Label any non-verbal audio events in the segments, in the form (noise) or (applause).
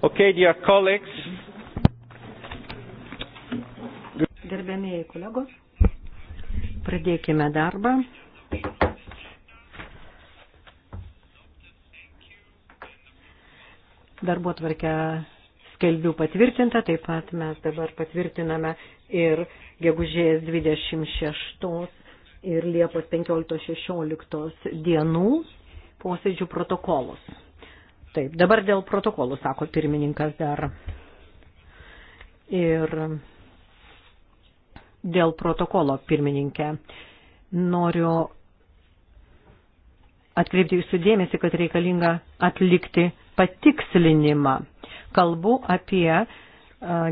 Okay, dear colleagues. Gerbėmėjai kolegos, pradėkime darbą. Darbo tvarkę skelbiu patvirtinta, taip pat mes dabar patvirtiname ir gegužės 26 ir Liepos 15-16 dienų posėdžių protokolus. Taip, dabar dėl protokolų, sako pirmininkas dar. Ir dėl protokolo pirmininkė noriu atkreipti jūsų dėmesį, kad reikalinga atlikti patikslinimą. Kalbu apie e,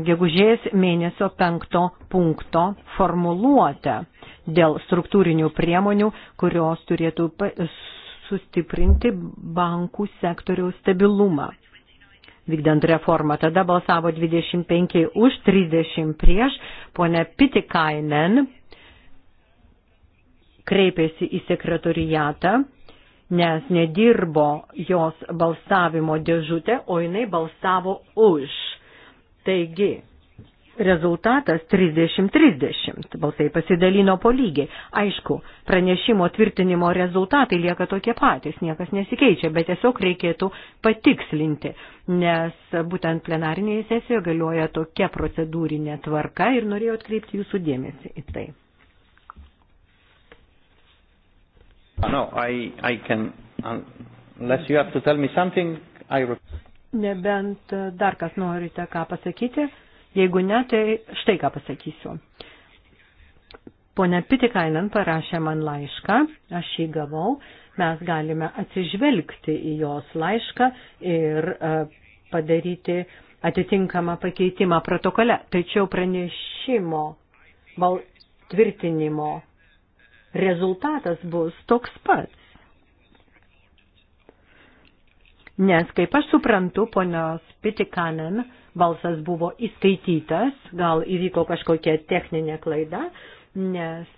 gegužės mėnesio penkto punkto formuluotę dėl struktūrinių priemonių, kurios turėtų sustiprinti bankų sektoriaus stabilumą. Vykdant reformą, tada balsavo 25 už, 30 prieš, ponia Pitikainen kreipėsi į sekretorijatą, nes nedirbo jos balsavimo dėžutė, o jinai balsavo už. Taigi, rezultatas 30-30, balsai pasidalino po lygiai. Aišku, pranešimo tvirtinimo rezultatai lieka tokie patys, niekas nesikeičia, bet tiesiog reikėtų patikslinti, nes būtent plenarinėje sesijoje galioja tokia procedūrinė tvarka ir norėjau atkreipti jūsų dėmesį į tai. Ah, no, I, I can, unless you have to tell me something, I... Nebent dar kas norite ką pasakyti, Jeigu ne, tai štai ką pasakysiu. Pone Pitikainen parašė man laišką, aš jį gavau, mes galime atsižvelgti į jos laišką ir e, padaryti atitinkamą pakeitimą protokole. Tačiau pranešimo val, tvirtinimo rezultatas bus toks pats. Nes, kaip aš suprantu, ponios Pitikanen, balsas buvo įskaitytas, gal įvyko kažkokia techninė klaida, nes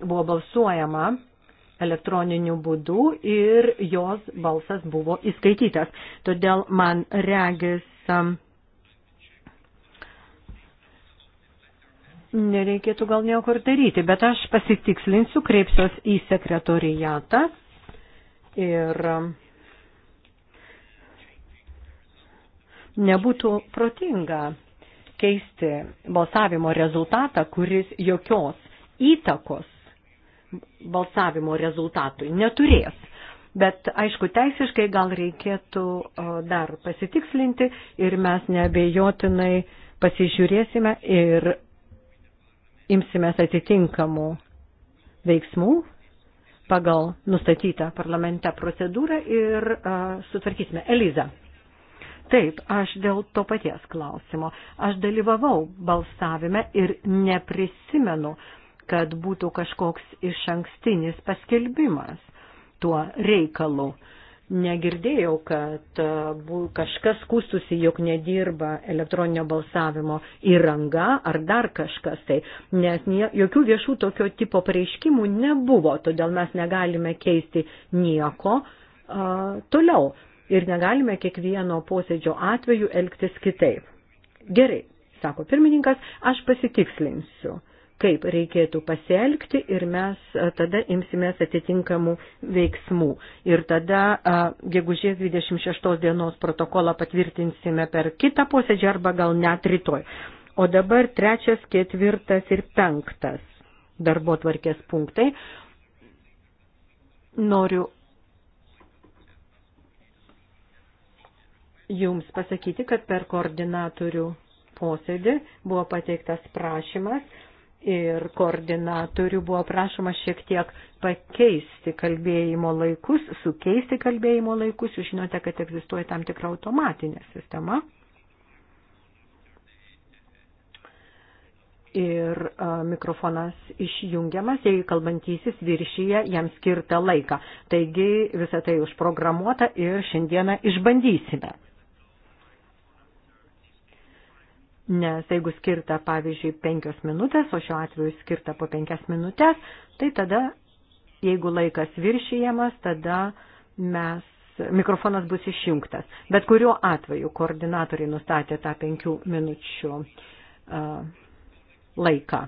buvo balsuojama elektroniniu būdu ir jos balsas buvo įskaitytas. Todėl man regis nereikėtų gal nieko ir daryti, bet aš pasitikslinsiu, kreipsiuos į sekretorijatą ir nebūtų protinga keisti balsavimo rezultatą, kuris jokios įtakos balsavimo rezultatui neturės. Bet, aišku, teisiškai gal reikėtų dar pasitikslinti ir mes neabejotinai pasižiūrėsime ir imsimės atitinkamų veiksmų pagal nustatytą parlamente procedūrą ir uh, sutvarkysime. Eliza. Taip, aš dėl to paties klausimo. Aš dalyvavau balsavime ir neprisimenu, kad būtų kažkoks iš ankstinis paskelbimas tuo reikalu. Negirdėjau, kad e, kažkas kūstusi, jog nedirba elektroninio balsavimo įranga ar dar kažkas tai, nes jokių viešų tokio tipo pareiškimų nebuvo, todėl mes negalime keisti nieko, toliau ir negalime kiekvieno posėdžio atveju elgtis kitaip. Gerai, sako pirmininkas, aš pasitikslinsiu, kaip reikėtų pasielgti ir mes tada imsimės atitinkamų veiksmų. Ir tada, gegužės 26 dienos protokolą patvirtinsime per kitą posėdžią arba gal net rytoj. O dabar trečias, ketvirtas ir penktas darbo tvarkės punktai. Noriu Jums pasakyti, kad per koordinatorių posėdį buvo pateiktas prašymas ir koordinatorių buvo prašoma šiek tiek pakeisti kalbėjimo laikus, sukeisti kalbėjimo laikus. Jūs žinote, kad egzistuoja tam tikra automatinė sistema. ir mikrofonas išjungiamas, jei kalbantysis viršyje jam skirtą laiką. Taigi visą tai užprogramuota ir šiandieną išbandysime. nes jeigu skirta, pavyzdžiui, penkios minutės, o šiuo atveju skirta po penkias minutės, tai tada, jeigu laikas viršijamas, tada mes mikrofonas bus išjungtas. Bet kuriuo atveju koordinatoriai nustatė tą penkių minučių uh, laiką.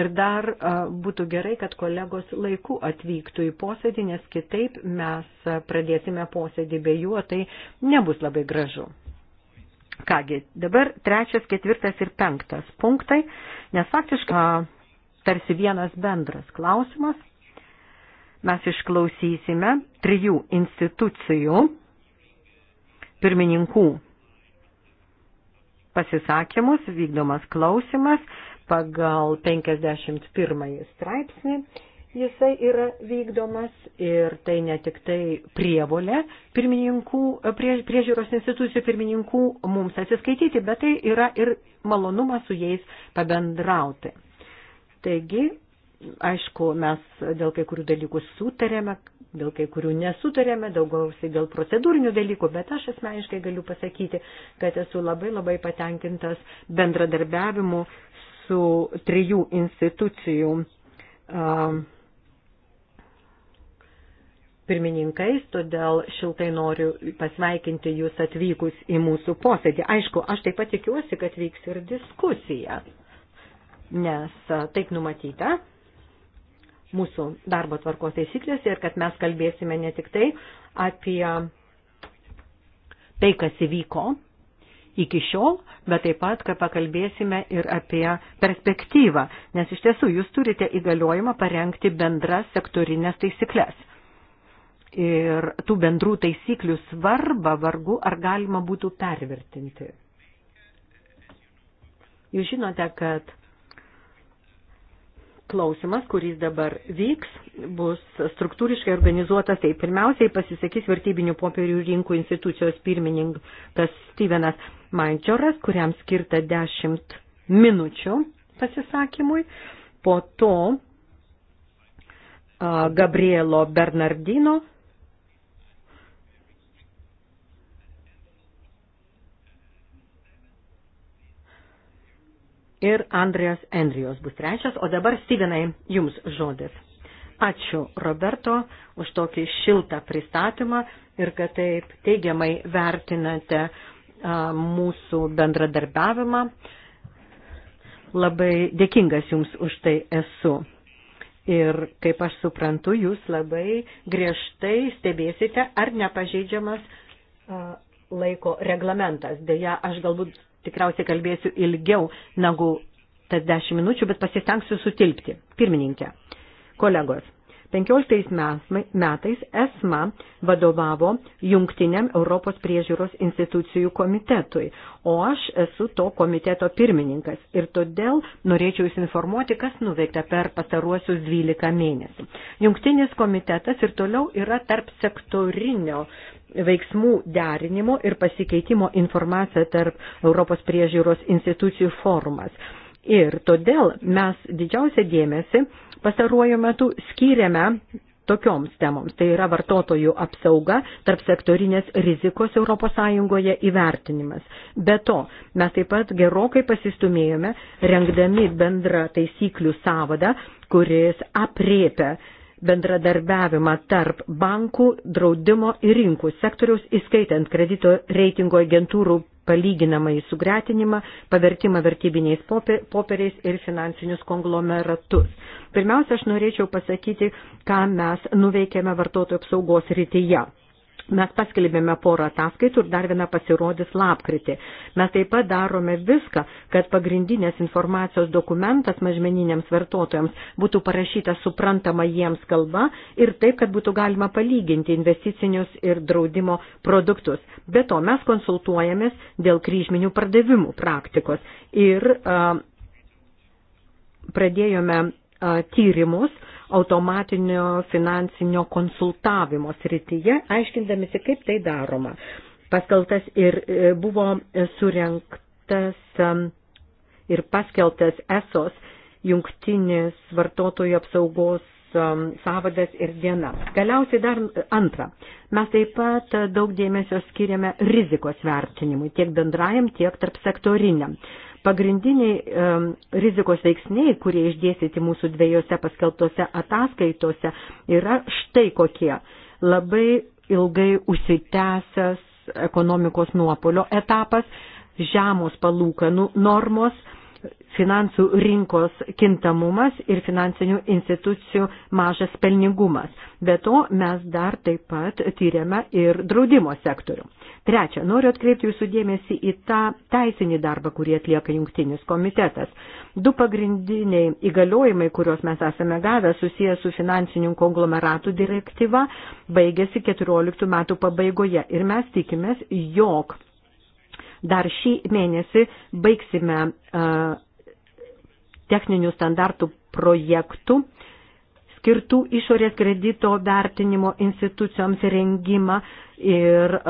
Ir dar uh, būtų gerai, kad kolegos laiku atvyktų į posėdį, nes kitaip mes pradėsime posėdį be jų, o tai nebus labai gražu. Kągi, dabar trečias, ketvirtas ir penktas punktai, nes faktiškai tarsi vienas bendras klausimas. Mes išklausysime trijų institucijų pirmininkų pasisakymus, vykdomas klausimas pagal 51 straipsnį jisai yra vykdomas ir tai ne tik tai prievolė pirmininkų, prie, priežiūros institucijų pirmininkų mums atsiskaityti, bet tai yra ir malonumas su jais pabendrauti. Taigi, aišku, mes dėl kai kurių dalykų sutarėme, dėl kai kurių nesutarėme, daugiausiai dėl procedūrinių dalykų, bet aš asmeniškai galiu pasakyti, kad esu labai labai patenkintas bendradarbiavimu su trijų institucijų. Um, pirmininkais, todėl šiltai noriu pasveikinti jūs atvykus į mūsų posėdį. Aišku, aš taip pat tikiuosi, kad vyks ir diskusija, nes taip numatyta mūsų darbo tvarkos taisyklėse ir kad mes kalbėsime ne tik tai apie tai, kas įvyko iki šiol, bet taip pat, kad pakalbėsime ir apie perspektyvą, nes iš tiesų jūs turite įgaliojimą parengti bendras sektorinės taisyklės ir tų bendrų taisyklių svarbą vargu ar galima būtų pervertinti. Jūs žinote, kad klausimas, kuris dabar vyks, bus struktūriškai organizuotas. Tai pirmiausiai pasisakys vertybinių popierių rinkų institucijos pirmininkas Stevenas Mančioras, kuriam skirta 10 minučių pasisakymui. Po to Gabrielo Bernardino ir Andrijas Endrijos bus trečias, o dabar Stevenai jums žodis. Ačiū Roberto už tokį šiltą pristatymą ir kad taip teigiamai vertinate mūsų bendradarbiavimą. Labai dėkingas jums už tai esu. Ir kaip aš suprantu, jūs labai griežtai stebėsite, ar nepažeidžiamas laiko reglamentas. Deja, aš galbūt tikriausiai kalbėsiu ilgiau negu tas dešimt minučių, bet pasistengsiu sutilpti. Pirmininkė, kolegos, 15 metais ESMA vadovavo jungtiniam Europos priežiūros institucijų komitetui, o aš esu to komiteto pirmininkas ir todėl norėčiau Jūs informuoti, kas nuveikta per pastaruosius 12 mėnesių. Jungtinis komitetas ir toliau yra tarp sektorinio veiksmų derinimo ir pasikeitimo informacija tarp Europos priežiūros institucijų formas. Ir todėl mes didžiausią dėmesį pastaruoju metu skiriame tokioms temoms. Tai yra vartotojų apsauga, tarp sektorinės rizikos ES įvertinimas. Be to, mes taip pat gerokai pasistumėjome, rengdami bendrą taisyklių savadą, kuris apriepia bendradarbiavimą tarp bankų, draudimo ir rinkų sektoriaus, įskaitant kredito reitingo agentūrų palyginamąjį sugretinimą, pavertimą vertybiniais popieriais ir finansinius konglomeratus. Pirmiausia, aš norėčiau pasakyti, ką mes nuveikėme vartotojų apsaugos rytyje. Mes paskelbėme porą ataskaitų ir dar viena pasirodys lapkritį. Mes taip pat darome viską, kad pagrindinės informacijos dokumentas mažmeniniams vartotojams būtų parašyta suprantama jiems kalba ir taip, kad būtų galima palyginti investicinius ir draudimo produktus. Be to, mes konsultuojamės dėl kryžminių pardavimų praktikos ir a, pradėjome a, tyrimus, a, automatinio finansinio konsultavimo srityje, aiškindamisi, kaip tai daroma. Paskaltas ir e, buvo surenktas ir paskeltas ESOS jungtinis vartotojų apsaugos savadas ir diena. Galiausiai dar antra. Mes taip pat daug dėmesio skiriame rizikos vertinimui, tiek bendrajam, tiek tarp sektoriniam. Pagrindiniai um, rizikos veiksniai, kurie išdėstyti mūsų dviejose paskelbtose ataskaitose, yra štai kokie. Labai ilgai užsitęsęs ekonomikos nuopolio etapas, žemos palūkanų normos, uh, finansų rinkos kintamumas ir finansinių institucijų mažas pelningumas. Be to, mes dar taip pat tyriame ir draudimo sektorių. Trečia, noriu atkreipti jūsų dėmesį į tą teisinį darbą, kurį atlieka jungtinis komitetas. Du pagrindiniai įgaliojimai, kuriuos mes esame gavę susijęs su finansinių konglomeratų direktyva, baigėsi 14 metų pabaigoje ir mes tikimės, jog Dar šį mėnesį baigsime e, techninių standartų projektų skirtų išorės kredito vertinimo institucijoms rengimą ir e,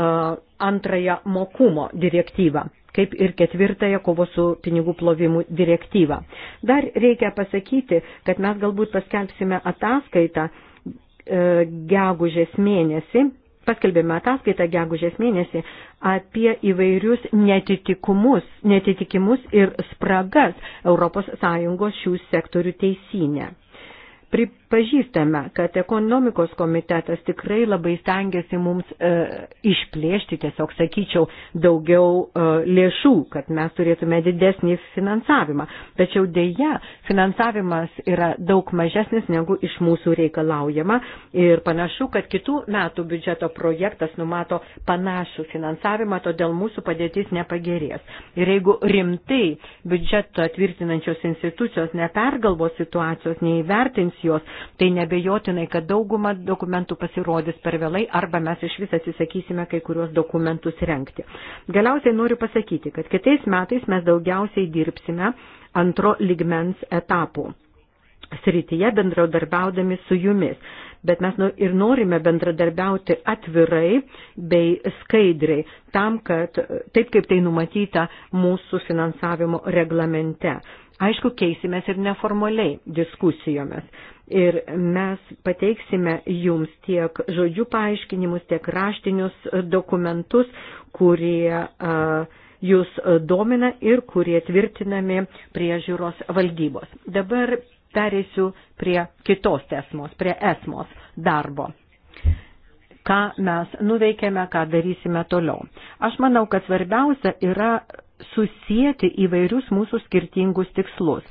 antrąją mokumo direktyvą kaip ir ketvirtąją kovo su pinigų plovimu direktyvą. Dar reikia pasakyti, kad mes galbūt paskelbsime ataskaitą e, gegužės mėnesį paskelbėme ataskaitą gegužės mėnesį apie įvairius netitikimus, netitikimus ir spragas ES šių sektorių teisinę. Pri, pripažįstame, kad ekonomikos komitetas tikrai labai stengiasi mums e, išplėšti, tiesiog sakyčiau, daugiau e, lėšų, kad mes turėtume didesnį finansavimą. Tačiau dėja, finansavimas yra daug mažesnis negu iš mūsų reikalaujama ir panašu, kad kitų metų biudžeto projektas numato panašų finansavimą, todėl mūsų padėtis nepagerės. Ir jeigu rimtai biudžeto atvirtinančios institucijos nepergalvos situacijos, neįvertins jos, tai nebejotinai, kad dauguma dokumentų pasirodys per vėlai arba mes iš vis atsisakysime kai kuriuos dokumentus renkti. Galiausiai noriu pasakyti, kad kitais metais mes daugiausiai dirbsime antro ligmens etapų srityje bendradarbiaudami su jumis. Bet mes ir norime bendradarbiauti atvirai bei skaidriai, tam, kad taip kaip tai numatyta mūsų finansavimo reglamente. Aišku, keisimės ir neformaliai diskusijomis. Ir mes pateiksime jums tiek žodžių paaiškinimus, tiek raštinius dokumentus, kurie uh, jūs domina ir kurie tvirtinami priežiūros valdybos. Dabar pereisiu prie kitos esmos, prie esmos darbo ką mes nuveikėme, ką darysime toliau. Aš manau, kad svarbiausia yra susijęti įvairius mūsų skirtingus tikslus.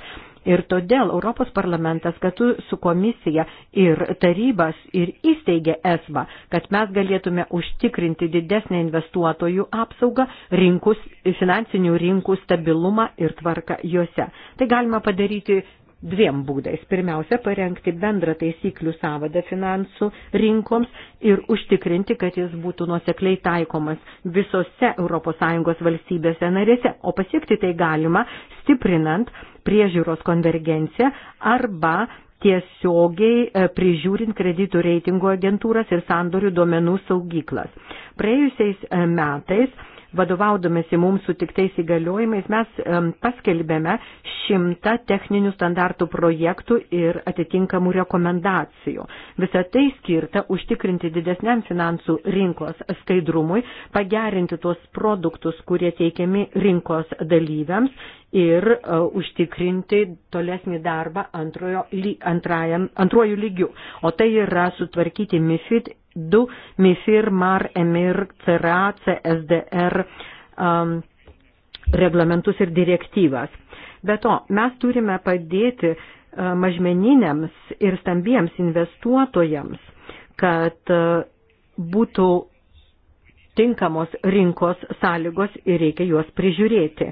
Ir todėl Europos parlamentas, kad su komisija ir tarybas ir įsteigė ESMA, kad mes galėtume užtikrinti didesnį investuotojų apsaugą, rinkus, finansinių rinkų stabilumą ir tvarką juose. Tai galima padaryti dviem būdais. Pirmiausia, parengti bendrą taisyklių savadą finansų rinkoms ir užtikrinti, kad jis būtų nuosekliai taikomas visose ES valstybėse narėse, o pasiekti tai galima stiprinant priežiūros konvergenciją arba tiesiogiai e, prižiūrint kreditų reitingo agentūras ir sandorių duomenų saugyklas. Praėjusiais e, metais vadovaudomėsi mums sutiktais įgaliojimais, mes paskelbėme šimtą techninių standartų projektų ir atitinkamų rekomendacijų. Visą tai skirta užtikrinti didesniam finansų rinkos skaidrumui, pagerinti tuos produktus, kurie teikiami rinkos dalyviams ir uh, užtikrinti tolesnį darbą antrojo, antrajam, antrojų lygių. O tai yra sutvarkyti MIFID 2, MIFIR, MAR, EMIR, CRA, CSDR um, reglamentus ir direktyvas. Be to, mes turime padėti uh, mažmeniniams ir stambiems investuotojams, kad uh, būtų tinkamos rinkos sąlygos ir reikia juos prižiūrėti.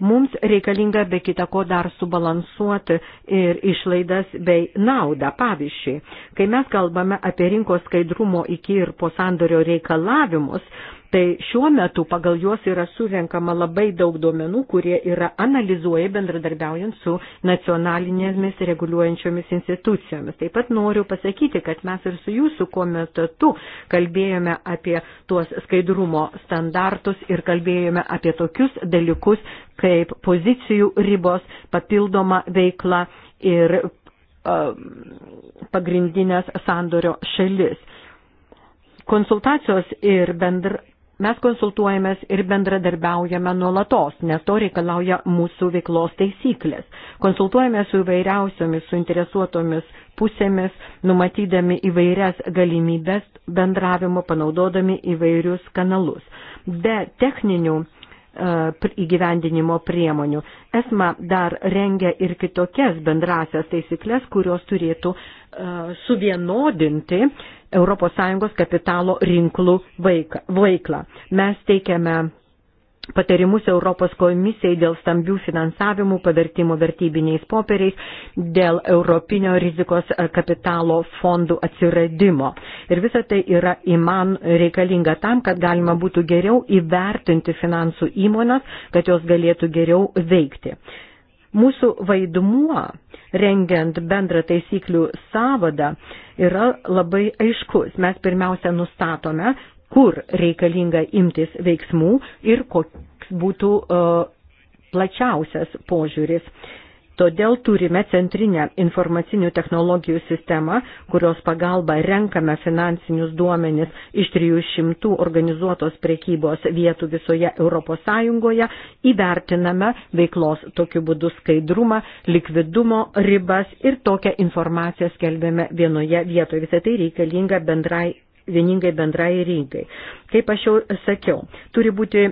Mums reikalinga be kita ko dar subalansuoti ir išlaidas bei naudą. Pavyzdžiui, kai mes kalbame apie rinkos skaidrumo iki ir po sandorio reikalavimus, Tai šiuo metu pagal juos yra surenkama labai daug duomenų, kurie yra analizuoja bendradarbiaujant su nacionalinėmis reguliuojančiomis institucijomis. Taip pat noriu pasakyti, kad mes ir su jūsų komitetu kalbėjome apie tuos skaidrumo standartus ir kalbėjome apie tokius dalykus kaip pozicijų ribos, papildoma veikla ir um, pagrindinės sandorio šalis. Konsultacijos ir bendr, Mes konsultuojamės ir bendradarbiaujame nuolatos, nes to reikalauja mūsų veiklos taisyklės. Konsultuojame su įvairiausiomis suinteresuotomis pusėmis, numatydami įvairias galimybės bendravimo, panaudodami įvairius kanalus. Be techninių e, įgyvendinimo priemonių. ESMA dar rengia ir kitokias bendrasias taisyklės, kurios turėtų e, suvienodinti ES kapitalo rinklų veiklą. Mes teikiame patarimus Europos komisijai dėl stambių finansavimų, pavertimo vertybiniais popieriais, dėl Europinio rizikos e, kapitalo fondų atsiradimo. Ir visa tai yra įman reikalinga tam, kad galima būtų geriau įvertinti finansų įmonas, kad jos galėtų geriau veikti. Mūsų vaidmuo, rengiant bendrą taisyklių savadą, yra labai aiškus. Mes pirmiausia nustatome, kur reikalinga imtis veiksmų ir koks būtų uh, plačiausias požiūris. Todėl turime centrinę informacinių technologijų sistemą, kurios pagalba renkame finansinius duomenis iš 300 organizuotos prekybos vietų visoje ES, įvertiname veiklos tokiu būdu skaidrumą, likvidumo ribas ir tokią informaciją skelbėme vienoje vietoje. Visą tai reikalinga bendrai vieningai bendrai rinkai. Kaip aš jau sakiau, turi būti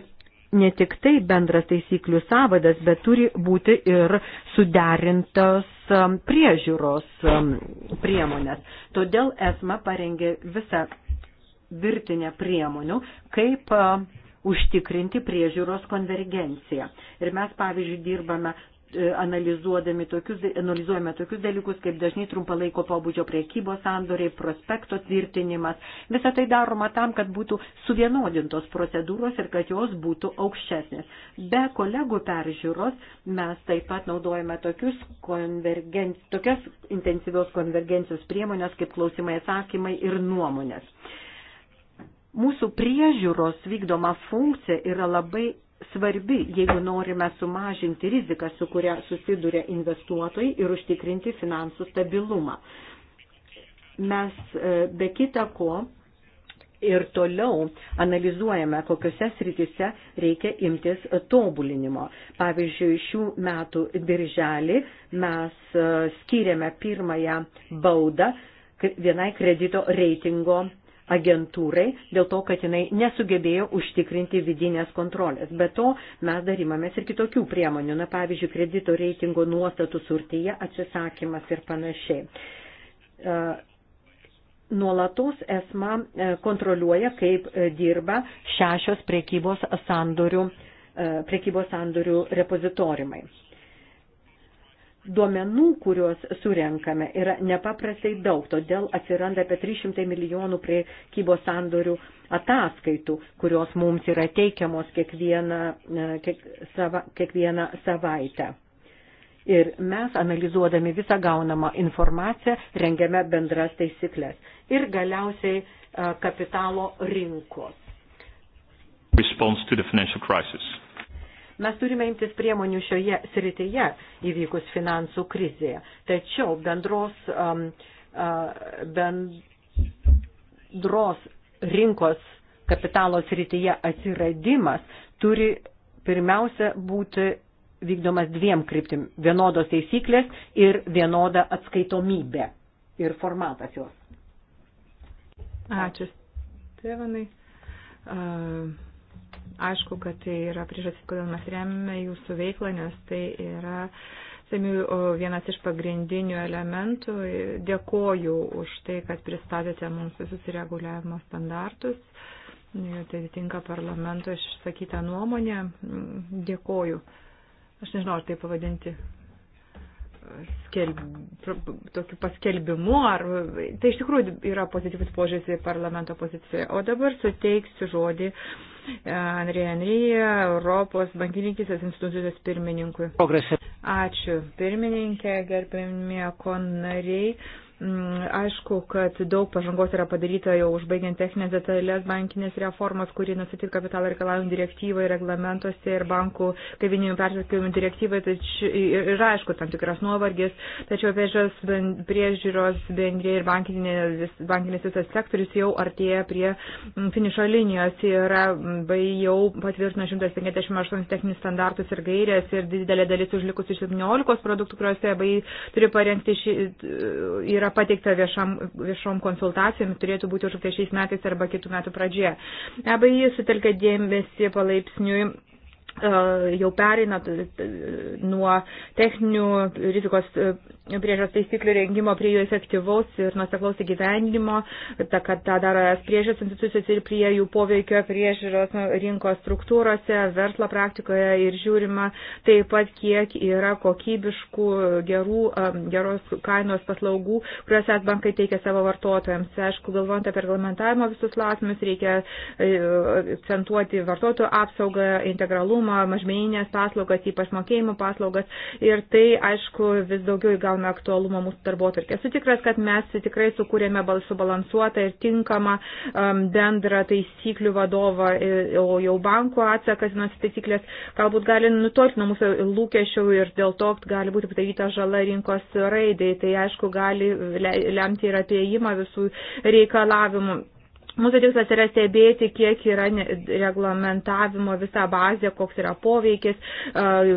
ne tik tai bendras taisyklių savadas, bet turi būti ir suderintos um, priežiūros um, priemonės. Todėl ESMA parengė visą virtinę priemonių, kaip um, užtikrinti priežiūros konvergenciją. Ir mes, pavyzdžiui, dirbame E, analizuodami tokius, analizuojame tokius dalykus, kaip dažnai trumpalaiko pobūdžio priekybos sandoriai, prospekto tvirtinimas. Visą tai daroma tam, kad būtų suvienodintos procedūros ir kad jos būtų aukštesnės. Be kolegų peržiūros mes taip pat naudojame tokius konvergenc... tokias intensyvios konvergencijos priemonės, kaip klausimai, atsakymai ir nuomonės mūsų priežiūros vykdoma funkcija yra labai svarbi, jeigu norime sumažinti riziką, su kuria susiduria investuotojai ir užtikrinti finansų stabilumą. Mes e, be kita ko ir toliau analizuojame, kokiuose srityse reikia imtis tobulinimo. Pavyzdžiui, šių metų birželį mes e, skiriame pirmąją baudą vienai kredito reitingo agentūrai dėl to, kad jinai nesugebėjo užtikrinti vidinės kontrolės. Be to, mes dar imamės ir kitokių priemonių, na pavyzdžiui, kredito reitingo nuostatų surtyje atsisakymas ir panašiai. E, nuolatos esma e, kontroliuoja, kaip e, dirba šešios prekybos sandorių, prekybos sandorių repozitorimai duomenų, kuriuos surenkame, yra nepaprastai daug, todėl atsiranda apie 300 milijonų priekybos sandorių ataskaitų, kurios mums yra teikiamos kiekvieną, e, kiek, sava, kiekvieną savaitę. Ir mes, analizuodami visą gaunamą informaciją, rengiame bendras taisyklės. Ir galiausiai e, kapitalo rinkos. Response to the financial crisis Mes turime imtis priemonių šioje srityje įvykus finansų krizėje. Tačiau bendros, um, uh, bendros rinkos kapitalo srityje atsiradimas turi pirmiausia būti vykdomas dviem kryptim - vienodos taisyklės ir vienoda atskaitomybė ir formatas jos. Ačiū, Stevanai. Uh, Aišku, kad tai yra priežastis, kodėl mes remiame jūsų veiklą, nes tai yra samių vienas iš pagrindinių elementų. Dėkoju už tai, kad pristatėte mums visus reguliavimo standartus. Tai atitinka parlamento išsakytą nuomonę. Dėkoju. Aš nežinau, ar tai pavadinti e, skelb, tokiu paskelbimu, ar tai iš tikrųjų yra pozityvus požiūris į parlamento poziciją. O dabar suteiksiu žodį Andrė Andrėja, Europos bankininkysės institucijos pirmininkui. Progresė. Ačiū pirmininkė, gerbėmė konariai. Mm, aišku, kad daug pažangos yra padaryta jau užbaigiant techninės detalės bankinės reformos, kuri nusitit kapitalo reikalavimų direktyvai, reglamentuose ir bankų kaivinių pertvarkymų direktyvai. Tačiau yra, aišku, tam tikras nuovargis, tačiau priežiūros, priežiūros bendrė ir bankinės, bankinės visas sektorius jau artėja prie mm, finišo linijos. Yra mm, bai jau patvirtino 158 techninius standartus ir gairės ir didelė dalis užlikusių 17 produktų, kuriuose bai turi parengti šį. Yra yra pateikta viešam, viešom konsultacijom, turėtų būti užukta šiais metais arba kitų metų pradžioje. ABI sutelkia dėmesį palaipsniui e, jau perina nuo techninių rizikos e, priežas taisyklių rengimo prie jų efektyvaus ir nuseklaus įgyvendinimo, ta, kad tą daro es priežas institucijos ir prie jų poveikio priežiūros rinkos struktūrose, verslo praktikoje ir žiūrima taip pat, kiek yra kokybiškų gerų, geros kainos paslaugų, kurias es bankai teikia savo vartotojams. Aišku, galvojant apie reglamentavimo visus klausimus, reikia e, akcentuoti vartotojų apsaugą, integralumą, mažmeninės paslaugas, ypač mokėjimų paslaugas ir tai, aišku, vis daugiau įgauna gauna aktualumą mūsų darbo atvarkė. Sutikras, kad mes tikrai sukūrėme subalansuotą ir tinkamą um, bendrą taisyklių vadovą, o jau bankų atsakas nuo taisyklės galbūt gali nutolti nuo mūsų lūkesčių ir dėl to gali būti padaryta žala rinkos raidai. Tai aišku, gali lemti ir apiejimą visų reikalavimų Mūsų tikslas yra stebėti, kiek yra reglamentavimo visa bazė, koks yra poveikis,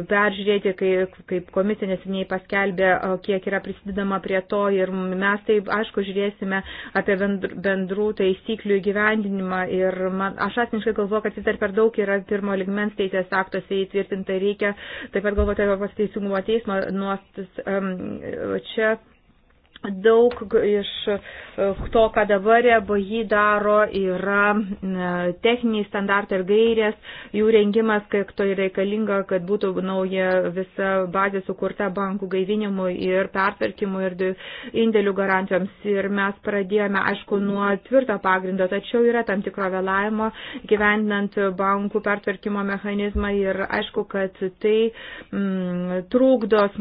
peržiūrėti, kaip, kaip komisija nesiniai paskelbė, kiek yra prisidedama prie to ir mes taip, aišku, žiūrėsime apie bendrų taisyklių įgyvendinimą ir man, aš asmeniškai galvoju, kad vis dar per daug yra pirmo ligmens teisės aktuose įtvirtinta, reikia taip pat galvoti apie pasiteisingumo teismo nuostas. Čia daug iš e, to, ką dabar EBI daro, yra e, techniniai standartai ir gairės, jų rengimas, kiek to yra reikalinga, kad būtų nauja visa bazė sukurta bankų gaivinimui ir pertvarkimui ir indėlių garantijoms. Ir mes pradėjome, aišku, nuo tvirto pagrindo, tačiau yra tam tikro vėlavimo gyvendinant bankų pertvarkimo mechanizmą ir aišku, kad tai mm, trūkdos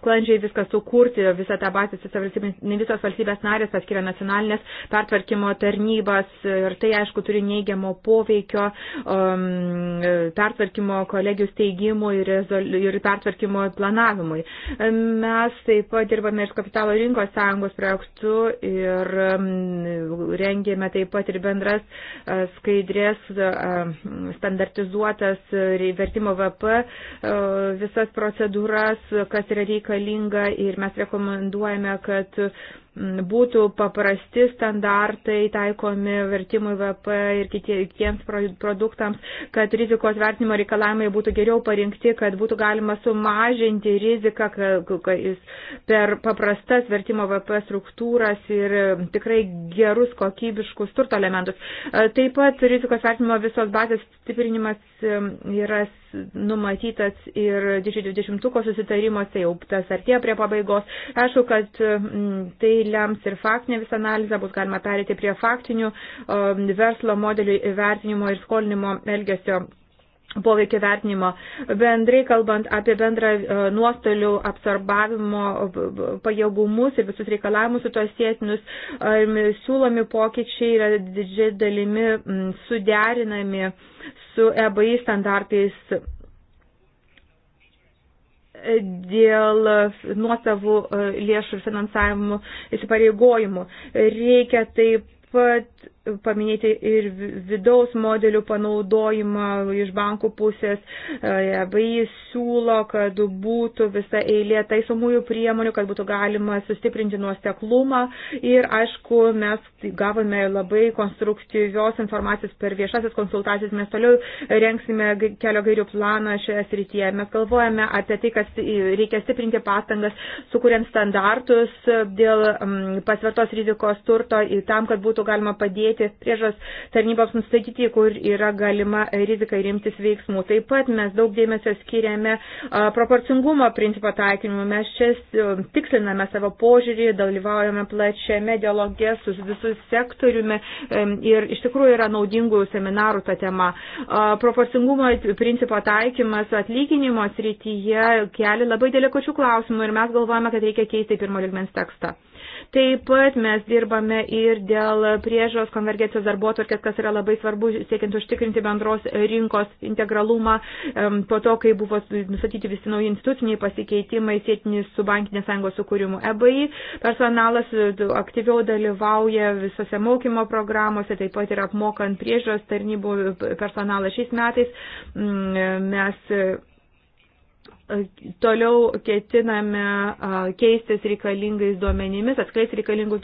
sklandžiai viską sukurti, visą tą bazę susitikti valstybės, ne visos valstybės narės atskiria nacionalinės pertvarkymo tarnybas ir tai, aišku, turi neigiamo poveikio um, pertvarkymo kolegijų steigimui ir, ir pertvarkymo planavimui. Mes taip pat dirbame ir kapitalo rinkos sąjungos projektu ir um, rengėme taip pat ir bendras uh, skaidrės uh, standartizuotas uh, vertimo VP uh, visas procedūras, kas yra reikalinga ir mes rekomenduojame, kad būtų paprasti standartai taikomi vertimui VP ir kitiems produktams, kad rizikos vertinimo reikalavimai būtų geriau parinkti, kad būtų galima sumažinti riziką per paprastas vertimo VP struktūras ir e, tikrai gerus kokybiškus turto elementus. E, taip pat rizikos vertinimo visos bazės stiprinimas e, yra numatytas ir didžiojo dvidešimtuko susitarimuose, jau tas artėja prie pabaigos. Aišku, kad tai lems ir faktinė visą analizą, bus galima perėti prie faktinių um, verslo modelių įvertinimo ir skolinimo elgesio poveikio vertinimo. Bendrai kalbant apie bendrą e, nuostolių absorbavimo pajėgumus ir visus reikalavimus su to sėtinus, um, siūlomi pokyčiai yra didžiai dalimi suderinami su EBI standartais dėl nuosavų e, lėšų ir finansavimų įsipareigojimų. Reikia taip pat paminėti ir vidaus modelių panaudojimą iš bankų pusės. Labai e, jis siūlo, kad būtų visa eilė taisomųjų priemonių, kad būtų galima sustiprinti nuosteklumą. Ir aišku, mes gavome labai konstruktyvios informacijos per viešasis konsultacijas. Mes toliau rengsime kelio gairių planą šioje srityje. Mes galvojame apie tai, kad reikia stiprinti pastangas, sukuriant standartus dėl mm, pasvertos rizikos turto, tam, kad būtų galima padėti padėti priežas tarnyboms nustatyti, kur yra galima rizika ir imtis veiksmų. Taip pat mes daug dėmesio skiriame proporcingumo principo taikymu. Mes čia tiksliname savo požiūrį, dalyvaujame plačiame dialogė su visų sektoriumi ir iš tikrųjų yra naudingų seminarų ta tema. Proporcingumo principo taikymas atlyginimo srityje kelia labai dėlėkočių klausimų ir mes galvojame, kad reikia keisti pirmo ligmens tekstą. Taip pat mes dirbame ir dėl priežos konvergencijos darbotvarkės, kas yra labai svarbu, siekiant užtikrinti bendros rinkos integralumą. Po to, kai buvo nustatyti visi nauji instituciniai pasikeitimai, sėtini su bankinės sąjungos sukūrimu EBI, personalas e, aktyviau dalyvauja visose mokymo programuose, taip pat ir apmokant priežos tarnybų e, personalą šiais metais. Mm, e, mes Toliau ketiname keistis reikalingais duomenimis, atskleisti reikalingus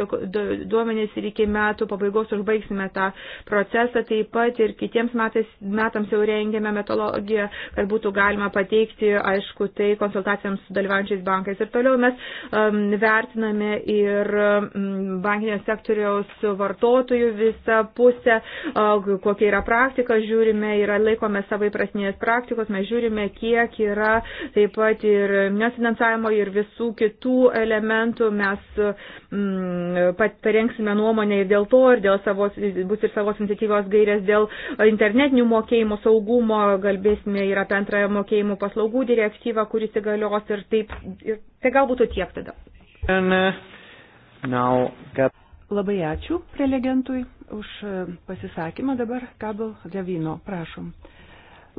duomenys ir iki metų pabaigos užbaigsime tą procesą. Taip pat ir kitiems metais, metams jau rengėme metodologiją, kad būtų galima pateikti, aišku, tai konsultacijams su dalyvaujančiais bankais. Ir toliau mes um, vertiname ir um, bankinio sektoriaus vartotojų visą pusę, uh, kokia yra praktika, žiūrime, yra laikome savai prasinės praktikos, mes žiūrime, kiek yra taip pat ir nesfinansavimo ir visų kitų elementų. Mes mm, parengsime nuomonę ir dėl to, ir dėl savos, bus ir savos iniciatyvos gairės dėl internetinių mokėjimų saugumo, kalbėsime ir apie antrąją mokėjimų paslaugų direktyvą, kuris įgalios ir taip. Ir tai galbūt tiek tada. And, uh, now, got... Labai ačiū prelegentui už uh, pasisakymą dabar Kabel Gavino. Prašom. Uh,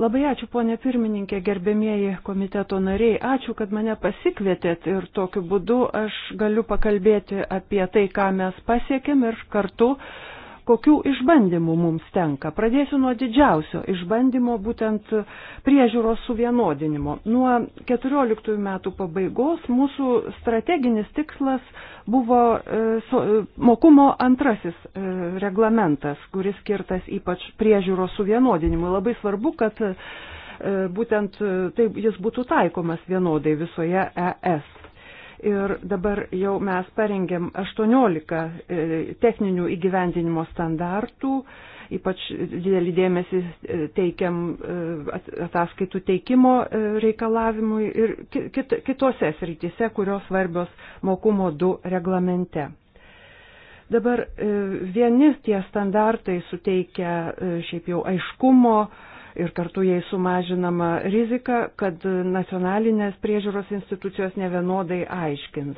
Labai ačiū, ponė pirmininkė, gerbėmieji komiteto nariai. Ačiū, kad mane pasikvietėt ir tokiu būdu aš galiu pakalbėti apie tai, ką mes pasiekėm ir kartu uh, kokių išbandymų mums tenka. Pradėsiu nuo didžiausio išbandymo, būtent priežiūros suvienodinimo. Nuo 14 metų pabaigos mūsų strateginis tikslas buvo e, e, mokumo antrasis e, reglamentas, kuris skirtas ypač priežiūros suvienodinimui. Labai svarbu, kad būtent taip jis būtų taikomas vienodai visoje ES. Ir dabar jau mes parengėm 18 e, techninių įgyvendinimo standartų, ypač didelį dėmesį e, teikiam e, ataskaitų teikimo reikalavimui ir kitose srityse, kurios svarbios mokumo 2 reglamente. Dabar vieni tie standartai suteikia šiaip jau aiškumo, ir kartu jai sumažinama rizika, kad nacionalinės priežiūros institucijos nevienodai aiškins.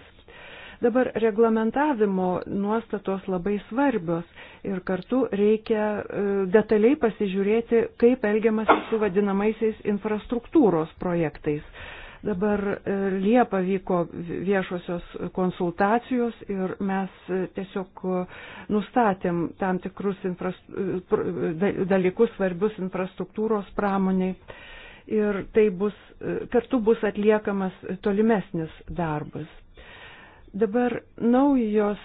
Dabar reglamentavimo nuostatos labai svarbios ir kartu reikia e, detaliai pasižiūrėti, kaip elgiamasi su vadinamaisiais infrastruktūros projektais. Dabar e, Liepa vyko viešosios konsultacijos ir mes e, tiesiog e, nustatėm tam tikrus dalykus svarbius infrastruktūros pramoniai. Ir tai bus, kartu bus atliekamas tolimesnis darbas. Dabar naujos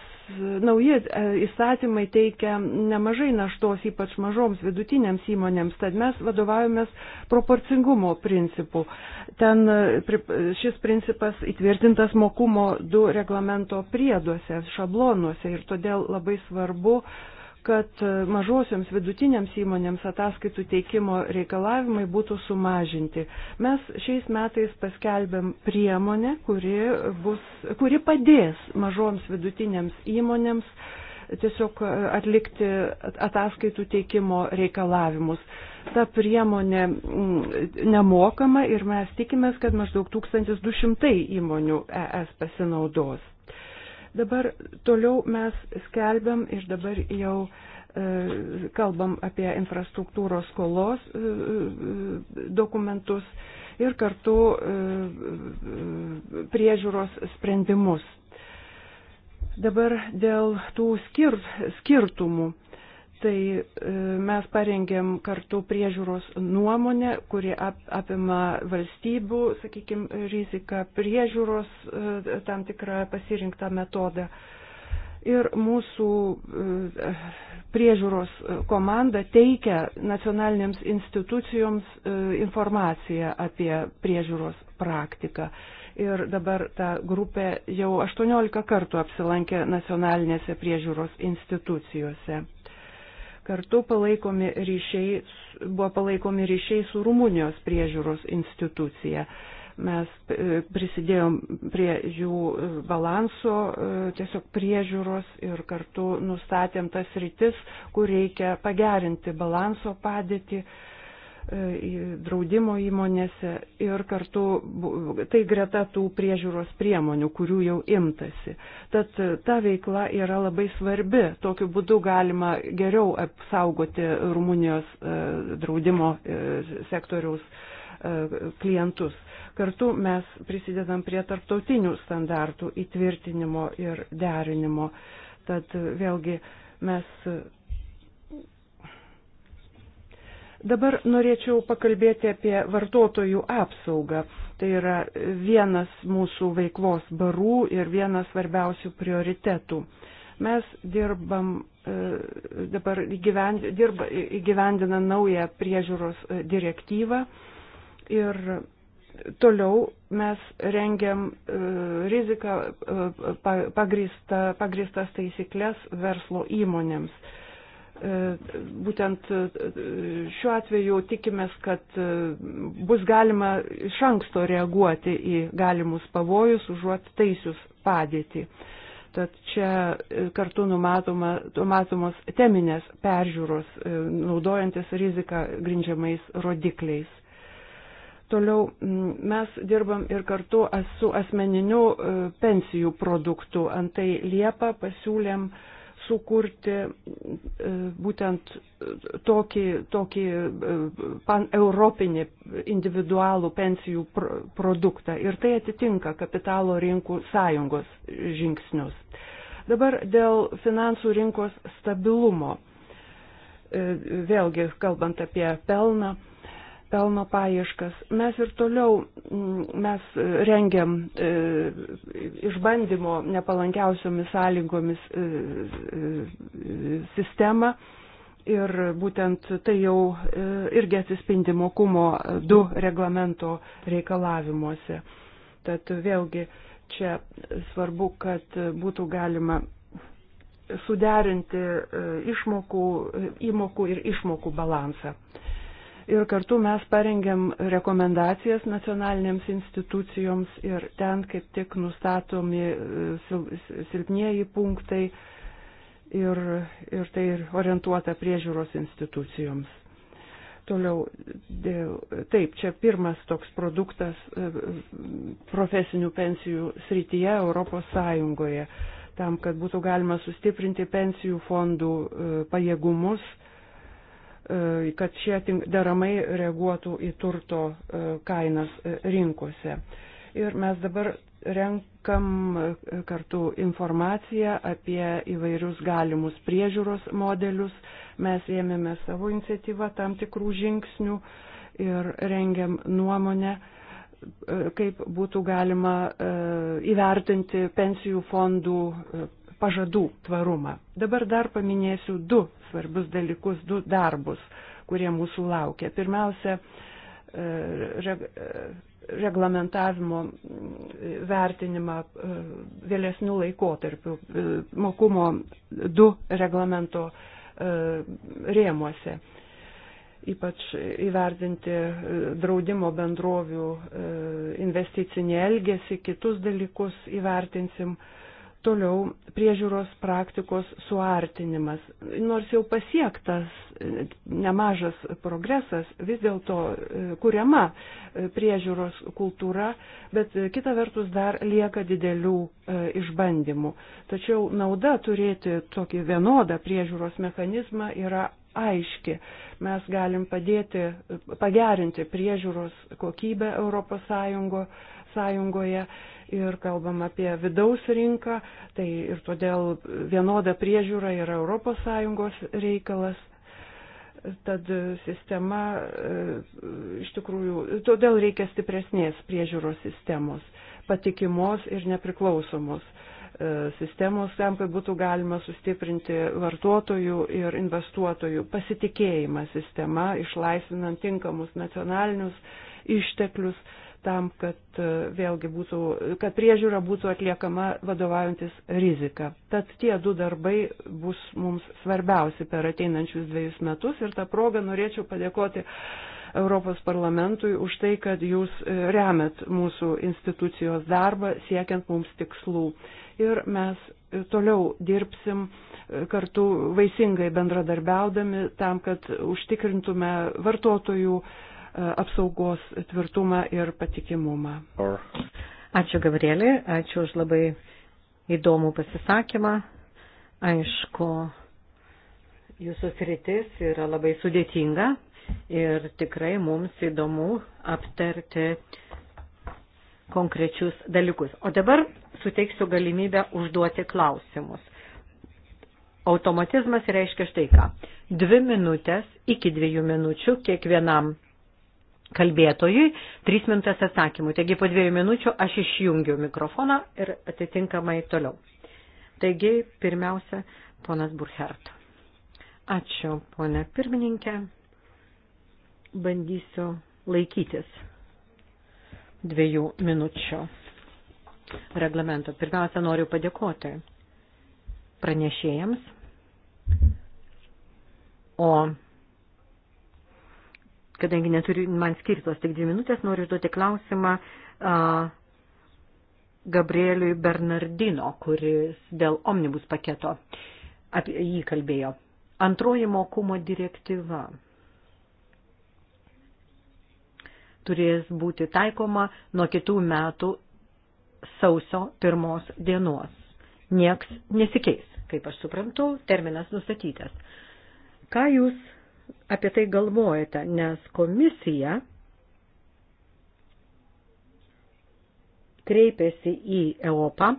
nauji e, įstatymai teikia nemažai naštos, ypač mažoms vidutinėms įmonėms, tad mes vadovavomės proporcingumo principu. Ten e, šis principas įtvirtintas mokumo du reglamento prieduose, šablonuose ir todėl labai svarbu uh, kad e, mažosiams vidutiniams įmonėms ataskaitų teikimo reikalavimai būtų sumažinti. Mes šiais metais paskelbėm priemonę, kuri, bus, kuri padės mažoms vidutiniams įmonėms tiesiog e, atlikti ataskaitų teikimo reikalavimus. Ta priemonė mm, nemokama ir mes tikimės, kad maždaug 1200 įmonių ES pasinaudos. Dabar toliau mes skelbiam ir dabar jau e, kalbam apie infrastruktūros skolos e, e, dokumentus ir kartu priežiūros sprendimus. Dabar dėl tų skir, skirtumų Tai e, mes parengėm kartu priežiūros nuomonę, kuri apima valstybių, sakykime, riziką, priežiūros e, tam tikrą pasirinktą metodą. Ir mūsų e, priežiūros komanda teikia nacionalinėms institucijoms informaciją apie priežiūros praktiką ir dabar ta grupė jau 18 kartų apsilankė nacionalinėse priežiūros institucijose. Kartu palaikomi ryšiai, buvo palaikomi ryšiai su Rumunijos priežiūros institucija. Mes e, prisidėjom prie jų e, balanso e, tiesiog priežiūros ir kartu nustatėm tas rytis, kur reikia pagerinti balanso padėtį E, draudimo įmonėse ir kartu tai greta tų priežiūros priemonių, kurių jau imtasi. Tad e, ta veikla yra labai svarbi, tokiu būdu galima geriau apsaugoti Rumunijos e, draudimo sektoriaus klientus. Kartu mes prisidedam prie tarptautinių standartų įtvirtinimo ir derinimo. Tad vėlgi mes Dabar norėčiau pakalbėti apie vartotojų apsaugą. Tai yra vienas mūsų veiklos barų ir vienas svarbiausių prioritetų. Mes dirbam e, dabar įgyvendina naują priežiūros e, direktyvą ir toliau mes rengiam e, riziką pagrįstas taisyklės verslo įmonėms E, būtent e, šiuo atveju tikimės, kad e, bus galima iš anksto reaguoti į galimus pavojus, užuot taisius padėtį. Tad čia kartu numatoma, numatomos teminės peržiūros, naudojantis riziką grindžiamais rodikliais. Toliau mes dirbam ir kartu su asmeniniu pensijų produktu. Antai Liepa pasiūlėm uh, sukurti e, būtent tokį, tokį e, europinį individualų pensijų produktą. Ir tai atitinka kapitalo rinkų sąjungos žingsnius. Dabar dėl finansų rinkos stabilumo. E, vėlgi, kalbant apie pelną, pelno paieškas. Mes ir toliau mes e, rengiam e, išbandymo nepalankiausiomis sąlygomis e, sistemą ir būtent tai jau irgi atsispindi mokumo 2 reglamento reikalavimuose. Tad vėlgi čia svarbu, kad būtų galima suderinti išmokų, įmokų ir išmokų balansą ir kartu mes parengėm rekomendacijas nacionalinėms institucijoms ir ten kaip tik nustatomi e, silpnieji punktai ir, ir tai orientuota priežiūros institucijoms. Toliau, dėl, taip, čia pirmas toks produktas e, profesinių pensijų srityje Europos Sąjungoje, tam, kad būtų galima sustiprinti pensijų fondų e, pajėgumus E, kad šie deramai reaguotų į turto e, kainas e, rinkose. Ir mes dabar renkam kartu informaciją apie įvairius galimus priežiūros modelius. Mes ėmėme savo iniciatyvą tam tikrų žingsnių ir rengiam nuomonę, kaip būtų galima įvertinti pensijų fondų pažadų tvarumą. Dabar dar paminėsiu du svarbus dalykus, du darbus, kurie mūsų laukia. Pirmiausia, e, e, reglamentavimo vertinimą e, vėlesnių laikotarpių mokumo du reglamento rėmuose. Ypač įvertinti draudimo bendrovių investicinį elgesį, kitus dalykus įvertinsim. Uh, Toliau priežiūros praktikos suartinimas. Nors jau pasiektas nemažas progresas, vis dėlto e, kuriama e, priežiūros kultūra, bet e, kita vertus dar lieka didelių išbandymų. Tačiau nauda turėti tokį vienodą priežiūros mechanizmą yra aiški. Mes galim padėti pagerinti priežiūros kokybę Europos Sąjungo, Sąjungoje ir kalbam apie vidaus rinką, tai ir todėl vienoda priežiūra yra ES reikalas. Tad sistema e, iš tikrųjų, todėl reikia stipresnės priežiūros sistemos, patikimos ir nepriklausomos e, sistemos tam, kad būtų galima sustiprinti vartotojų ir investuotojų pasitikėjimą sistema, išlaisvinant tinkamus nacionalinius išteklius tam, kad e, vėlgi būtų, kad priežiūra būtų atliekama vadovaujantis rizika. Tad tie du darbai bus mums svarbiausi per ateinančius dviejus metus ir tą progą norėčiau padėkoti Europos parlamentui už tai, kad jūs e, remet mūsų institucijos darbą siekiant mums tikslų. Ir mes e, toliau dirbsim kartu vaisingai bendradarbiaudami tam, kad užtikrintume vartotojų apsaugos tvirtumą ir patikimumą. Ačiū Gabrielė, ačiū už labai įdomų pasisakymą. Aišku, jūsų sritis yra labai sudėtinga ir tikrai mums įdomu aptarti konkrečius dalykus. O dabar suteiksiu galimybę užduoti klausimus. Automatizmas reiškia štai ką. Dvi minutės iki dviejų minučių kiekvienam kalbėtojui, trys minutės atsakymų. Taigi po dviejų minučių aš išjungiu mikrofoną ir atitinkamai toliau. Taigi, pirmiausia, ponas Burhert. Ačiū, ponė pirmininkė. Bandysiu laikytis dviejų minučių reglamento. Pirmiausia, noriu padėkoti pranešėjams, o kadangi neturiu man skirtos tik dvi minutės, noriu užduoti klausimą a, Gabrieliui Bernardino, kuris dėl omnibus paketo apie jį kalbėjo. Antroji mokumo direktyva turės būti taikoma nuo kitų metų sausio pirmos dienos. Nieks nesikeis, kaip aš suprantu, terminas nustatytas. Ką jūs apie tai galvojate, nes komisija kreipėsi į Europą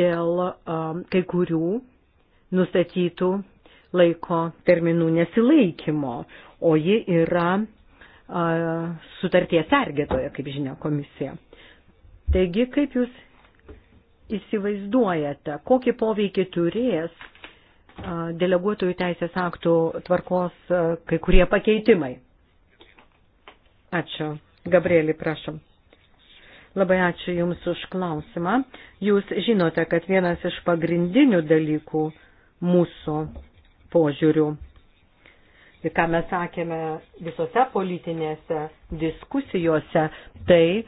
dėl um, kai kurių nustatytų laiko terminų nesilaikymo, o ji yra uh, sutarties sergėtoja, kaip žinia, komisija. Taigi, kaip jūs įsivaizduojate, kokį poveikį turės deleguotojų teisės aktų tvarkos kai kurie pakeitimai? Ačiū. Gabrielį, prašom. Labai ačiū Jums už klausimą. Jūs žinote, kad vienas iš pagrindinių dalykų mūsų požiūrių ir ką mes sakėme visose politinėse diskusijose, tai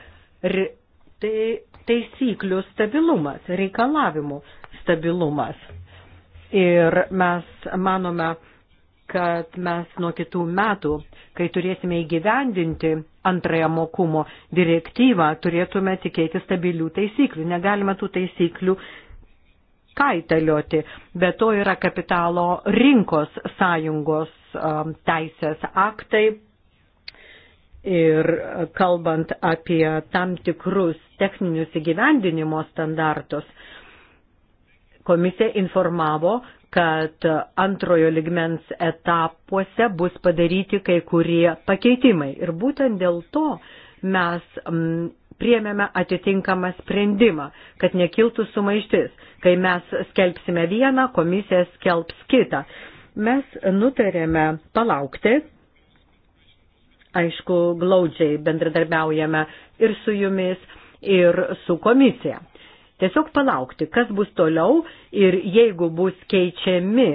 tai taisyklių stabilumas, reikalavimų stabilumas. Ir mes manome, kad mes nuo kitų metų, kai turėsime įgyvendinti antrąją mokumo direktyvą, turėtume tikėti stabilių taisyklių. Negalime tų taisyklių kaitalioti. Be to yra kapitalo rinkos sąjungos um, teisės aktai, ir kalbant apie tam tikrus techninius įgyvendinimo standartus, komisija informavo, kad antrojo ligmens etapuose bus padaryti kai kurie pakeitimai. Ir būtent dėl to mes m, mm, priemėme atitinkamą sprendimą, kad nekiltų sumaištis, kai mes skelbsime vieną, komisija skelbs kitą. Mes nutarėme palaukti aišku, glaudžiai bendradarbiaujame ir su jumis, ir su komisija. Tiesiog palaukti, kas bus toliau ir jeigu bus keičiami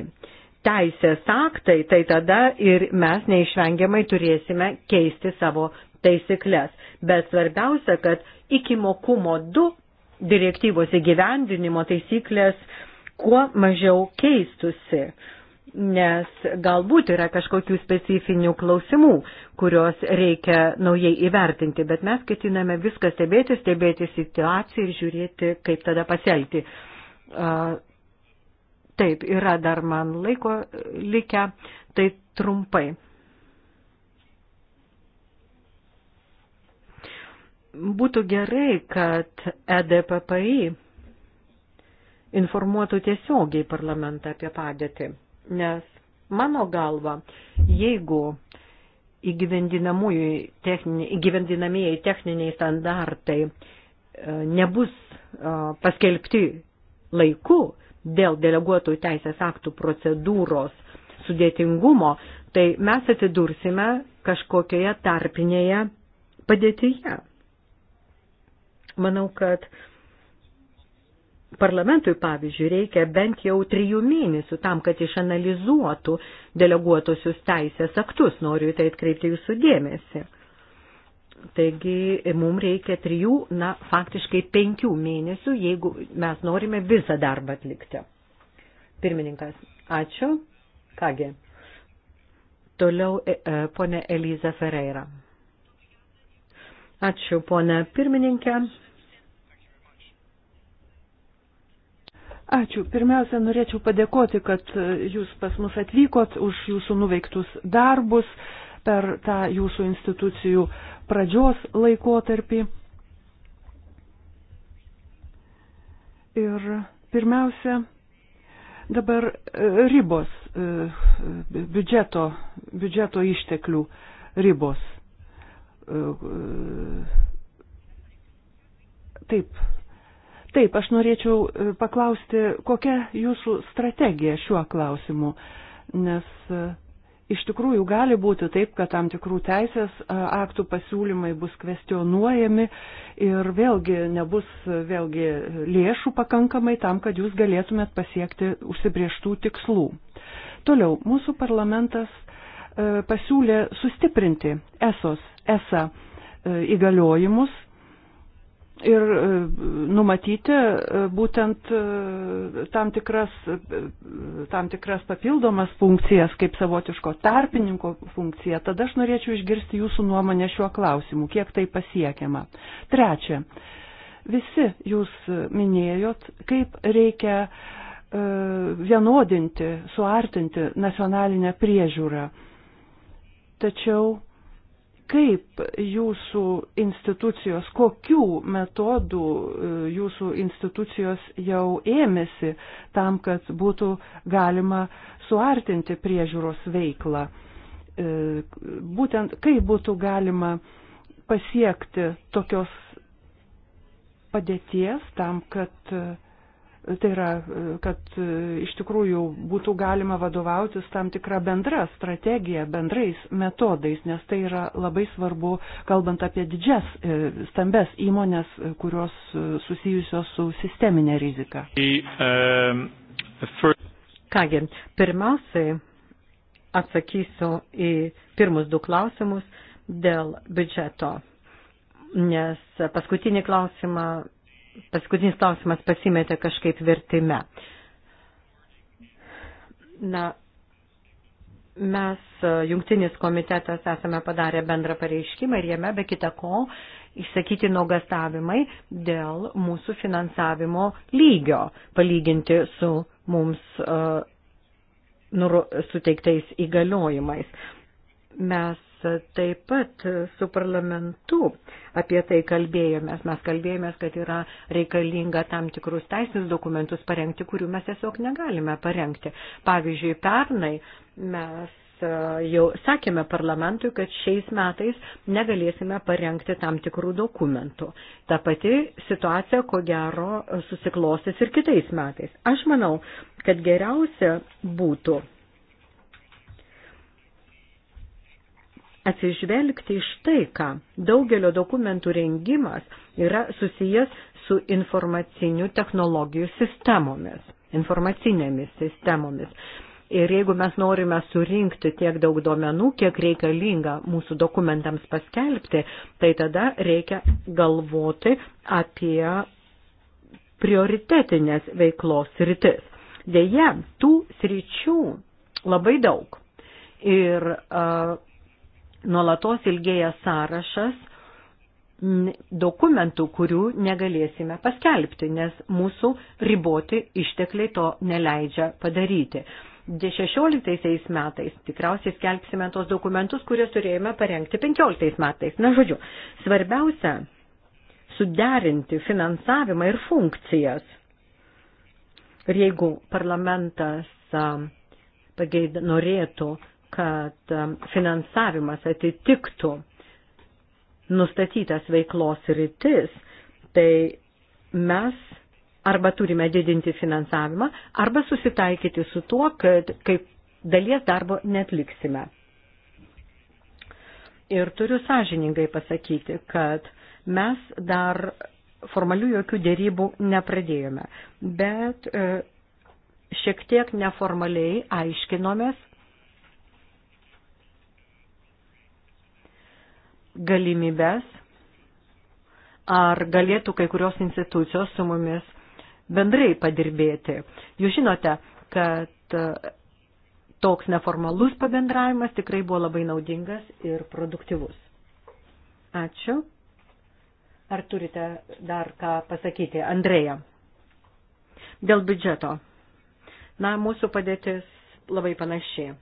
teisės aktai, tai tada ir mes neišvengiamai turėsime keisti savo taisyklės. Bet svarbiausia, kad iki mokumo 2 direktyvos įgyvendinimo taisyklės kuo mažiau keistusi nes galbūt yra kažkokių specifinių klausimų, kuriuos reikia naujai įvertinti, bet mes ketiname viską stebėti, stebėti situaciją ir žiūrėti, kaip tada pasielgti. Taip, yra dar man laiko likę, tai trumpai. Būtų gerai, kad EDPPI informuotų tiesiogiai parlamentą apie padėtį nes mano galva, jeigu technini, įgyvendinamieji techniniai standartai e, nebus e, paskelbti laiku dėl deleguotų teisės aktų procedūros sudėtingumo, tai mes atsidursime kažkokioje tarpinėje padėtyje. Manau, kad parlamentui, pavyzdžiui, reikia bent jau trijų mėnesių tam, kad išanalizuotų deleguotusius teisės aktus, noriu į tai atkreipti jūsų dėmesį. Taigi mums reikia trijų, na, faktiškai penkių mėnesių, jeigu mes norime visą darbą atlikti. Pirmininkas, ačiū. Kągi. Toliau e, e ponė Eliza Ferreira. Ačiū, ponė pirmininkė. Ačiū. Pirmiausia, norėčiau padėkoti, kad jūs pas mus atvykot už jūsų nuveiktus darbus per tą jūsų institucijų pradžios laikotarpį. Ir pirmiausia, dabar e, ribos, e, biudžeto, biudžeto išteklių ribos. E, taip, Taip, aš norėčiau e, paklausti, kokia jūsų strategija šiuo klausimu, nes e, iš tikrųjų gali būti taip, kad tam tikrų teisės e, aktų pasiūlymai bus kvestionuojami ir vėlgi nebus vėlgi lėšų pakankamai tam, kad jūs galėtumėt pasiekti užsibrieštų tikslų. Toliau, mūsų parlamentas pasiūlė sustiprinti ESOS, ESA įgaliojimus ir e, numatyti e, būtent e, tam tikras, tam tikras papildomas funkcijas, kaip savotiško tarpininko funkcija, tada aš norėčiau išgirsti jūsų nuomonę šiuo klausimu, kiek tai pasiekiama. Trečia, visi jūs minėjot, kaip reikia vienodinti, suartinti nacionalinę priežiūrą. Tačiau Kaip jūsų institucijos, kokių metodų e, jūsų institucijos jau ėmėsi tam, kad būtų galima suartinti priežiūros veiklą? E, būtent kaip būtų galima pasiekti tokios padėties tam, kad e, Tai yra, kad e, iš tikrųjų būtų galima vadovautis tam tikrą bendrą strategiją, bendrais metodais, nes tai yra labai svarbu, kalbant apie didžias, e, stambes įmonės, e, kurios susijusios su sisteminė rizika. Um, Kągi, pirmiausiai atsakysiu į pirmus du klausimus dėl biudžeto, nes paskutinį klausimą paskutinis klausimas pasimetė kažkaip vertime. Na, mes, e, jungtinis komitetas, esame padarę bendrą pareiškimą ir jame be kita ko išsakyti nuogastavimai dėl mūsų finansavimo lygio, palyginti su mums uh, nuru, suteiktais įgaliojimais. Mes taip pat su parlamentu apie tai kalbėjomės. Mes kalbėjomės, kad yra reikalinga tam tikrus teisinius dokumentus parengti, kurių mes tiesiog negalime parengti. Pavyzdžiui, pernai mes e, jau sakėme parlamentui, kad šiais metais negalėsime parengti tam tikrų dokumentų. Ta pati situacija, ko gero, susiklostys ir kitais metais. Aš manau, kad geriausia būtų atsižvelgti iš tai, ką daugelio dokumentų rengimas yra susijęs su informacinių technologijų sistemomis, informacinėmis sistemomis. Ir jeigu mes norime surinkti tiek daug duomenų, kiek reikalinga mūsų dokumentams paskelbti, tai tada reikia galvoti apie prioritetinės veiklos sritis. Deja, tų sričių labai daug. Ir uh, nuolatos ilgėja sąrašas dokumentų, kurių negalėsime paskelbti, nes mūsų riboti ištekliai to neleidžia padaryti. 16 metais tikriausiai skelbsime tos dokumentus, kuriuos turėjome parengti 15 metais. Na, žodžiu, svarbiausia suderinti finansavimą ir funkcijas. Ir jeigu parlamentas pageidą norėtų kad e, finansavimas atitiktų nustatytas veiklos rytis, tai mes arba turime didinti finansavimą, arba susitaikyti su tuo, kad kaip dalies darbo netliksime. Ir turiu sąžiningai pasakyti, kad mes dar formalių jokių dėrybų nepradėjome, bet e, šiek tiek neformaliai aiškinomės, galimybės, ar galėtų kai kurios institucijos su mumis bendrai padirbėti. Jūs žinote, kad e, toks neformalus pabendravimas tikrai buvo labai naudingas ir produktyvus. Ačiū. Ar turite dar ką pasakyti, Andrėja? Dėl biudžeto. Na, mūsų padėtis labai panašiai.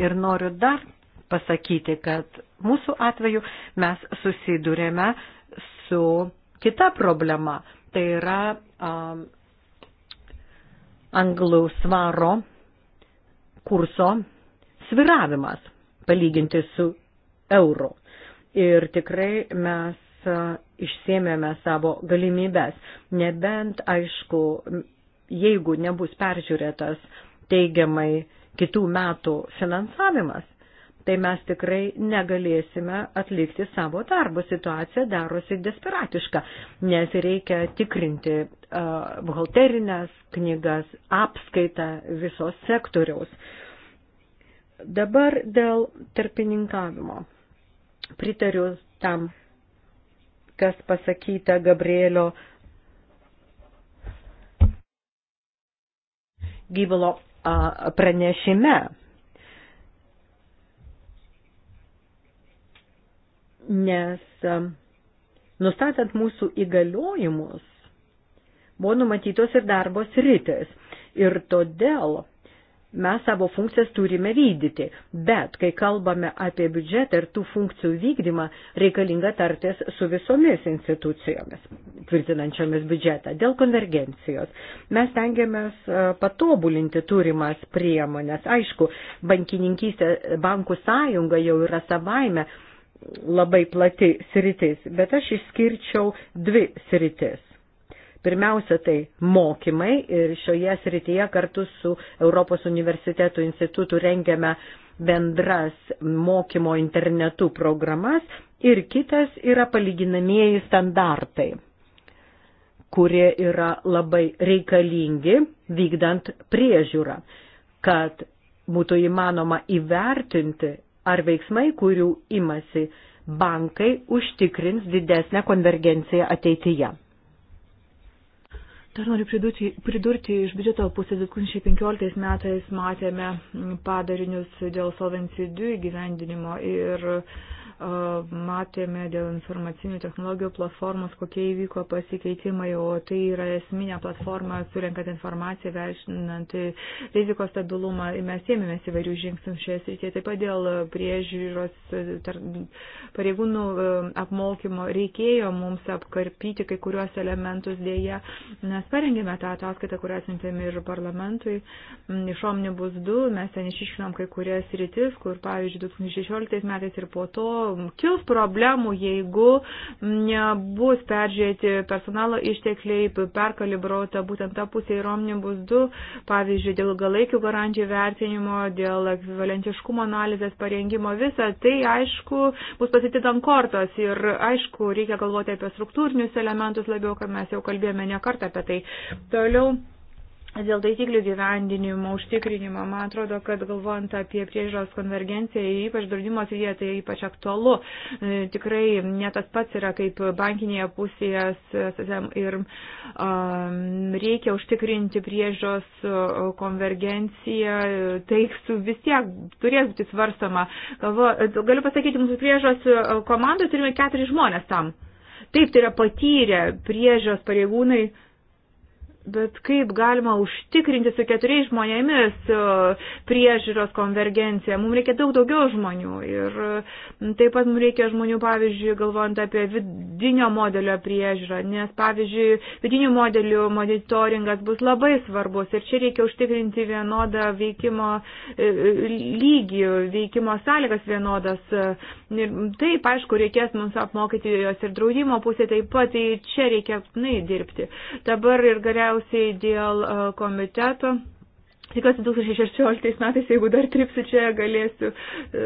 Ir noriu dar pasakyti, kad mūsų atveju mes susidurėme su kita problema. Tai yra um, anglų svaro kurso sviravimas palyginti su euro. Ir tikrai mes išsiemėme savo galimybės, nebent aišku, jeigu nebus peržiūrėtas teigiamai kitų metų finansavimas, tai mes tikrai negalėsime atlikti savo darbo. Situacija darosi desperatiška, nes reikia tikrinti uh, buhalterinės knygas, apskaitą visos sektoriaus. Dabar dėl tarpininkavimo. Pritariu tam, kas pasakyta Gabrielio gyvalo pranešime nes um, nustatant mūsų įgaliojimus buvo numatytos ir darbos rytis. Ir todėl mes savo funkcijas turime vykdyti, bet kai kalbame apie biudžetą ir tų funkcijų vykdymą, reikalinga tartis su visomis institucijomis, tvirtinančiomis biudžetą. Dėl konvergencijos mes tengiamės e, patobulinti turimas priemonės. Aišku, bankininkystė, bankų sąjunga jau yra savaime labai plati sritis, bet aš išskirčiau dvi sritis. Pirmiausia, tai mokymai ir šioje srityje kartu su Europos universitetų institutų rengiame bendras mokymo internetu programas ir kitas yra palyginamieji standartai, kurie yra labai reikalingi vykdant priežiūrą, kad būtų įmanoma įvertinti ar veiksmai, kurių imasi bankai, užtikrins didesnę konvergenciją ateityje. Dar noriu pridurti, pridurti iš biudžeto pusės 2015 metais matėme padarinius dėl Solvency 2 įgyvendinimo ir uh, matėme dėl informacinių technologijų platformos, kokie įvyko pasikeitimai, o tai yra esminė platforma, surinkant informaciją, veršinant rizikos stabilumą. Mes ėmėmės įvairių žingsnių šioje srityje. Taip pat dėl priežiūros pareigūnų e, apmokymo reikėjo mums apkarpyti kai kuriuos elementus dėje. Mes parengėme tą ataskaitą, kurią atsintėme ir parlamentui. Iš Omnibus 2 mes ten išiškinom kai kurias rytis, kur pavyzdžiui 2016 metais ir po to kils problemų, jeigu nebus peržiūrėti personalo ištekliai, perkalibruota būtent ta pusė ir omnibus 2, pavyzdžiui, dėl galaikių garantijų vertinimo, dėl ekvivalentiškumo analizės parengimo, visa tai, aišku, bus pasitėta ant kortos ir, aišku, reikia galvoti apie struktūrinius elementus labiau, kad mes jau kalbėjome ne kartą apie tai. Toliau dėl taisyklių gyvendinimo, užtikrinimo. Man atrodo, kad galvojant apie priežiūros konvergenciją, ypač draudimo srityje, tai ypač aktualu. E, tikrai ne tas pats yra kaip bankinėje pusėje ir um, reikia užtikrinti priežiūros e, konvergenciją. Tai vis tiek turės būti svarstama. Galvo, e, galiu pasakyti, mūsų priežiūros komandoje turime keturi žmonės tam. Taip, tai yra patyrę priežiūros pareigūnai Bet kaip galima užtikrinti su keturiais žmonėmis e, priežiūros konvergenciją? Mums reikia daug daugiau žmonių. Ir taip pat mums reikia žmonių, pavyzdžiui, galvojant apie vidinio modelio priežiūrą. Nes, pavyzdžiui, vidinių modelių monitoringas bus labai svarbus. Ir čia reikia užtikrinti vienodą veikimo e, lygį, veikimo sąlygas vienodas. Ir taip, aišku, reikės mums apmokyti jos ir draudimo pusė taip pat. Tai čia reikia, na, dirbti. Dabar ir galia galiausiai dėl e, komiteto. Tikiuosi 2016 metais, jeigu dar tripsiu čia, galėsiu e,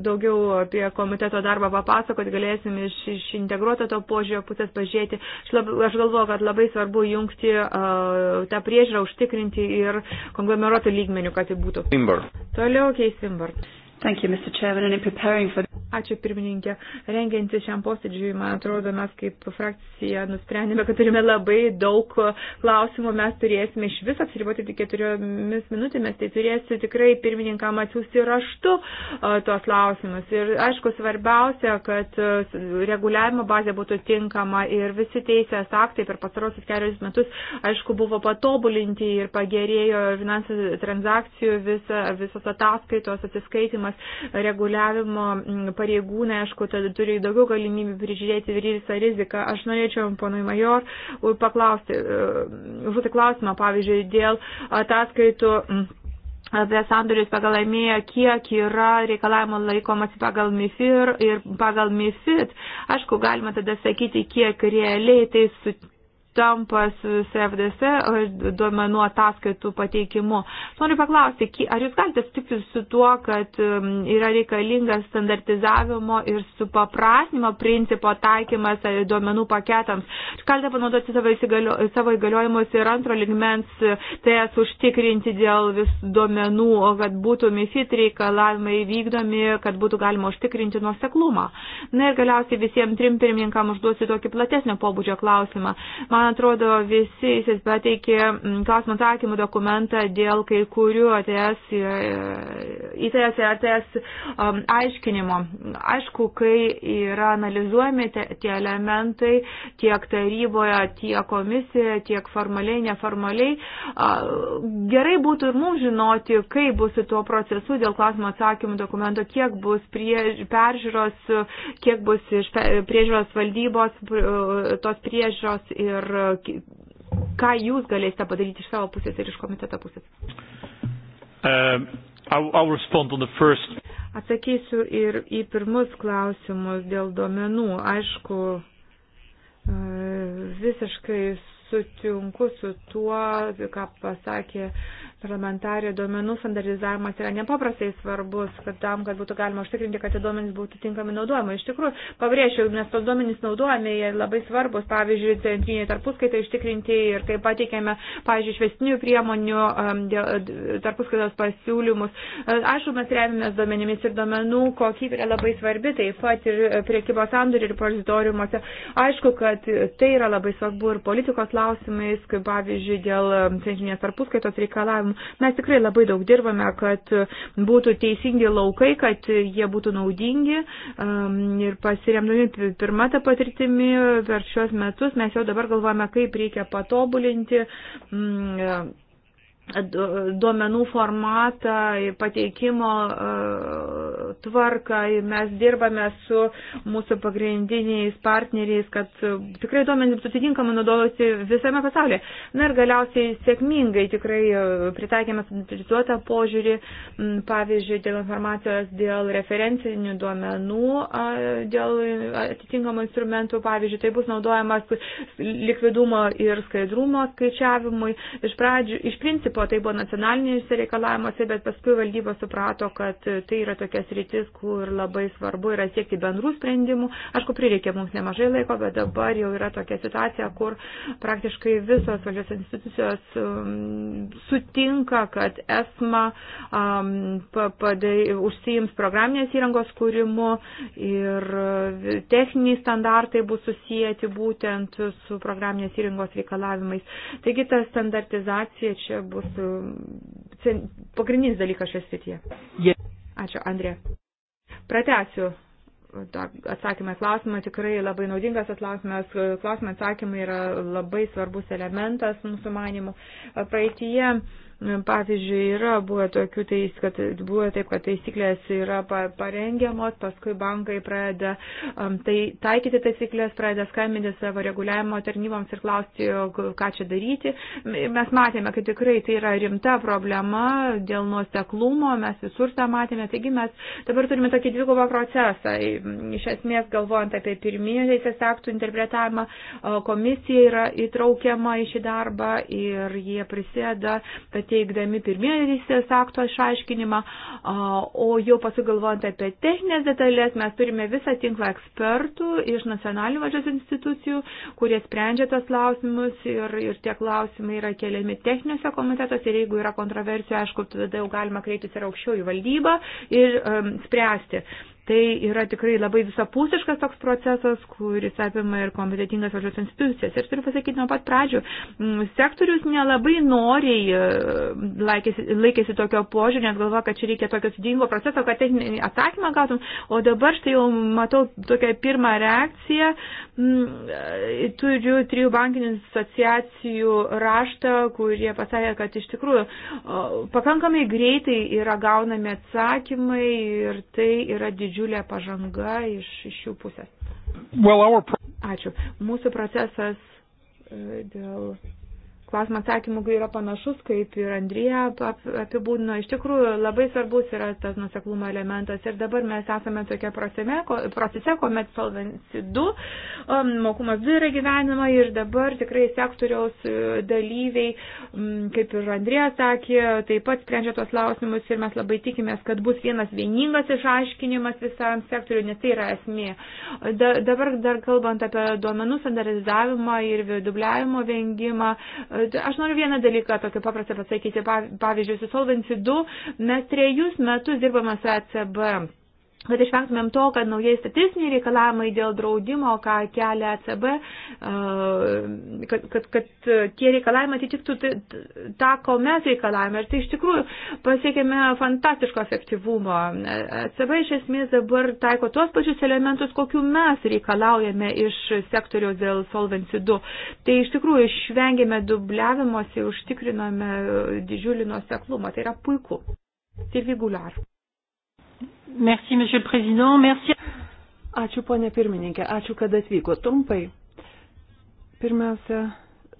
daugiau apie komiteto darbą papasakoti, galėsim iš, iš integruoto to požiūrio pusės pažiūrėti. Aš, lab, aš galvoju, kad labai svarbu jungti uh, tą priežiūrą, užtikrinti ir konglomeruotų lygmenių, kad tai būtų. Simbar. Toliau, Kei okay, Simbar. Thank you, Mr. Chairman, and in preparing for Ačiū pirmininkė. Rengiantis šiam posėdžiui, man atrodo, mes kaip frakcija nusprendėme, kad turime labai daug klausimų, mes turėsime iš viso apsiriboti tik keturiomis minutėmis, tai turėsiu tikrai pirmininkam atsiųsti raštu tuos klausimus. Ir aišku, svarbiausia, kad reguliavimo bazė būtų tinkama ir visi teisės aktai per pastarosius kelius metus, aišku, buvo patobulinti ir pagerėjo finansinių transakcijų visa, visas ataskaitos atsiskaitimas reguliavimo pareigūnai, aišku, tada turi daugiau galimybių prižiūrėti visą riziką. Aš norėčiau ponui Major paklausti, e, užduoti klausimą, pavyzdžiui, dėl ataskaitų apie sandorius pagal EMEA, kiek yra reikalavimo laikomasi pagal MIFIR ir pagal MIFID. Aišku, galima tada sakyti, kiek realiai tai su, tampas CFDC e, e, duomenų ataskaitų pateikimu. Noriu paklausti, ar jūs galite sutikti su tuo, kad e, yra reikalingas standartizavimo ir supaprasnimo principo taikymas duomenų paketams? Ar galite panaudoti savo, įsigalio, savo įgaliojimus ir antro ligmens TS užtikrinti dėl vis duomenų, kad būtų MIFID reikalavimai vykdomi, kad būtų galima užtikrinti nuoseklumą? Na ir galiausiai visiems trim pirmininkam užduosiu tokį platesnio pobūdžio klausimą. Man Man atrodo, visi jis pateikė mm, klausimų atsakymų dokumentą dėl kai kurių ATS, e, ITS ir ATS um, aiškinimo. Aišku, kai yra analizuojami tie elementai tiek taryboje, tiek komisijoje, tiek formaliai, neformaliai, gerai būtų ir mums žinoti, kaip bus su tuo procesu dėl klausimų atsakymų dokumento, kiek bus prie, peržiūros, kiek bus iš priežiūros valdybos e, tos priežiūros ir E, ką jūs galėsite padaryti iš savo pusės ir iš komiteto pusės? Uh, I'll, I'll first... Atsakysiu ir į pirmus klausimus dėl duomenų. Aišku, e, visiškai sutinku su tuo, ką pasakė uh, parlamentarė, duomenų standartizavimas yra nepaprastai svarbus, kad tam, kad būtų galima užtikrinti, kad tie duomenys būtų tinkami naudojami. Iš tikrųjų, pabrėžiau, nes tos duomenys naudojami, jie labai svarbus, pavyzdžiui, centriniai tarpuskaitai ištikrinti ir kaip pateikėme, pavyzdžiui, švestinių priemonių um, tarpuskaitos pasiūlymus. Uh, aišku, mes remiamės duomenimis ir duomenų kokybė yra labai svarbi, taip pat ir priekybos sandorių ir polidoriumuose. Aišku, kad tai yra labai svarbu ir politikos klausimais, kaip pavyzdžiui, dėl um, centrinės tarpuskaitos reikalavimų Mes tikrai labai daug dirbame, kad būtų teisingi laukai, kad jie būtų naudingi um, ir pasiremdami pirmą tą patirtimį per šios metus mes jau dabar galvojame, kaip reikia patobulinti. Mm, duomenų formatą, pateikimo e, tvarką. Mes dirbame su mūsų pagrindiniais partneriais, kad tikrai duomenys atitinkamai naudojasi visame pasaulyje. Na ir galiausiai sėkmingai tikrai e, pritaikėme standartizuotą požiūrį, pavyzdžiui, dėl informacijos, dėl referencinių duomenų, dėl atitinkamų instrumentų, pavyzdžiui, tai bus naudojamas likvidumo ir skaidrumo skaičiavimui. Iš, pradžių, iš principo principo tai buvo nacionalinėse reikalavimuose, bet paskui valdyba suprato, kad tai yra tokias rytis, kur labai svarbu yra siekti bendrų sprendimų. Aišku, prireikė mums nemažai laiko, bet dabar jau yra tokia situacija, kur praktiškai visos valdžios institucijos um, sutinka, kad esma um, padai, užsiims programinės įrangos kūrimu ir techniniai standartai bus susijęti būtent su programinės įrangos reikalavimais. Taigi ta standartizacija čia bus bus pagrindinis dalykas šioje srityje. Ačiū, Andrė. Pratesiu atsakymą į klausimą. Tikrai labai naudingas atklausimas. Klausimai atsakymai yra labai svarbus elementas mūsų manimų. Praeitie Pavyzdžiui, yra buvę tokių teis, kad buvo taip, kad taisyklės yra parengiamos, paskui bankai pradeda tai taikyti taisyklės, pradeda skambinti savo reguliavimo tarnyboms ir klausti, ką čia daryti. Mes matėme, kad tikrai tai yra rimta problema dėl nuoseklumo, mes visur tą matėme. Taigi mes dabar turime tokį dvigubą procesą. Iš esmės, galvojant apie pirminį teisės aktų interpretavimą, komisija yra įtraukiama į šį darbą ir jie prisėda pati teikdami pirmieji teisės akto išaiškinimą, o jau paskui galvojant apie techninės detalės, mes turime visą tinklą ekspertų iš nacionalinių valdžios institucijų, kurie sprendžia tos klausimus ir, ir tie klausimai yra keliami techniniuose komitetuose ir jeigu yra kontroversijų, aišku, tada jau galima kreiptis ir aukščiau į valdybą ir um, spręsti. Tai yra tikrai labai visapusiškas toks procesas, kuris apima ir kompetitingas valdžios institucijas. Ir turiu pasakyti nuo pat pradžių, mm, sektorius nelabai noriai e, laikėsi, laikėsi tokio požiūrį, nes galvoja, kad čia reikia tokio sudėtingo proceso, kad techninį atsakymą gautum. O dabar štai jau matau tokią pirmą reakciją. Mm, e, turiu trijų bankinių asociacijų raštą, kurie pasakė, kad iš tikrųjų pakankamai greitai yra gaunami atsakymai ir tai yra didžiulis didžiulė pažanga iš, iš jų pusės. Well, our... Ačiū. Mūsų procesas e, dėl klausimą atsakymų yra panašus, kaip ir Andrija apibūdino. Iš tikrųjų, labai svarbus yra tas nuseklumo elementas. Ir dabar mes esame tokia prosime, procese, kuomet Solvency 2 um, mokumas 2 yra gyvenama ir dabar tikrai sektoriaus e, dalyviai, um, kaip ir Andrija sakė, taip pat sprendžia tos klausimus ir mes labai tikimės, kad bus vienas vieningas išaiškinimas visam sektoriu, nes tai yra esmė. Da, dabar dar kalbant apie duomenų standardizavimą ir dubliavimo vengimą, uh, Aš noriu vieną dalyką tokį paprastą pasakyti. Pavyzdžiui, su Solvency 2 mes trejus metus dirbame su ECB kad išvengtumėm to, kad naujai statistiniai reikalavimai dėl draudimo, ką kelia ECB, e, kad, kad, kad e, tie reikalavimai atitiktų tą, ko mes reikalavome. Ir tai iš tikrųjų pasiekėme fantastiško efektyvumo. ECB iš esmės dabar taiko tuos pačius elementus, kokiu mes reikalaujame iš sektoriaus dėl Solvency 2. Tai iš tikrųjų išvengėme dubliavimuose, užtikrinome didžiulį nuoseklumą. Tai yra puiku. Silvi Gular. Merci, monsieur le président. Merci. Ačiū, ponė pirmininkė. Ačiū, kad atvyko. Trumpai. Pirmiausia,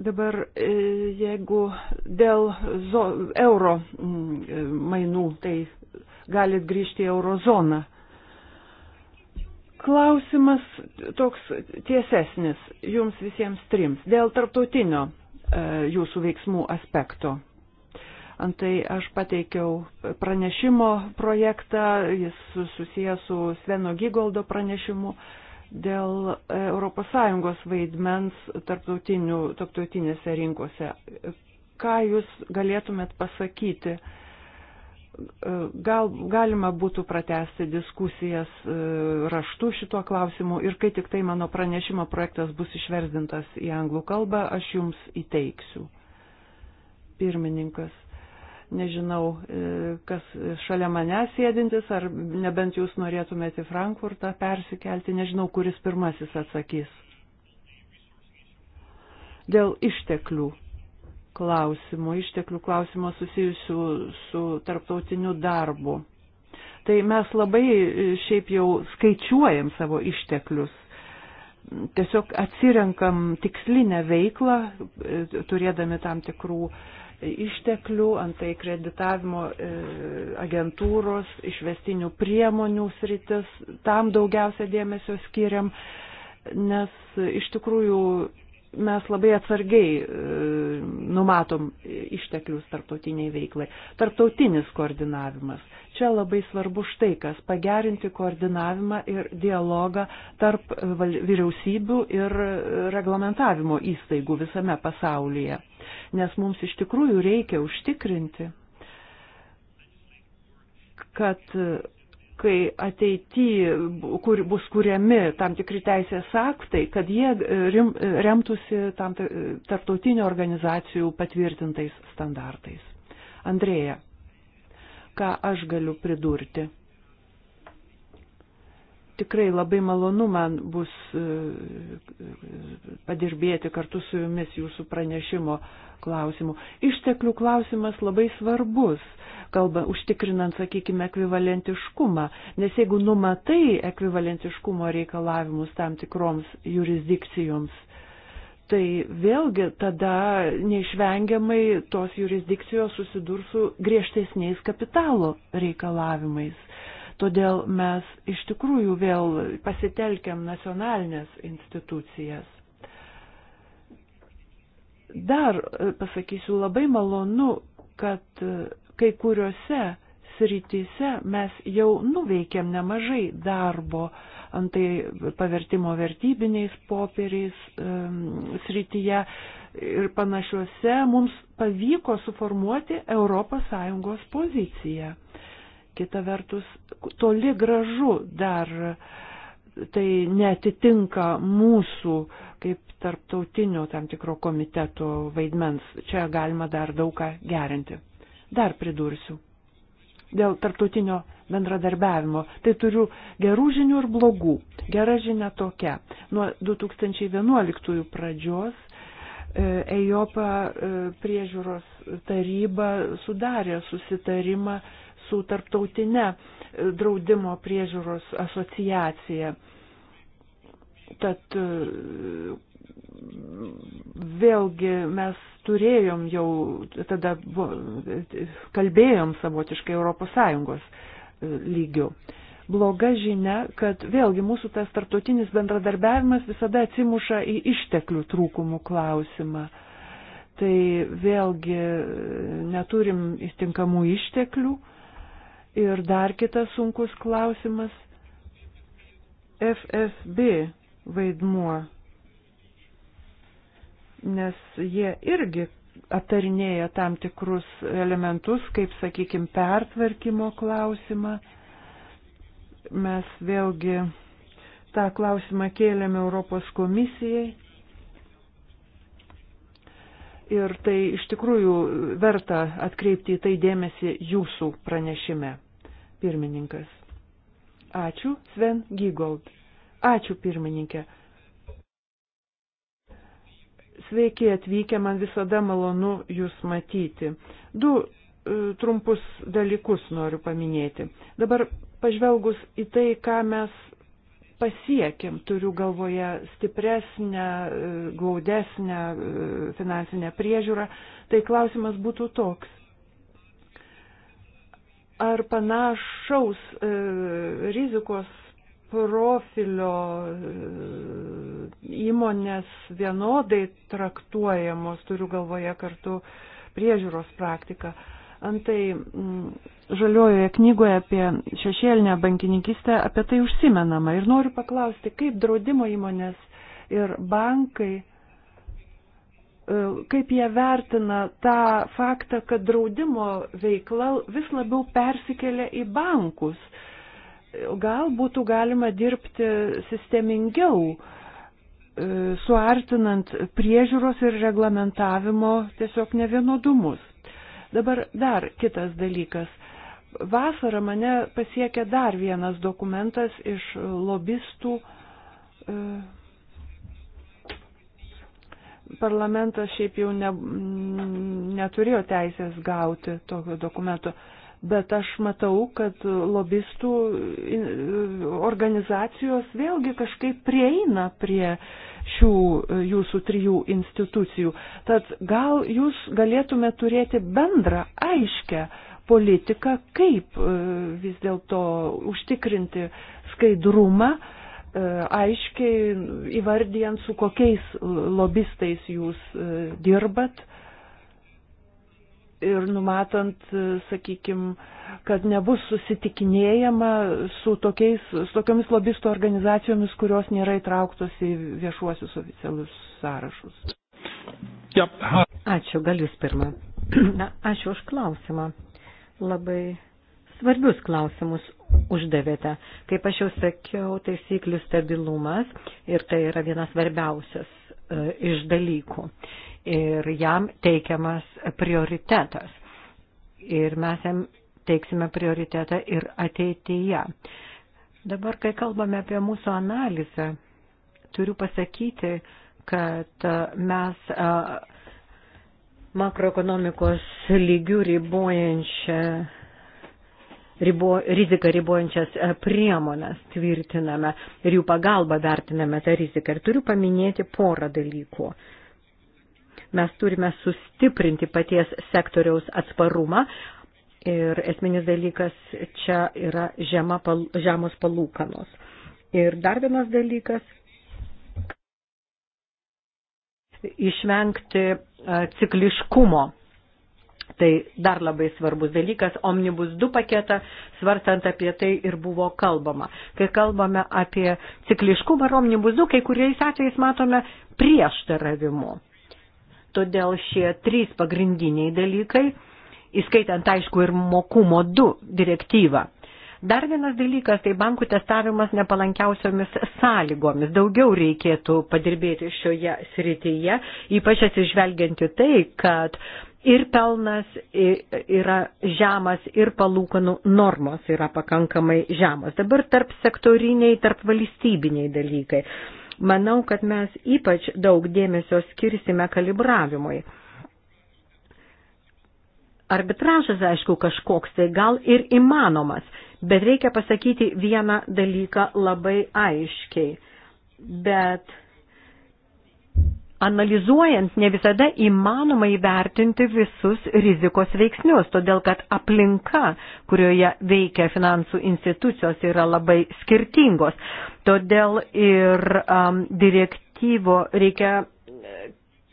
dabar e, jeigu dėl zo, euro mainų, tai galit grįžti į eurozoną. Klausimas toks tiesesnis jums visiems trims dėl tarptautinio e, jūsų veiksmų aspekto. Antai aš pateikiau pranešimo projektą, jis susijęs su Sveno Gygoldo pranešimu dėl ES vaidmens tarptautinėse rinkose. Ką jūs galėtumėt pasakyti? Gal, galima būtų pratesti diskusijas e, raštu šituo klausimu ir kai tik tai mano pranešimo projektas bus išversdintas į anglų kalbą, aš jums įteiksiu. Pirmininkas nežinau, e, kas šalia manęs sėdintis, ar nebent jūs norėtumėte į Frankfurtą persikelti, nežinau, kuris pirmasis atsakys. Dėl išteklių klausimų, išteklių klausimo susijusių su tarptautiniu darbu. Tai mes labai e, šiaip jau skaičiuojam savo išteklius tiesiog atsirenkam tikslinę veiklą, e, turėdami tam tikrų išteklių, antai kreditavimo e, agentūros, išvestinių priemonių sritis, tam daugiausia dėmesio skiriam, nes e, iš tikrųjų mes labai atsargiai e, numatom išteklius tarptautiniai veiklai. Tarptautinis koordinavimas. Čia labai svarbu štai kas - pagerinti koordinavimą ir dialogą tarp vyriausybių ir reglamentavimo įstaigų visame pasaulyje. Nes mums iš tikrųjų reikia užtikrinti, kad kai ateity kur bus kuriami tam tikri teisės aktai, kad jie rim, remtųsi tam tarptautinių organizacijų patvirtintais standartais. Andrėja, ką aš galiu pridurti? tikrai labai malonu man bus e, e, padirbėti kartu su jumis jūsų pranešimo klausimų. Išteklių klausimas labai svarbus, kalba užtikrinant, sakykime, ekvivalentiškumą, nes jeigu numatai ekvivalentiškumo reikalavimus tam tikroms jurisdikcijoms, tai vėlgi tada neišvengiamai tos jurisdikcijos susidurs su griežtesniais kapitalo reikalavimais Todėl mes iš tikrųjų vėl pasitelkiam nacionalinės institucijas. Dar e, pasakysiu, labai malonu, kad e, kai kuriuose srityse mes jau nuveikėm nemažai darbo antai pavertimo vertybiniais popieriais srityje ir panašiuose mums pavyko suformuoti ES poziciją kita vertus, toli gražu dar tai netitinka mūsų kaip tarptautinio tam tikro komiteto vaidmens. Čia galima dar daug ką gerinti. Dar pridursiu. Dėl tarptautinio bendradarbiavimo. Tai turiu gerų žinių ir blogų. Gera žinia tokia. Nuo 2011 pradžios e, EIOPA e, priežiūros taryba sudarė susitarimą su tarptautinė e, draudimo priežiūros asociacija. Tad e, vėlgi mes turėjom jau, tada e, kalbėjom savotiškai ES lygių. Bloga žinia, kad vėlgi mūsų tas tarptautinis bendradarbiavimas visada atsimuša į išteklių trūkumų klausimą. Tai vėlgi neturim įstinkamų išteklių Ir dar kitas sunkus klausimas - FSB vaidmuo. Nes jie irgi aptarinėja tam tikrus elementus, kaip, sakykime, pertvarkymo klausimą. Mes vėlgi tą klausimą kėlėme Europos komisijai. Ir tai iš tikrųjų verta atkreipti į tai dėmesį jūsų pranešime. Pirmininkas. Ačiū, Sven Gygold. Ačiū, pirmininkė. Sveiki atvykę, man visada malonu Jūs matyti. Du e, trumpus dalykus noriu paminėti. Dabar pažvelgus į tai, ką mes pasiekėm, turiu galvoje stipresnę, e, glaudesnę e, finansinę priežiūrą, tai klausimas būtų toks ar panašaus e, rizikos profilio e, įmonės vienodai traktuojamos, turiu galvoje kartu priežiūros praktiką. Antai mm, žaliojoje knygoje apie šešėlinę bankininkistę apie tai užsimenama ir noriu paklausti, kaip draudimo įmonės ir bankai E, kaip jie vertina tą faktą, kad draudimo veikla vis labiau persikelia į bankus. Gal būtų galima dirbti sistemingiau, e, suartinant priežiūros ir reglamentavimo tiesiog nevienodumus. Dabar dar kitas dalykas. Vasarą mane pasiekė dar vienas dokumentas iš lobistų e, parlamentas šiaip jau ne, neturėjo teisės gauti tokio dokumento, bet aš matau, kad lobistų organizacijos vėlgi kažkaip prieina prie šių jūsų trijų institucijų. Tad gal jūs galėtume turėti bendrą, aiškę politiką, kaip e, vis dėlto užtikrinti skaidrumą, E, aiškiai įvardijant, su kokiais lobistais jūs e, dirbat ir numatant, e, sakykime, kad nebus susitikinėjama su, tokiais, su tokiamis lobisto organizacijomis, kurios nėra įtrauktos į viešuosius oficialius sąrašus. Yep. Ačiū, gal jūs pirmą. (clears throat) Na, ačiū už klausimą. Labai svarbius klausimus uždavėte. Kaip aš jau sakiau, taisyklių stabilumas ir tai yra vienas svarbiausias e, iš dalykų. Ir jam teikiamas prioritetas. Ir mes jam teiksime prioritetą ir ateityje. Dabar, kai kalbame apie mūsų analizę, turiu pasakyti, kad e, mes e, makroekonomikos lygių ribojančią ribo, riziką ribojančias e, priemonas tvirtiname ir jų pagalba vertiname tą riziką. Ir turiu paminėti porą dalykų. Mes turime sustiprinti paties sektoriaus atsparumą, Ir esminis dalykas čia yra žema, pal, žemos palūkanos. Ir dar vienas dalykas - išvengti e, cikliškumo Tai dar labai svarbus dalykas, omnibus 2 paketą, svarstant apie tai ir buvo kalbama. Kai kalbame apie cikliškumą ir omnibus 2, kai kuriais atvejais matome prieštaravimu. Todėl šie trys pagrindiniai dalykai, įskaitant aišku ir mokumo 2 direktyvą, Dar vienas dalykas, tai bankų testavimas nepalankiausiomis sąlygomis. Daugiau reikėtų padirbėti šioje srityje, ypač atsižvelgianti tai, kad ir pelnas yra žemas, ir palūkanų normos yra pakankamai žemos. Dabar tarp sektoriniai, tarp valstybiniai dalykai. Manau, kad mes ypač daug dėmesio skirsime kalibravimui. Arbitražas, aišku, kažkoks tai gal ir įmanomas, bet reikia pasakyti vieną dalyką labai aiškiai. Bet analizuojant ne visada įmanoma įvertinti visus rizikos veiksnius, todėl kad aplinka, kurioje veikia finansų institucijos, yra labai skirtingos. Todėl ir um, direktyvo reikia,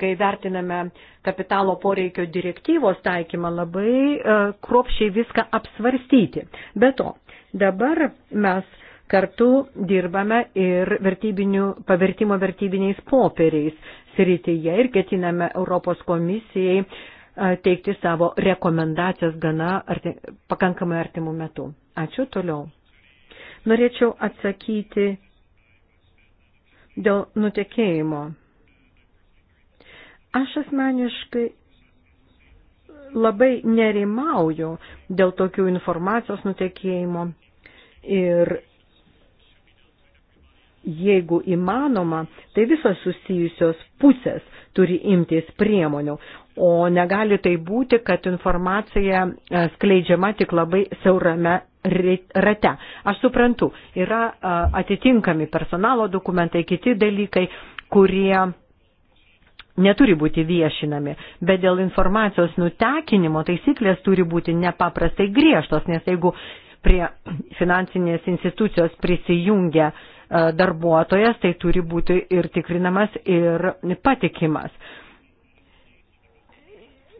kai vertiname kapitalo poreikio direktyvos taikymą, labai uh, e, kropšiai viską apsvarstyti. Be to, dabar mes Kartu dirbame ir vertybinių, pavertimo vertybiniais popieriais srityje ir ketiname Europos komisijai teikti savo rekomendacijas gana arti, pakankamai artimų metų. Ačiū toliau. Norėčiau atsakyti dėl nutekėjimo. Aš asmeniškai labai nerimauju dėl tokių informacijos nutekėjimo ir jeigu įmanoma, tai visos susijusios pusės turi imtis priemonių, o negali tai būti, kad informacija e, skleidžiama tik labai siaurame rate. Aš suprantu, yra e, atitinkami personalo dokumentai, kiti dalykai, kurie neturi būti viešinami, bet dėl informacijos nutekinimo taisyklės turi būti nepaprastai griežtos, nes jeigu prie finansinės institucijos prisijungia uh, E, darbuotojas, tai turi būti ir tikrinamas, ir patikimas.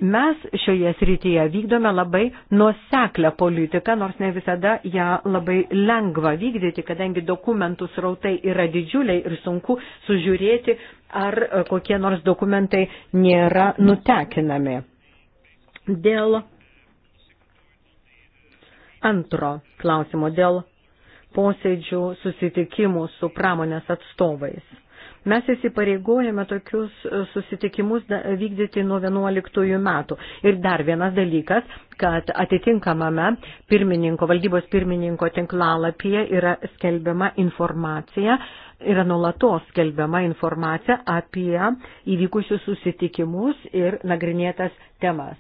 Mes šioje srityje vykdome labai nuoseklę politiką, nors ne visada ją labai lengva vykdyti, kadangi dokumentų srautai yra didžiuliai ir sunku sužiūrėti, ar kokie nors dokumentai nėra nutekinami. Dėl antro klausimo, dėl posėdžių susitikimų su pramonės atstovais. Mes įsipareigojame tokius e, susitikimus vykdyti nuo 11 metų. Ir dar vienas dalykas, kad atitinkamame pirmininko, valdybos pirmininko tinklalapyje yra skelbiama informacija, yra nulatos skelbiama informacija apie įvykusius susitikimus ir nagrinėtas temas.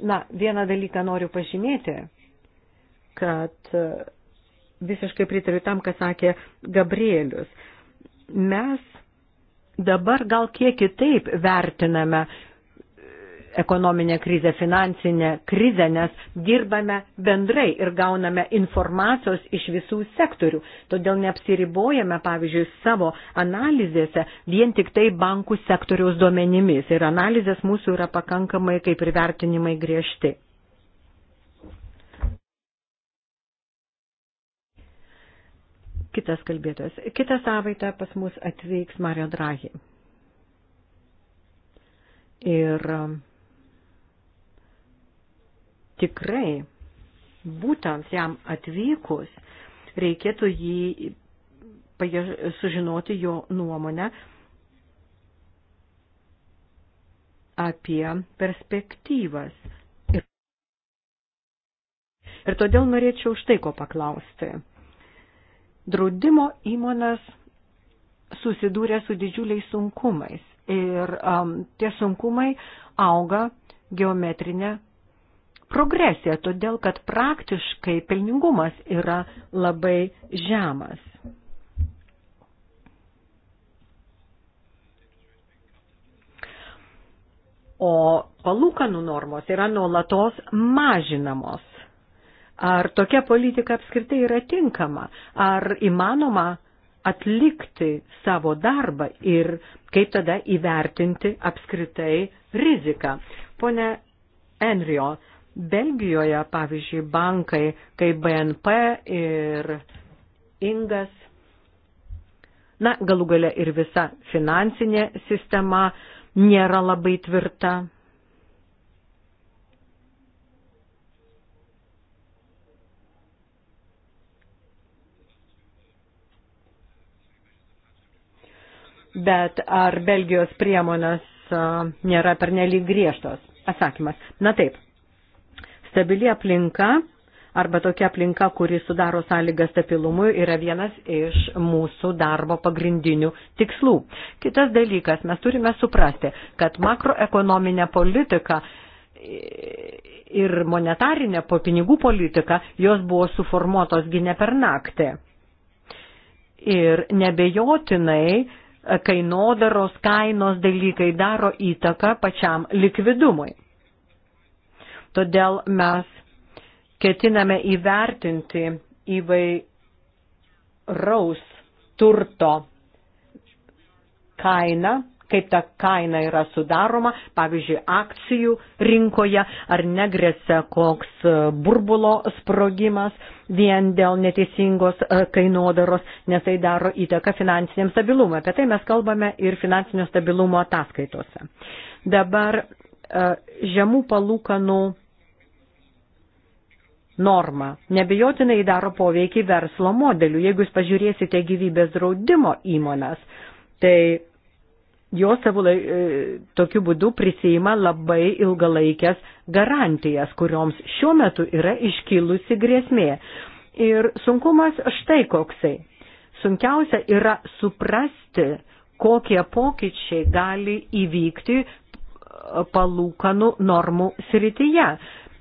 Na, vieną dalyką noriu pažymėti kad e, visiškai pritariu tam, ką sakė Gabrielius. Mes dabar gal kiek kitaip vertiname e, ekonominę krizę, finansinę krizę, nes dirbame bendrai ir gauname informacijos iš visų sektorių. Todėl neapsiribojame, pavyzdžiui, savo analizėse vien tik tai bankų sektoriaus duomenimis. Ir analizės mūsų yra pakankamai kaip ir vertinimai griežti. Kitas kalbėtojas. Kitą savaitę pas mus atvyks Mario Draghi. Ir um, tikrai būtent jam atvykus reikėtų jį sužinoti jo nuomonę apie perspektyvas. Ir todėl norėčiau štai ko paklausti draudimo įmonės susidūrė su didžiuliais sunkumais ir um, tie sunkumai auga geometrinė progresija, todėl kad praktiškai pelningumas yra labai žemas. O palūkanų normos yra nuolatos mažinamos. Ar tokia politika apskritai yra tinkama? Ar įmanoma atlikti savo darbą ir kaip tada įvertinti apskritai riziką? Pone Enrio, Belgijoje, pavyzdžiui, bankai kaip BNP ir Ingas, na, galų gale ir visa finansinė sistema nėra labai tvirta. Bet ar Belgijos priemonės nėra pernelyg griežtos? Atsakymas. Na taip. Stabili aplinka arba tokia aplinka, kuri sudaro sąlygą stabilumui, yra vienas iš mūsų darbo pagrindinių tikslų. Kitas dalykas, mes turime suprasti, kad makroekonominė politika ir monetarinė po pinigų politika, jos buvo suformuotos gi ne per naktį. Ir nebejotinai kainodaros, kainos dalykai daro įtaką pačiam likvidumui. Todėl mes ketiname įvertinti įvairaus turto kainą kaip ta kaina yra sudaroma, pavyzdžiui, akcijų rinkoje, ar negresia koks e, burbulo sprogimas vien dėl neteisingos e, kainodaros, nes tai daro įtaką finansiniam stabilumui. Apie tai mes kalbame ir finansinio stabilumo ataskaitose. Dabar e, žemų palūkanų norma. Nebejotinai daro poveikį verslo modeliu. Jeigu jūs pažiūrėsite gyvybės draudimo įmonas, tai jos savo lai, e, tokiu būdu prisima labai ilgalaikės garantijas, kurioms šiuo metu yra iškilusi grėsmė. Ir sunkumas štai koksai. Sunkiausia yra suprasti, kokie pokyčiai gali įvykti e, palūkanų normų srityje.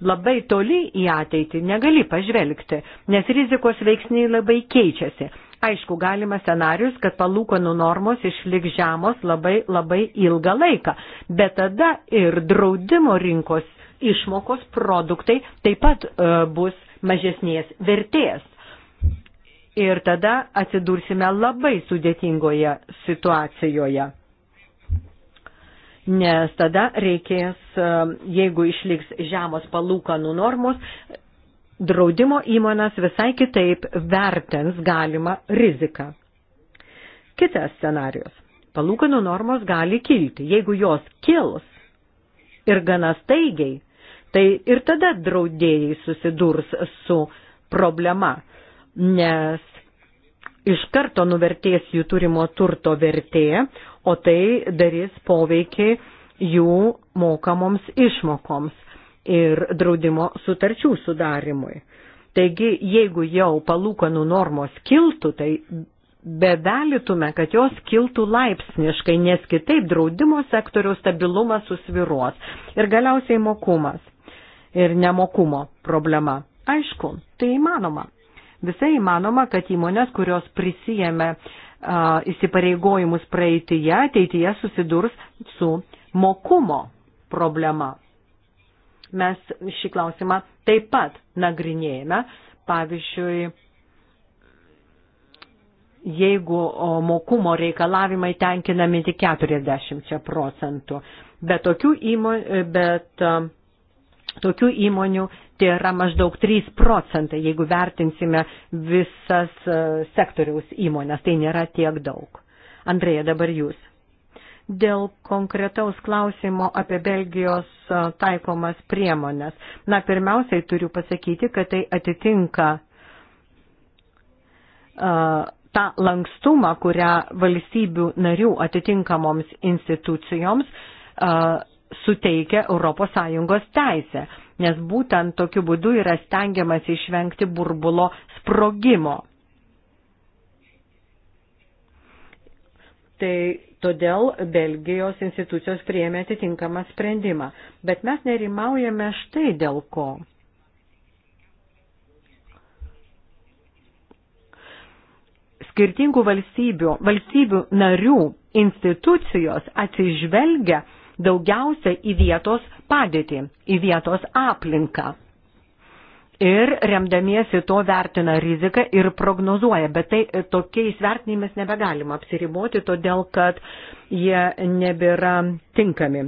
Labai toli į ateitį negali pažvelgti, nes rizikos veiksniai labai keičiasi. Aišku, galima scenarius, kad palūkanų normos išliks žemos labai labai ilgą laiką, bet tada ir draudimo rinkos išmokos produktai taip pat uh, bus mažesnės vertės. Ir tada atsidursime labai sudėtingoje situacijoje. Nes tada reikės, e, jeigu išliks žemos palūkanų normos, draudimo įmonas visai kitaip vertins galimą riziką. Kitas scenarius. Palūkanų normos gali kilti. Jeigu jos kils ir gana staigiai, tai ir tada draudėjai susidurs su problema, nes iš karto nuvertės jų turimo turto vertė, o tai darys poveikį jų mokamoms išmokoms ir draudimo sutarčių sudarimui. Taigi, jeigu jau palūkanų normos kiltų, tai bedalytume, kad jos kiltų laipsniškai, nes kitaip draudimo sektoriaus stabilumas susviruos. Ir galiausiai mokumas ir nemokumo problema. Aišku, tai įmanoma. Visai įmanoma, kad įmonės, kurios prisijėmė a, įsipareigojimus praeitįje, ateityje susidurs su mokumo problema mes šį klausimą taip pat nagrinėjame. Pavyzdžiui, jeigu mokumo reikalavimai tenkinami tik 40 procentų. Bet tokių įmonių, bet um, Tokių įmonių tai yra maždaug 3 procentai, jeigu vertinsime visas uh, sektoriaus įmonės, tai nėra tiek daug. Andrėja, dabar jūs dėl konkretaus klausimo apie Belgijos taikomas priemonės. Na, pirmiausiai turiu pasakyti, kad tai atitinka uh, tą lankstumą, kurią valstybių narių atitinkamoms institucijoms uh, suteikia ES teisė, nes būtent tokiu būdu yra stengiamas išvengti burbulo sprogimo. Tai todėl Belgijos institucijos prieėmė atitinkamą sprendimą. Bet mes nerimaujame štai dėl ko. Skirtingų valstybių, valstybių narių institucijos atsižvelgia daugiausia į vietos padėtį, į vietos aplinką ir remdamiesi to vertina riziką ir prognozuoja, bet tai e, tokiais vertinimais nebegalima apsiriboti, todėl kad jie nebėra tinkami.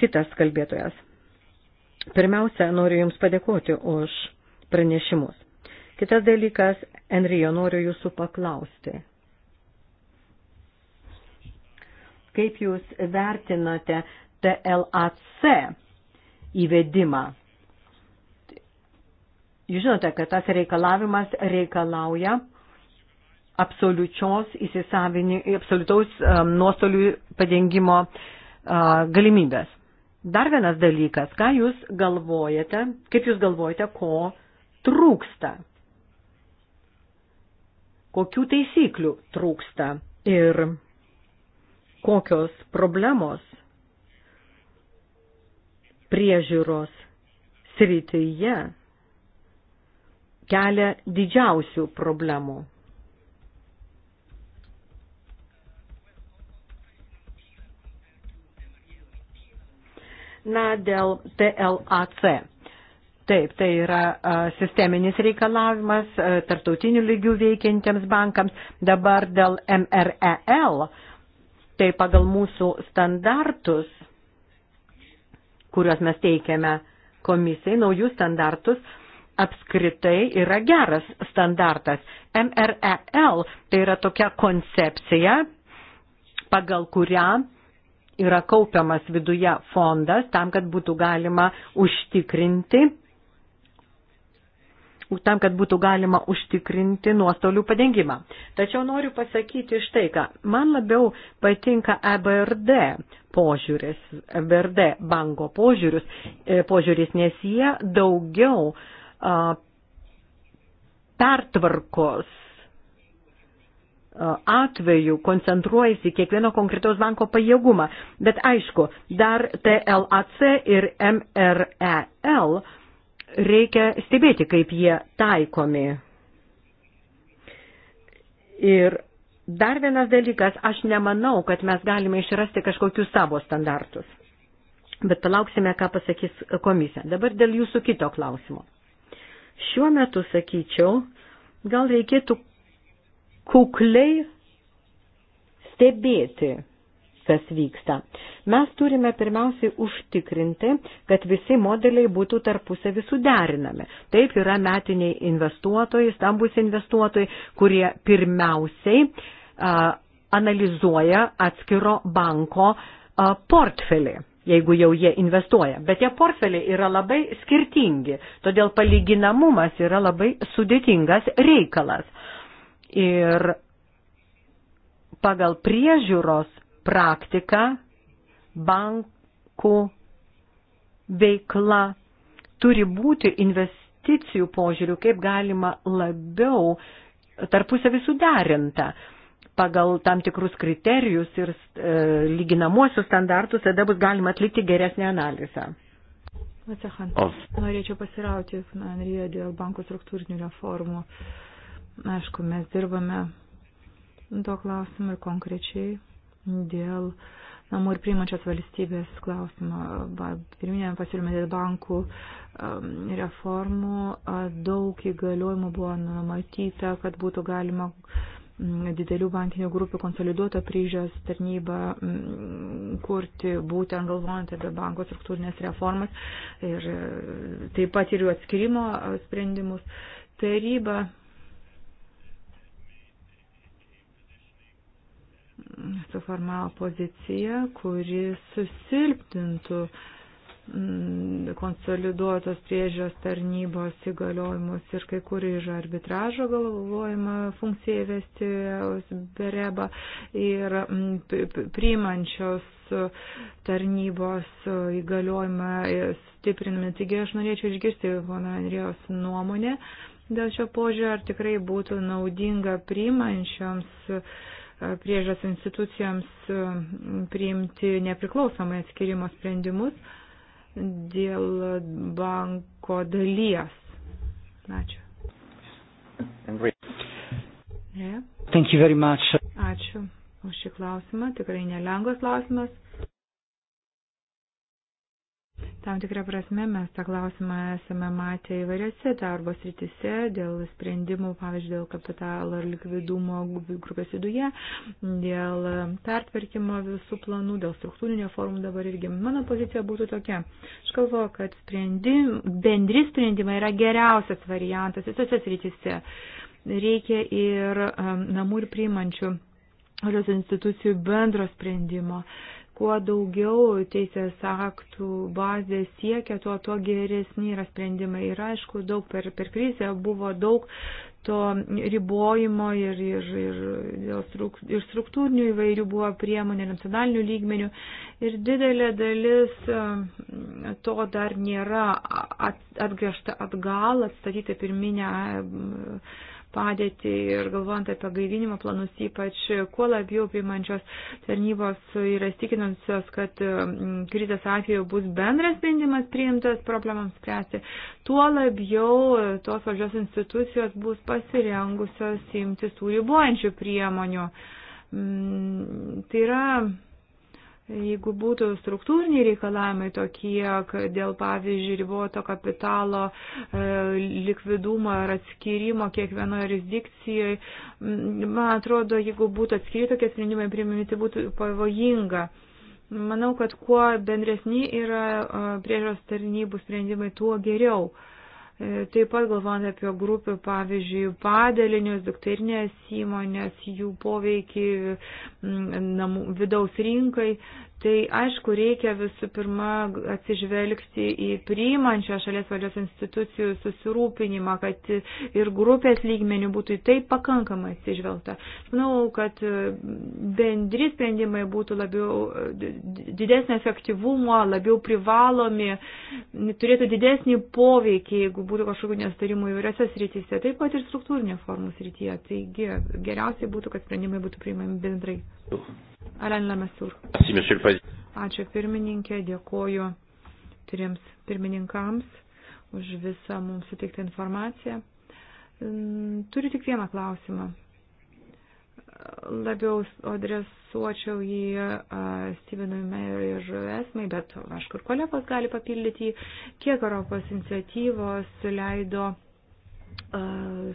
Kitas kalbėtojas. Pirmiausia, noriu Jums padėkoti už pranešimus. Kitas dalykas, Enrijo, noriu Jūsų paklausti. Kaip Jūs vertinate TLAC įvedimą? Jūs žinote, kad tas reikalavimas reikalauja absoliučios įsisavini, absoliutaus um, nuostolių padengimo uh, galimybės. Dar vienas dalykas, ką jūs galvojate, kaip jūs galvojate, ko trūksta, kokių taisyklių trūksta ir kokios problemos priežiūros srityje kelia didžiausių problemų. Na, dėl TLAC. Taip, tai yra a, sisteminis reikalavimas a, tartautinių lygių veikiantiems bankams. Dabar dėl MREL, tai pagal mūsų standartus, kuriuos mes teikiame komisijai, naujus standartus, apskritai yra geras standartas. MREL tai yra tokia koncepcija, pagal kurią yra kaupiamas viduje fondas tam, kad būtų galima užtikrinti tam, kad būtų galima užtikrinti nuostolių padengimą. Tačiau noriu pasakyti štai ką. Man labiau patinka EBRD požiūris, EBRD banko požiūris, e, požiūris nes jie daugiau uh, pertvarkos atveju koncentruojasi kiekvieno konkretaus banko pajėgumą. Bet aišku, dar TLAC ir MREL reikia stebėti, kaip jie taikomi. Ir dar vienas dalykas, aš nemanau, kad mes galime išrasti kažkokius savo standartus. Bet palauksime, ką pasakys komisija. Dabar dėl jūsų kito klausimo šiuo metu, sakyčiau, gal reikėtų kukliai stebėti, kas vyksta. Mes turime pirmiausiai užtikrinti, kad visi modeliai būtų tarpusavį suderinami. Taip yra metiniai investuotojai, stambus investuotojai, kurie pirmiausiai a, analizuoja atskiro banko a, portfelį jeigu jau jie investuoja. Bet tie portfeliai yra labai skirtingi, todėl palyginamumas yra labai sudėtingas reikalas. Ir pagal priežiūros praktiką bankų veikla turi būti investicijų požiūrių, kaip galima labiau tarpusavį suderinta pagal tam tikrus kriterijus ir e, lyginamuosius standartus, tada bus galima atlikti geresnę analizą. Atsakan, norėčiau pasirauti Andrija dėl bankų struktūrinių reformų. Aišku, mes dirbame to klausimu ir konkrečiai dėl namų ir priimančios valstybės klausimo. Pirminėme pasiūlyme dėl bankų um, reformų daug įgaliojimų buvo numatyta, kad būtų galima didelių bankinių grupių konsoliduoto priežios tarnybą mm, kurti, būtent galvojant apie banko struktūrinės reformas ir e, taip pat ir jų atskirimo e, sprendimus. Taryba mm, suformavo poziciją, kuri susilpnintų uh, Mm, konsoliduotos priežios tarnybos įgaliojimus ir kai kur iš arbitražo galvojama funkcija įvesti bereba ir mm, priimančios tarnybos įgaliojimą stiprinami. Taigi aš norėčiau išgirsti pana Andrijos nuomonę dėl šio požiūrio, ar tikrai būtų naudinga priimančioms e, priežas institucijoms priimti nepriklausomai atskirimo sprendimus dėl banko dalies. Ačiū. Yeah. Ačiū už šį klausimą. Tikrai nelengvas klausimas. Tam tikrą prasme mes tą klausimą esame matę įvairiose darbo sritise dėl sprendimų, pavyzdžiui, dėl kapitalo ir likvidumo grupės viduje, dėl pertvarkymo visų planų, dėl struktūrinio formų dabar irgi. Mano pozicija būtų tokia. Aš galvoju, kad sprendim, bendri sprendimai yra geriausias variantas visose sritise. Reikia ir um, namų ir priimančių valios institucijų bendro sprendimo. Uh, kuo daugiau teisės aktų bazės siekia, tuo, tuo geresni yra sprendimai. Ir aišku, daug per, per krizę buvo daug to ribojimo ir, ir, ir, ir struktūrinių įvairių buvo priemonių, nacionalinių lygmenių. Ir didelė dalis e, to dar nėra atgriežta atgal, atstatyti pirminę e, padėtį ir galvojant apie gaivinimo planus, ypač kuo labiau primančios tarnybos yra stikinusios, kad mm, krizės atveju bus bendras sprendimas priimtas problemams spręsti, tuo labiau tos valdžios institucijos bus pasirengusios imtis tų ribojančių priemonių. Mm, tai yra Jeigu būtų struktūriniai reikalavimai tokie, dėl pavyzdžiui riboto kapitalo e, likvidumo ar atskirimo kiekvienoje jurisdikcijoje, man atrodo, jeigu būtų atskiri tokie sprendimai priimami, tai būtų pavojinga. Manau, kad kuo bendresni yra e, priežos tarnybų sprendimai, tuo geriau. Uh, E, taip pat galvojant apie grupių, pavyzdžiui, padalinius, dukterinės įmonės, jų poveikį namų, vidaus rinkai, Tai aišku, reikia visų pirma atsižvelgti į priimančią šalies valdžios institucijų susirūpinimą, kad ir grupės lygmenių būtų į tai pakankamai atsižvelgta. Manau, kad bendri sprendimai būtų labiau didesnio efektyvumo, labiau privalomi, turėtų didesnį poveikį, jeigu būtų kažkokių nestarimų įvairiose srityse, taip pat ir struktūrinė formų srityje. Taigi geriausiai būtų, kad sprendimai būtų priimami bendrai. Thank you. Alen Lamesur. Ačiū pirmininkė, dėkoju trims pirmininkams už visą mums suteiktą informaciją. Mm, turiu tik vieną klausimą. Labiau adresuočiau jį uh, Stevenui Meijeriui ir Esmai, bet aš kur kolegos gali papildyti, kiek Europos iniciatyvos leido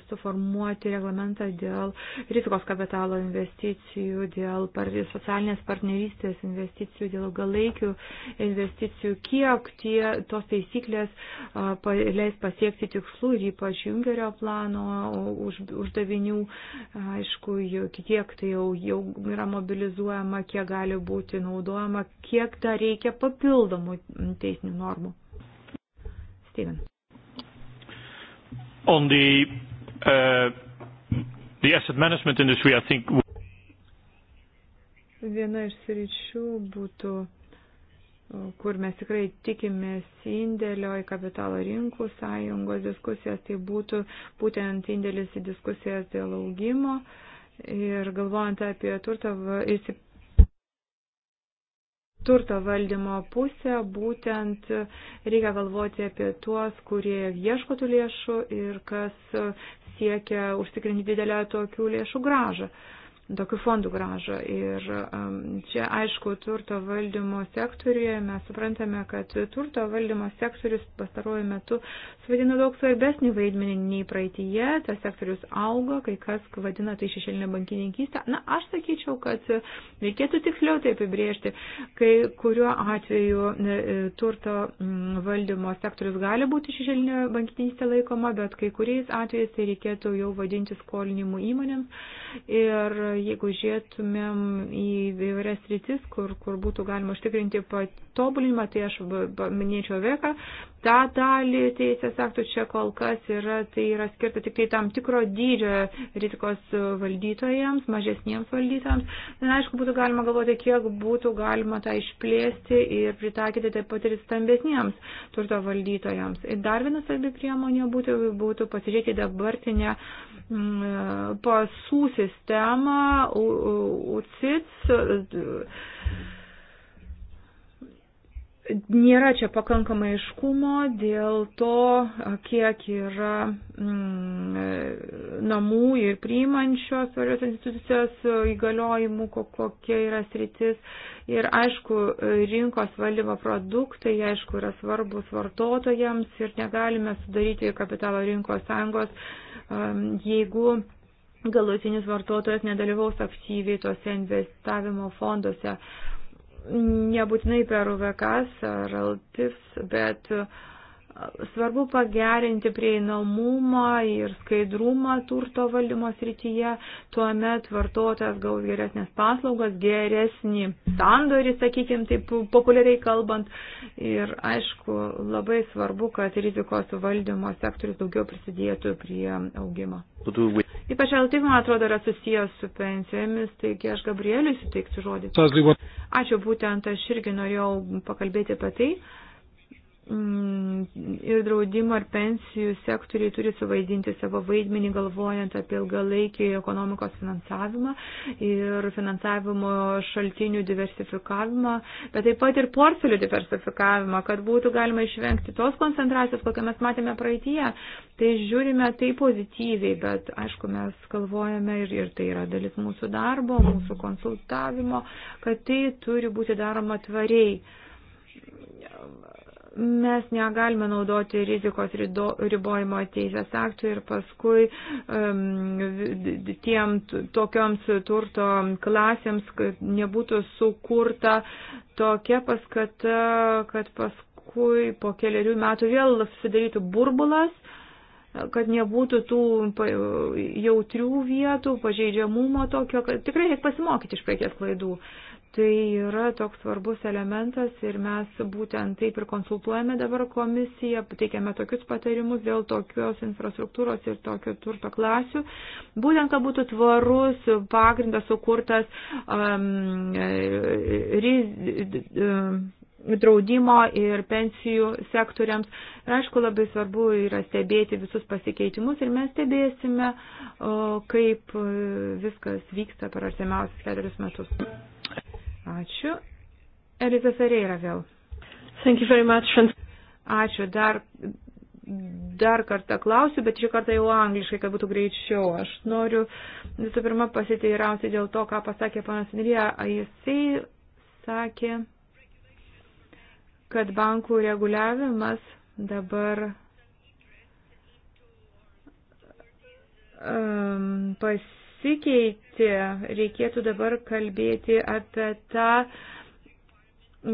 suformuoti reglamentą dėl rizikos kapitalo investicijų, dėl socialinės partnerystės investicijų, dėl galaikių investicijų, kiek tie, tos taisyklės leis pasiekti tikslų ir ypač jungerio plano už, uždavinių, aišku, kiek tai jau, jau yra mobilizuojama, kiek gali būti naudojama, kiek dar reikia papildomų teisinių normų. Steven on the uh, the asset management industry, I think. Viena iš sričių būtų, kur mes tikrai tikimės indėlio į kapitalo rinkų sąjungos diskusijas, tai būtų būtent indėlis į diskusijas dėl augimo. Ir galvojant apie turto, turto valdymo pusę, būtent reikia galvoti apie tuos, kurie ieško tų lėšų ir kas siekia užtikrinti didelę tokių lėšų gražą. Uh, tokių fondų gražą. Ir um, čia, aišku, turto valdymo sektoriuje mes suprantame, kad turto valdymo sektorius pastaruoju metu suvaidina daug svarbesnį vaidmenį nei praeitįje, tas sektorius auga, kai kas vadina tai šešėlinė bankininkystė. Na, aš sakyčiau, kad reikėtų tiksliau tai apibriežti, kai kuriuo atveju e, turto mm, valdymo sektorius gali būti šešėlinė bankininkystė laikoma, bet kai kuriais atvejais tai reikėtų jau vadinti skolinimu įmonėms Ir jeigu žiūrėtumėm į įvairias rytis, kur, kur būtų galima užtikrinti patobulinimą, tai aš minėčiau veką, tą dalį teisės aktų čia kol kas yra, tai yra skirta tik tai tam tikro dydžio rizikos valdytojams, mažesniems valdytojams. Na, aišku, būtų galima galvoti, kiek būtų galima tą išplėsti ir pritaikyti taip pat ir stambesniems turto valdytojams. Ir dar viena svarbi priemonė būtų, būtų pasižiūrėti dabartinę uh, pasų sistemą UCITS. Nėra čia pakankamai iškumo dėl to, kiek yra mm, namų ir priimančios valios institucijos įgaliojimų, kokia yra sritis. Ir aišku, rinkos valdymo produktai, aišku, yra svarbus vartotojams ir negalime sudaryti kapitalo rinkos sąjungos jeigu galutinis vartotojas nedalyvaus aktyviai tuose investavimo fonduose, nebūtinai per UVKs ar LTIFs, bet uh, Svarbu pagerinti prieinamumą ir skaidrumą turto valdymo srityje, tuomet vartotojas gaus geresnės paslaugas, geresnį sandorį, sakykime, taip populiariai kalbant. Ir aišku, labai svarbu, kad rizikos valdymo sektorius daugiau prisidėtų prie augimo. Ypač LT, man atrodo, yra susijęs su pensijomis, taigi aš Gabrieliui suteiksiu žodį. Ačiū, būtent aš irgi norėjau pakalbėti apie tai Mm, ir draudimo ir pensijų sektoriai turi suvaidinti savo vaidmenį, galvojant apie ilgalaikį ekonomikos finansavimą ir finansavimo šaltinių diversifikavimą, bet taip pat ir portfelių diversifikavimą, kad būtų galima išvengti tos koncentracijos, kokią mes matėme praeitie. Tai žiūrime tai pozityviai, bet aišku, mes galvojame ir, ir tai yra dalis mūsų darbo, mūsų konsultavimo, kad tai turi būti daroma tvariai Mes negalime naudoti rizikos ribojimo teisės aktų ir paskui um, tiem tokioms turto klasėms nebūtų sukurta tokia paskata, kad paskui po keliarių metų vėl susidarytų burbulas, kad nebūtų tų jautrių vietų, pažeidžiamumo tokio, kad tikrai reikia pasimokyti iš praeities klaidų. Uh, Tai yra toks svarbus elementas ir mes būtent taip ir konsultuojame dabar komisiją, teikiame tokius patarimus dėl tokios infrastruktūros ir tokio turto klasių. Būtent, kad būtų tvarus pagrindas sukurtas um, riz, um, draudimo ir pensijų sektoriams. Ir aišku, labai svarbu yra stebėti visus pasikeitimus ir mes stebėsime, kaip viskas vyksta per artimiausius keturis metus. Ačiū. Eliza Ferreira vėl. Thank you very much. Ačiū. Dar, dar kartą klausiu, bet šį kartą jau angliškai, kad būtų greičiau. Aš noriu visų pirma pasiteirauti dėl to, ką pasakė panas Mirija. Jisai sakė, kad bankų reguliavimas dabar um, pas pasikeitė, reikėtų dabar kalbėti apie tą e,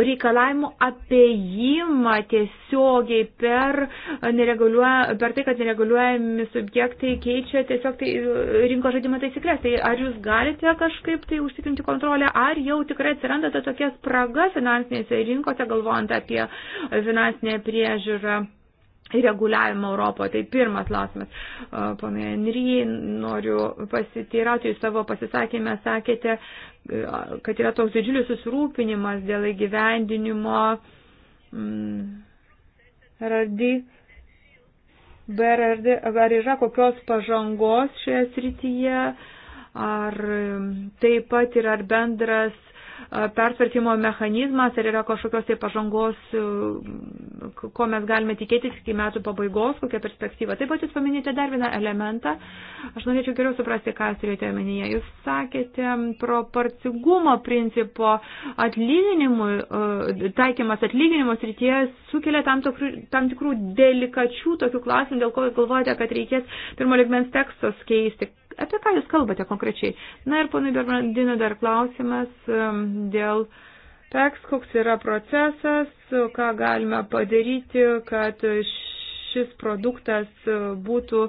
reikalavimų apiejimą tiesiogiai per, per tai, kad nereguliuojami subjektai keičia tiesiog tai e, rinko žaidimo taisyklės. Tai ar jūs galite kažkaip tai užtikrinti kontrolę, ar jau tikrai atsiranda ta tokia spraga finansinėse rinkose, galvojant apie finansinę priežiūrą? reguliavimą Europoje. Tai pirmas klausimas. Pana Enry, noriu pasiteirauti, jūs savo pasisakymę sakėte, kad yra toks didžiulis susirūpinimas dėl įgyvendinimo mm, radi. BRD, ar yra kokios pažangos šioje srityje, ar mm, taip pat yra bendras persvartymo mechanizmas, ar yra kažkokios tai pažangos, ko mes galime tikėtis iki metų pabaigos, kokia perspektyva. Taip pat jūs paminėjote dar vieną elementą. Aš norėčiau geriau suprasti, ką turėjote omenyje. Jūs sakėte proporcingumo principo atlyginimui, taikymas atlyginimo srityje sukelia tam, tokių, tam tikrų delikačių tokių klausimų, dėl ko jūs galvojate, kad reikės pirmo ligmens tekstos keisti. Apie ką Jūs kalbate konkrečiai? Na ir ponui Bernardino dar klausimas um, dėl PEX, koks yra procesas, ką galime padaryti, kad šis produktas būtų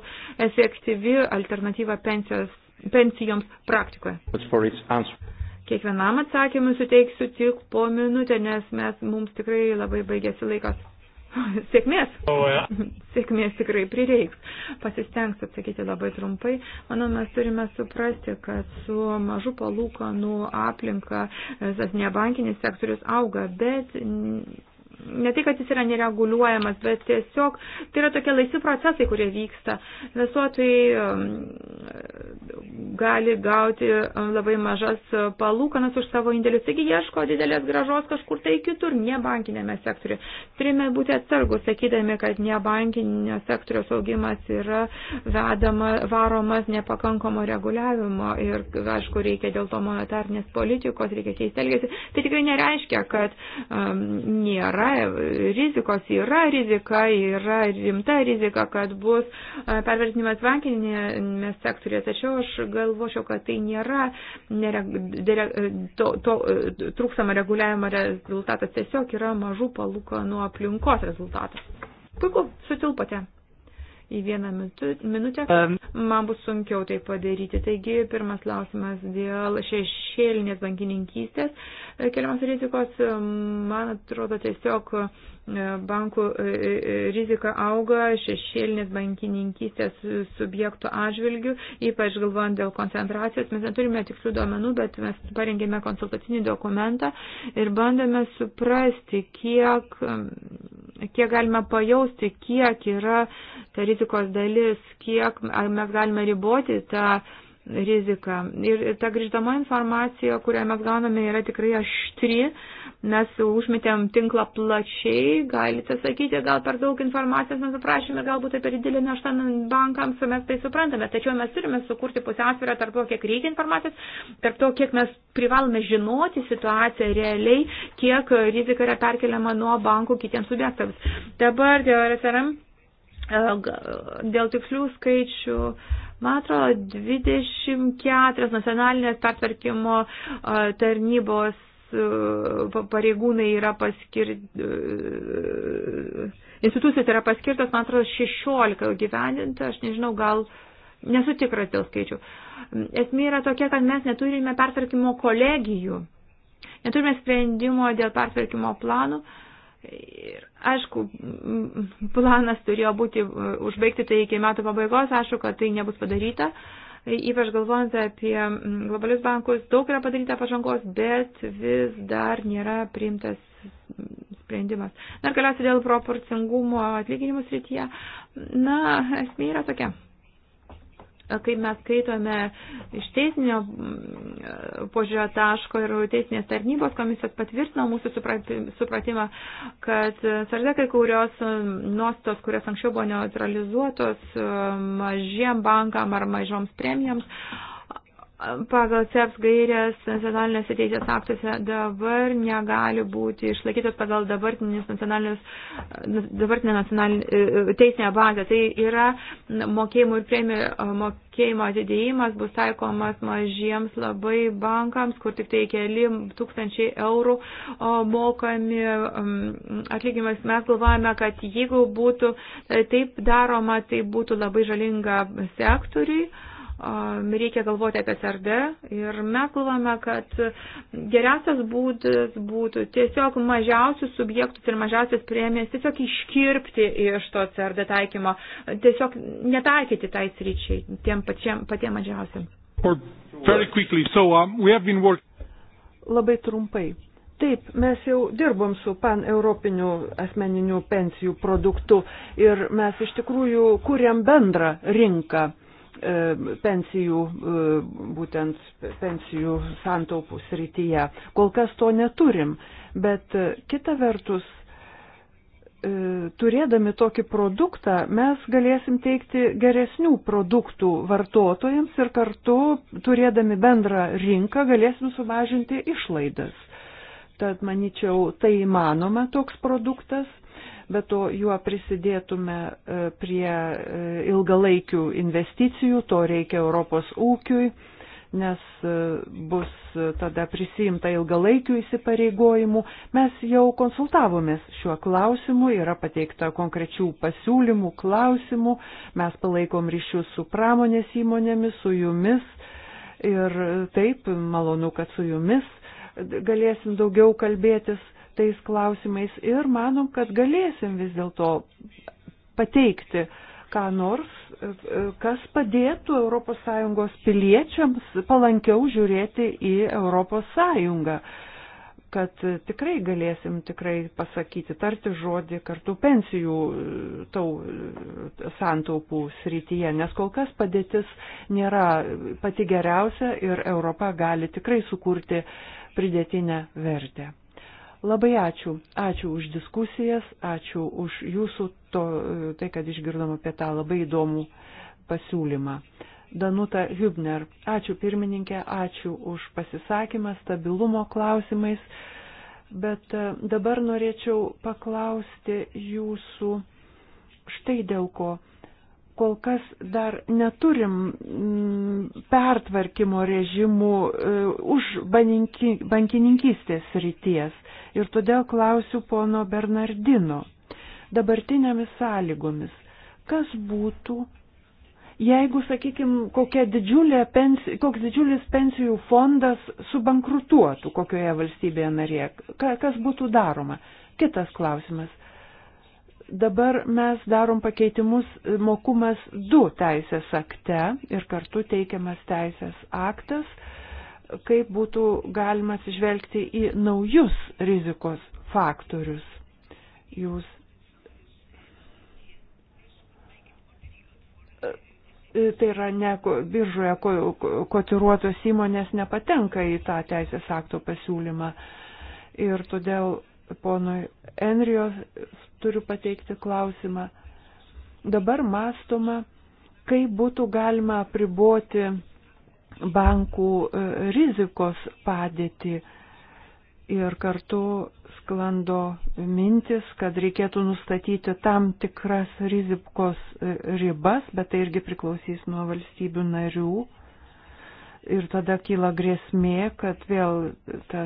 efektyvi alternatyva pensijos, pensijoms praktikoje. Kiekvienam atsakymui suteiksiu tik po minutę, nes mes, mums tikrai labai baigėsi laikas. (laughs) Sėkmės. (laughs) Sėkmės tikrai prireiks. Pasistengsiu atsakyti labai trumpai. Manau, mes turime suprasti, kad su mažu palūkanų aplinka e, tas nebankinis sektorius auga, bet ne tai, kad jis yra nereguliuojamas, bet tiesiog tai yra tokie laisvi procesai, kurie vyksta. Investuotojai um, gali gauti um, labai mažas palūkanas už savo indėlius, taigi ieško didelės gražos kažkur tai kitur, ne bankinėme sektoriu. Turime būti atsargus, sakydami, kad ne bankinio sektoriaus augimas yra vedama, varomas nepakankamo reguliavimo ir, aišku, reikia dėl to monetarnės politikos, reikia keisti elgesį. Tai tikrai nereiškia, kad um, nėra yra rizikos, yra rizika, yra rimta rizika, kad bus e, pervertinimas bankinėme sektorėje, tačiau aš galvočiau, kad tai nėra nereg, dere, e, to, to e, trūksamo reguliavimo rezultatas, tiesiog yra mažų palūkanų aplinkos rezultatas. Puiku, sutilpote į vieną minutę. Man bus sunkiau tai padaryti. Taigi, pirmas klausimas dėl šešėlinės bankininkystės. Keliamos rizikos, man atrodo, tiesiog e, bankų e, e, rizika auga šešėlinės bankininkystės subjektų atžvilgių, ypač galvojant dėl koncentracijos. Mes neturime tikslių duomenų, bet mes parengėme konsultacinį dokumentą ir bandėme suprasti, kiek kiek galime pajausti, kiek yra ta rizikos dalis, kiek mes galime riboti tą riziką. Ir ta grįžtama informacija, kurią mes gauname, yra tikrai aštri mes užmetėm tinklą plačiai, galite sakyti, gal per daug informacijos mes aprašėme, galbūt apie didelį naštą bankams, mes tai suprantame, tačiau mes turime sukurti pusiausvyrą tarp to, kiek reikia informacijos, tarp to, kiek mes privalome žinoti situaciją realiai, kiek rizika yra perkeliama nuo bankų kitiems subjektams. Dabar dėl RSRM, e, dėl tikslių skaičių man atrodo, 24 nacionalinės pertvarkymo e, tarnybos Uh, pareigūnai yra paskirti, uh, institucijos yra paskirtos, man atrodo, 16 gyvendinta, aš nežinau, gal nesu tikras dėl skaičių. Esmė yra tokia, kad mes neturime pertvarkymo kolegijų, neturime sprendimo dėl pertvarkymo planų. Ir aišku, planas turėjo būti uh, užbaigti tai iki metų pabaigos, aišku, kad tai nebus padaryta. Uh, ypač galvojant apie mm, globalius bankus, daug yra padaryta pažangos, bet vis dar nėra priimtas mm, sprendimas. Na ir galiausiai dėl proporcingumo atlyginimų srityje. Na, esmė yra tokia kai mes skaitome iš teisinio mm, požiūrio taško ir teisinės tarnybos komisijos patvirtino mūsų supratimą, kad e, sarda kai kurios e, nuostos, kurios anksčiau buvo neutralizuotos e, mažiem bankam ar mažoms premijams, pagal CEPS gairės nacionalinėse teisės aktuose dabar negali būti išlaikytas pagal dabartinės nacionalinės, dabartinę nacionalinę e, e, teisinę bazę. Tai yra mokėjimų ir premijų e, mokėjimo atidėjimas bus taikomas mažiems labai bankams, kur tik tai keli tūkstančiai eurų mokami atlygimas. Mes galvojame, kad jeigu būtų taip daroma, tai būtų labai žalinga sektoriui reikia galvoti apie SRD ir mes galvojame, kad geriausias būdas būtų tiesiog mažiausius subjektus ir mažiausias premijas tiesiog iškirpti iš to SRD taikymo, tiesiog netaikyti tai sryčiai tiem pačiem, patiem mažiausiam. So, um, Labai trumpai. Taip, mes jau dirbom su pan europiniu asmeniniu pensijų produktu ir mes iš tikrųjų kūrėm bendrą rinką. E, pensijų, e, būtent pensijų santaupų srityje. Kol kas to neturim, bet e, kita vertus, turėdami tokį produktą, mes galėsim teikti geresnių produktų vartotojams ir kartu, turėdami bendrą rinką, galėsim sumažinti išlaidas. Tad, manyčiau, tai įmanoma toks produktas bet to juo prisidėtume e, prie e, ilgalaikių investicijų, to reikia Europos ūkiui, nes e, bus tada prisijimta ilgalaikių įsipareigojimų. Mes jau konsultavomės šiuo klausimu, yra pateikta konkrečių pasiūlymų, klausimų, mes palaikom ryšius su pramonės įmonėmis, su jumis ir taip malonu, kad su jumis galėsim daugiau kalbėtis tais klausimais ir manom, kad galėsim vis dėlto pateikti ką nors, kas padėtų ES piliečiams palankiau žiūrėti į ES kad tikrai galėsim tikrai pasakyti, tarti žodį kartu pensijų tau, santaupų srityje, nes kol kas padėtis nėra pati geriausia ir Europa gali tikrai sukurti pridėtinę vertę. Labai ačiū. Ačiū už diskusijas, ačiū už jūsų to, tai, kad išgirdom apie tą labai įdomų pasiūlymą. Danuta Hübner, ačiū pirmininkė, ačiū už pasisakymą stabilumo klausimais, bet e, dabar norėčiau paklausti jūsų štai dėl ko kol kas dar neturim mm, pertvarkymo režimų e, už bankininkystės ryties. Ir todėl klausiu pono Bernardino dabartinėmis sąlygomis. Kas būtų, jeigu, sakykime, pensi, koks didžiulis pensijų fondas subankrutuotų kokioje valstybėje narėje? Ka, kas būtų daroma? Kitas klausimas Dabar mes darom pakeitimus mokumas 2 teisės akte ir kartu teikiamas teisės aktas, kaip būtų galima atsižvelgti į naujus rizikos faktorius. Jūs e, Tai yra ne biržoje kotiruotos įmonės nepatenka į tą teisės akto pasiūlymą. Ir todėl ponui Enrijos turiu pateikti klausimą. Dabar mastoma, kaip būtų galima apriboti bankų e, rizikos padėtį ir kartu sklando mintis, kad reikėtų nustatyti tam tikras rizikos e, ribas, bet tai irgi priklausys nuo valstybių narių. Ir tada kyla grėsmė, kad vėl ta,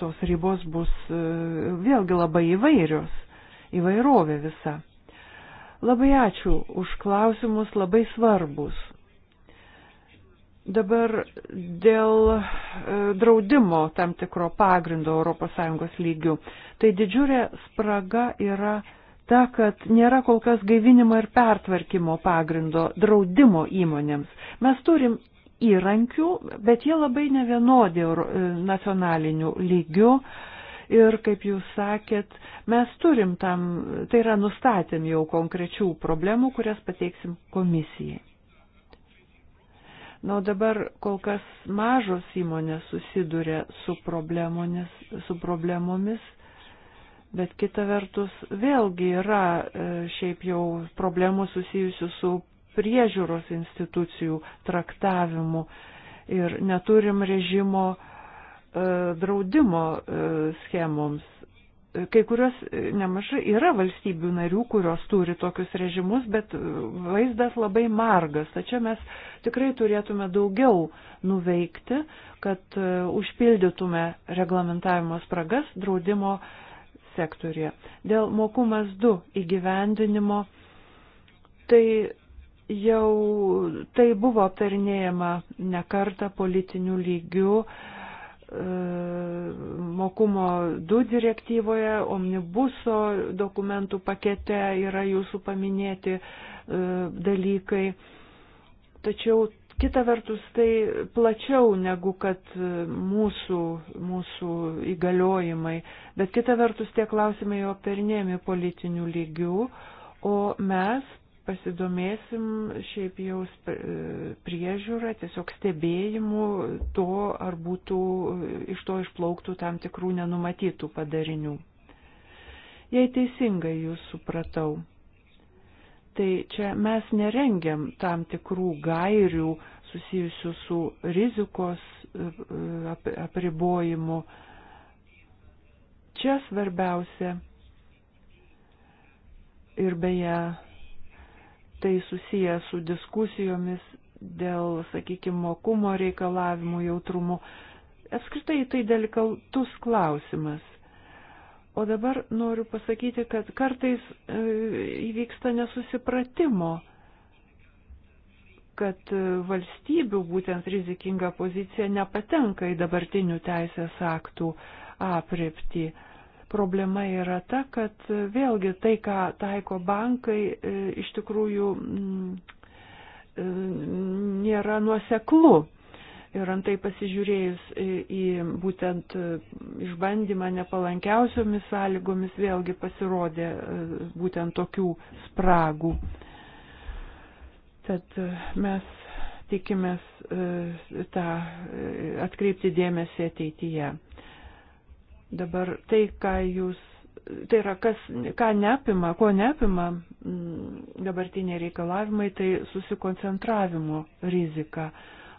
tos ribos bus e, vėlgi labai įvairios, įvairovė visa. Labai ačiū už klausimus, labai svarbus. Dabar dėl e, draudimo tam tikro pagrindo ES lygių. Tai didžiulė spraga yra ta, kad nėra kol kas gaivinimo ir pertvarkymo pagrindo draudimo įmonėms. Mes turim įrankių, bet jie labai nevienodi e, nacionaliniu lygiu. Ir kaip jūs sakėt, mes turim tam, tai yra nustatėm jau konkrečių problemų, kurias pateiksim komisijai. Na, o dabar kol kas mažos įmonės susiduria su problemomis, su problemomis, bet kita vertus vėlgi yra e, šiaip jau problemų susijusių su priežiūros institucijų traktavimu ir neturim režimo e, draudimo e, schemoms. Kai kurios e, nemažai yra valstybių narių, kurios turi tokius režimus, bet vaizdas labai margas. Tačiau mes tikrai turėtume daugiau nuveikti, kad užpildytume reglamentavimo spragas draudimo sektorėje. Dėl mokumas 2 įgyvendinimo, tai jau tai buvo aptarinėjama ne kartą politinių lygių e, mokumo 2 direktyvoje, omnibuso dokumentų pakete yra jūsų paminėti e, dalykai. Tačiau kita vertus tai plačiau negu kad mūsų, mūsų įgaliojimai, bet kita vertus tie klausimai jau aptarinėjami politinių lygių, o mes pasidomėsim šiaip jau e, priežiūrą, tiesiog stebėjimu to, ar būtų e, iš to išplauktų tam tikrų nenumatytų padarinių. Jei teisingai jūs supratau, tai čia mes nerengiam tam tikrų gairių susijusių su rizikos e, apribojimu. Čia svarbiausia ir beje tai susiję su diskusijomis dėl, sakykime, mokumo reikalavimų jautrumo. Apskritai tai delikaltus klausimas. O dabar noriu pasakyti, kad kartais e, įvyksta nesusipratimo, kad e, valstybių būtent rizikinga pozicija nepatenka į dabartinių teisės aktų apriepti problema yra ta, kad e, vėlgi tai, ką taiko bankai, e, iš tikrųjų mm, e, nėra nuoseklu. Ir antai pasižiūrėjus į būtent išbandymą nepalankiausiomis sąlygomis vėlgi pasirodė būtent tokių spragų. Tad mes tikimės tą atkreipti dėmesį ateityje. Dabar tai, ką jūs, tai yra, kas, ką neapima, ko neapima mm, dabartiniai reikalavimai, tai susikoncentravimo rizika.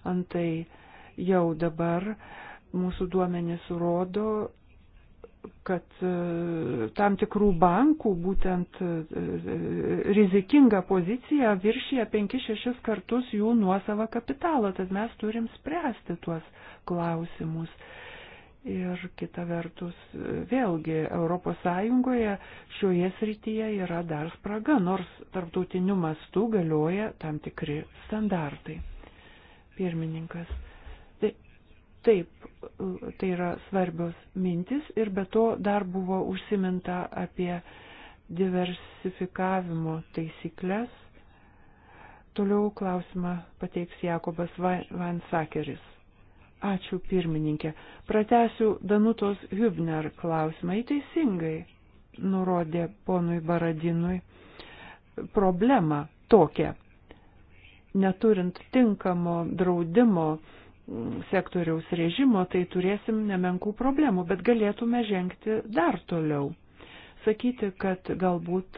Antai jau dabar mūsų duomenys rodo, kad e, tam tikrų bankų būtent e, e, rizikinga pozicija viršyje 5-6 kartus jų nuosavą kapitalą, tad mes turim spręsti tuos klausimus. Ir kita vertus, vėlgi, ES šioje srityje yra dar spraga, nors tarptautiniu mastu galioja tam tikri standartai. Pirmininkas. Tai, taip, tai yra svarbios mintis ir be to dar buvo užsiminta apie diversifikavimo taisyklės. Toliau klausimą pateiks Jakobas Vansakeris. Ačiū pirmininkė. Pratesiu Danutos Hübner klausimą. Į teisingai nurodė ponui Baradinui problemą tokią. Neturint tinkamo draudimo sektoriaus režimo, tai turėsim nemenkų problemų, bet galėtume žengti dar toliau. Sakyti, kad galbūt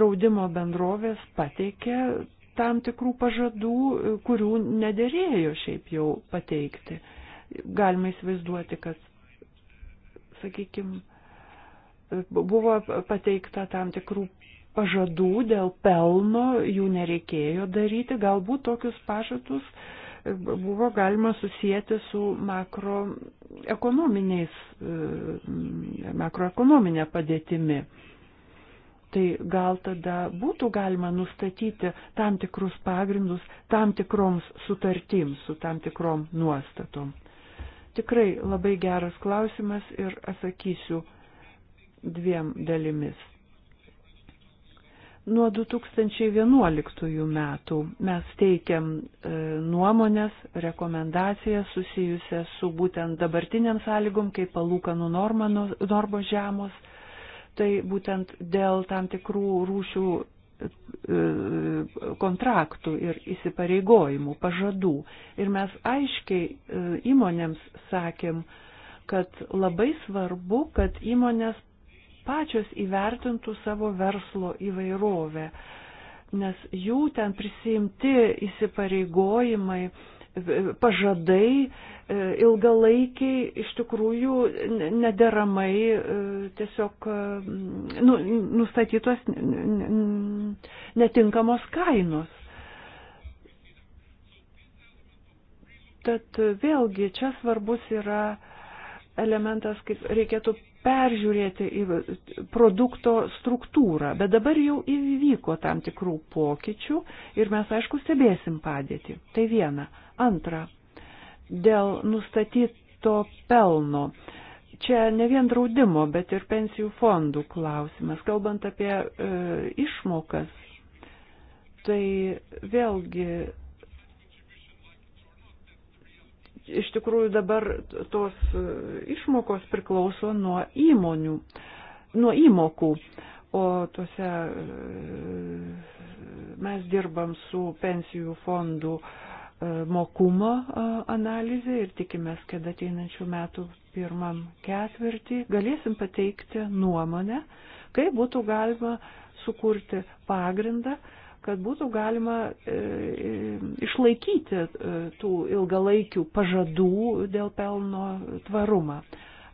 draudimo bendrovės pateikė tam tikrų pažadų, e, kurių nederėjo šiaip jau pateikti. Galima įsivaizduoti, kad, sakykime, buvo pateikta tam tikrų pažadų dėl pelno, jų nereikėjo daryti, galbūt tokius pažadus e, buvo galima susijęti su makroekonominiais, e, makroekonominė padėtimi tai gal tada būtų galima nustatyti tam tikrus pagrindus tam tikroms sutartims su tam tikrom nuostatom. Tikrai labai geras klausimas ir atsakysiu dviem dalimis. Nuo 2011 metų mes teikiam e, nuomonės, rekomendacijas susijusias su būtent dabartiniam sąlygom, kaip palūkanų normos žemos tai būtent dėl tam tikrų rūšių e, kontraktų ir įsipareigojimų, pažadų. Ir mes aiškiai e, įmonėms sakėm, kad labai svarbu, kad įmonės pačios įvertintų savo verslo įvairovę, nes jų ten prisimti įsipareigojimai pažadai e, ilgalaikiai iš tikrųjų nederamai e, tiesiog e, nu, nustatytos netinkamos kainos. Tad vėlgi čia svarbus yra elementas, kaip reikėtų peržiūrėti į produkto struktūrą, bet dabar jau įvyko tam tikrų pokyčių ir mes aišku stebėsim padėtį. Tai viena. Antra, dėl nustatyto pelno. Čia ne vien draudimo, bet ir pensijų fondų klausimas. Kalbant apie e, išmokas, tai vėlgi iš tikrųjų dabar tos e, išmokos priklauso nuo įmonių, nuo įmokų, o tuose e, mes dirbam su pensijų fondų uh, E, mokumo e, analizę ir tikimės, kad ateinančių metų pirmam ketvirtį galėsim pateikti nuomonę, kaip būtų galima sukurti pagrindą, kad būtų galima e, išlaikyti tų ilgalaikių pažadų dėl pelno tvarumą.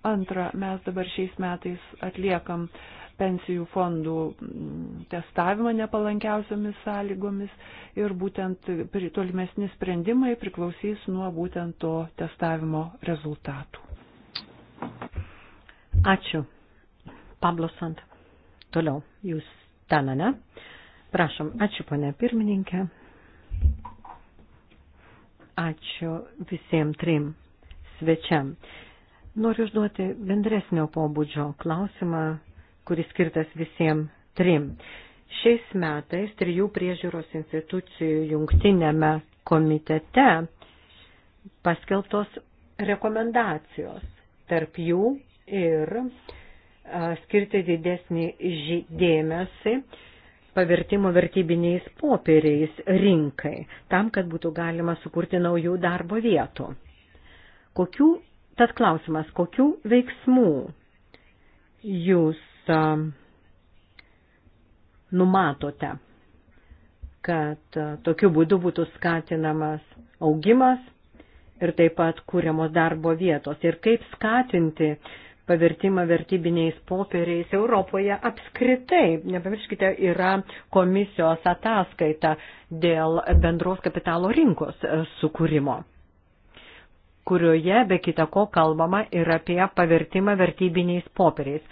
Antra, mes dabar šiais metais atliekam pensijų fondų mm, testavimą nepalankiausiamis sąlygomis ir būtent tolimesni sprendimai priklausys nuo būtent to testavimo rezultatų. Ačiū. Pablo Sant. Toliau. Jūs ten, ne? Prašom. Ačiū, ponė pirmininkė. Ačiū visiems trim svečiam. Noriu užduoti bendresnio pobūdžio klausimą, kuris skirtas visiems trim. Šiais metais trijų priežiūros institucijų jungtinėme komitete paskelbtos rekomendacijos, tarp jų ir a, skirti didesnį dėmesį pavertimo vertybiniais popieriais rinkai, tam, kad būtų galima sukurti naujų darbo vietų. Kokių Tad klausimas, kokių veiksmų jūs numatote, kad tokiu būdu būtų skatinamas augimas ir taip pat kūriamos darbo vietos ir kaip skatinti pavertimą vertybiniais popieriais Europoje apskritai. Nepamirškite, yra komisijos ataskaita dėl bendros kapitalo rinkos sukūrimo kurioje be kita ko kalbama ir apie pavertimą vertybiniais popieriais.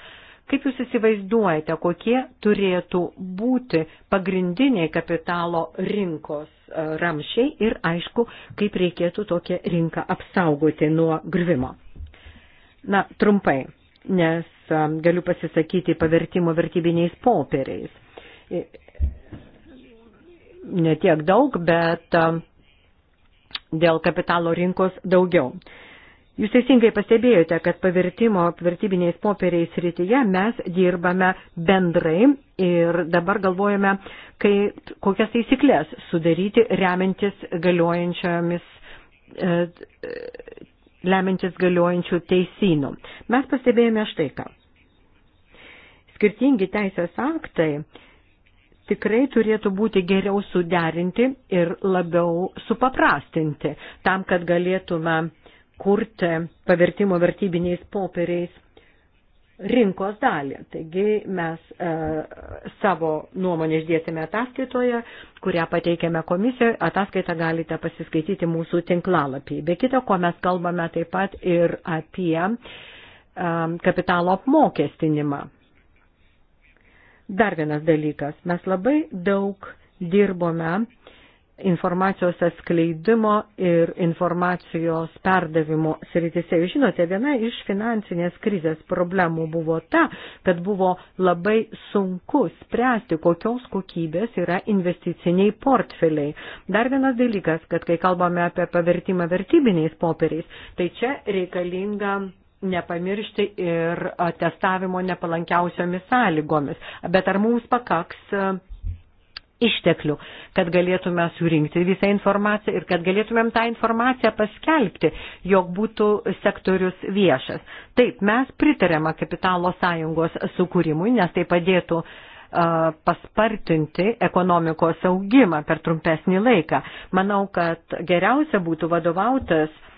Kaip Jūs įsivaizduojate, kokie turėtų būti pagrindiniai kapitalo rinkos e, ramšiai ir aišku, kaip reikėtų tokią rinką apsaugoti nuo grvimo? Na, trumpai, nes e, galiu pasisakyti pavertimo vertybiniais popieriais. E, ne tiek daug, bet dėl kapitalo rinkos daugiau. Jūs teisingai pastebėjote, kad pavirtimo vertybiniais popieriais rytyje mes dirbame bendrai ir dabar galvojame, kai, kokias taisyklės sudaryti remiantis galiojančiomis e, lemiantis galiojančių teisynų. Mes pastebėjome štai ką. Skirtingi teisės aktai tikrai turėtų būti geriau suderinti ir labiau supaprastinti, tam, kad galėtume kurti pavertimo vertybiniais popieriais rinkos dalį. Taigi mes e, savo nuomonę išdėsime ataskaitoje, kurią pateikėme komisijoje. Ataskaitą galite pasiskaityti mūsų tinklalapį. Be kita, ko mes kalbame taip pat ir apie e, kapitalo apmokestinimą. Dar vienas dalykas. Mes labai daug dirbome informacijos atskleidimo ir informacijos perdavimo sritise. Jūs žinote, viena iš finansinės krizės problemų buvo ta, kad buvo labai sunku spręsti, kokios kokybės yra investiciniai portfeliai. Dar vienas dalykas, kad kai kalbame apie pavertimą vertybiniais popieriais, tai čia reikalinga nepamiršti ir testavimo nepalankiausiomis sąlygomis. Bet ar mums pakaks išteklių, kad galėtume surinkti visą informaciją ir kad galėtumėm tą informaciją paskelbti, jog būtų sektorius viešas. Taip, mes pritarėme kapitalo sąjungos sukūrimui, nes tai padėtų paspartinti ekonomikos augimą per trumpesnį laiką. Manau, kad geriausia būtų vadovautas uh,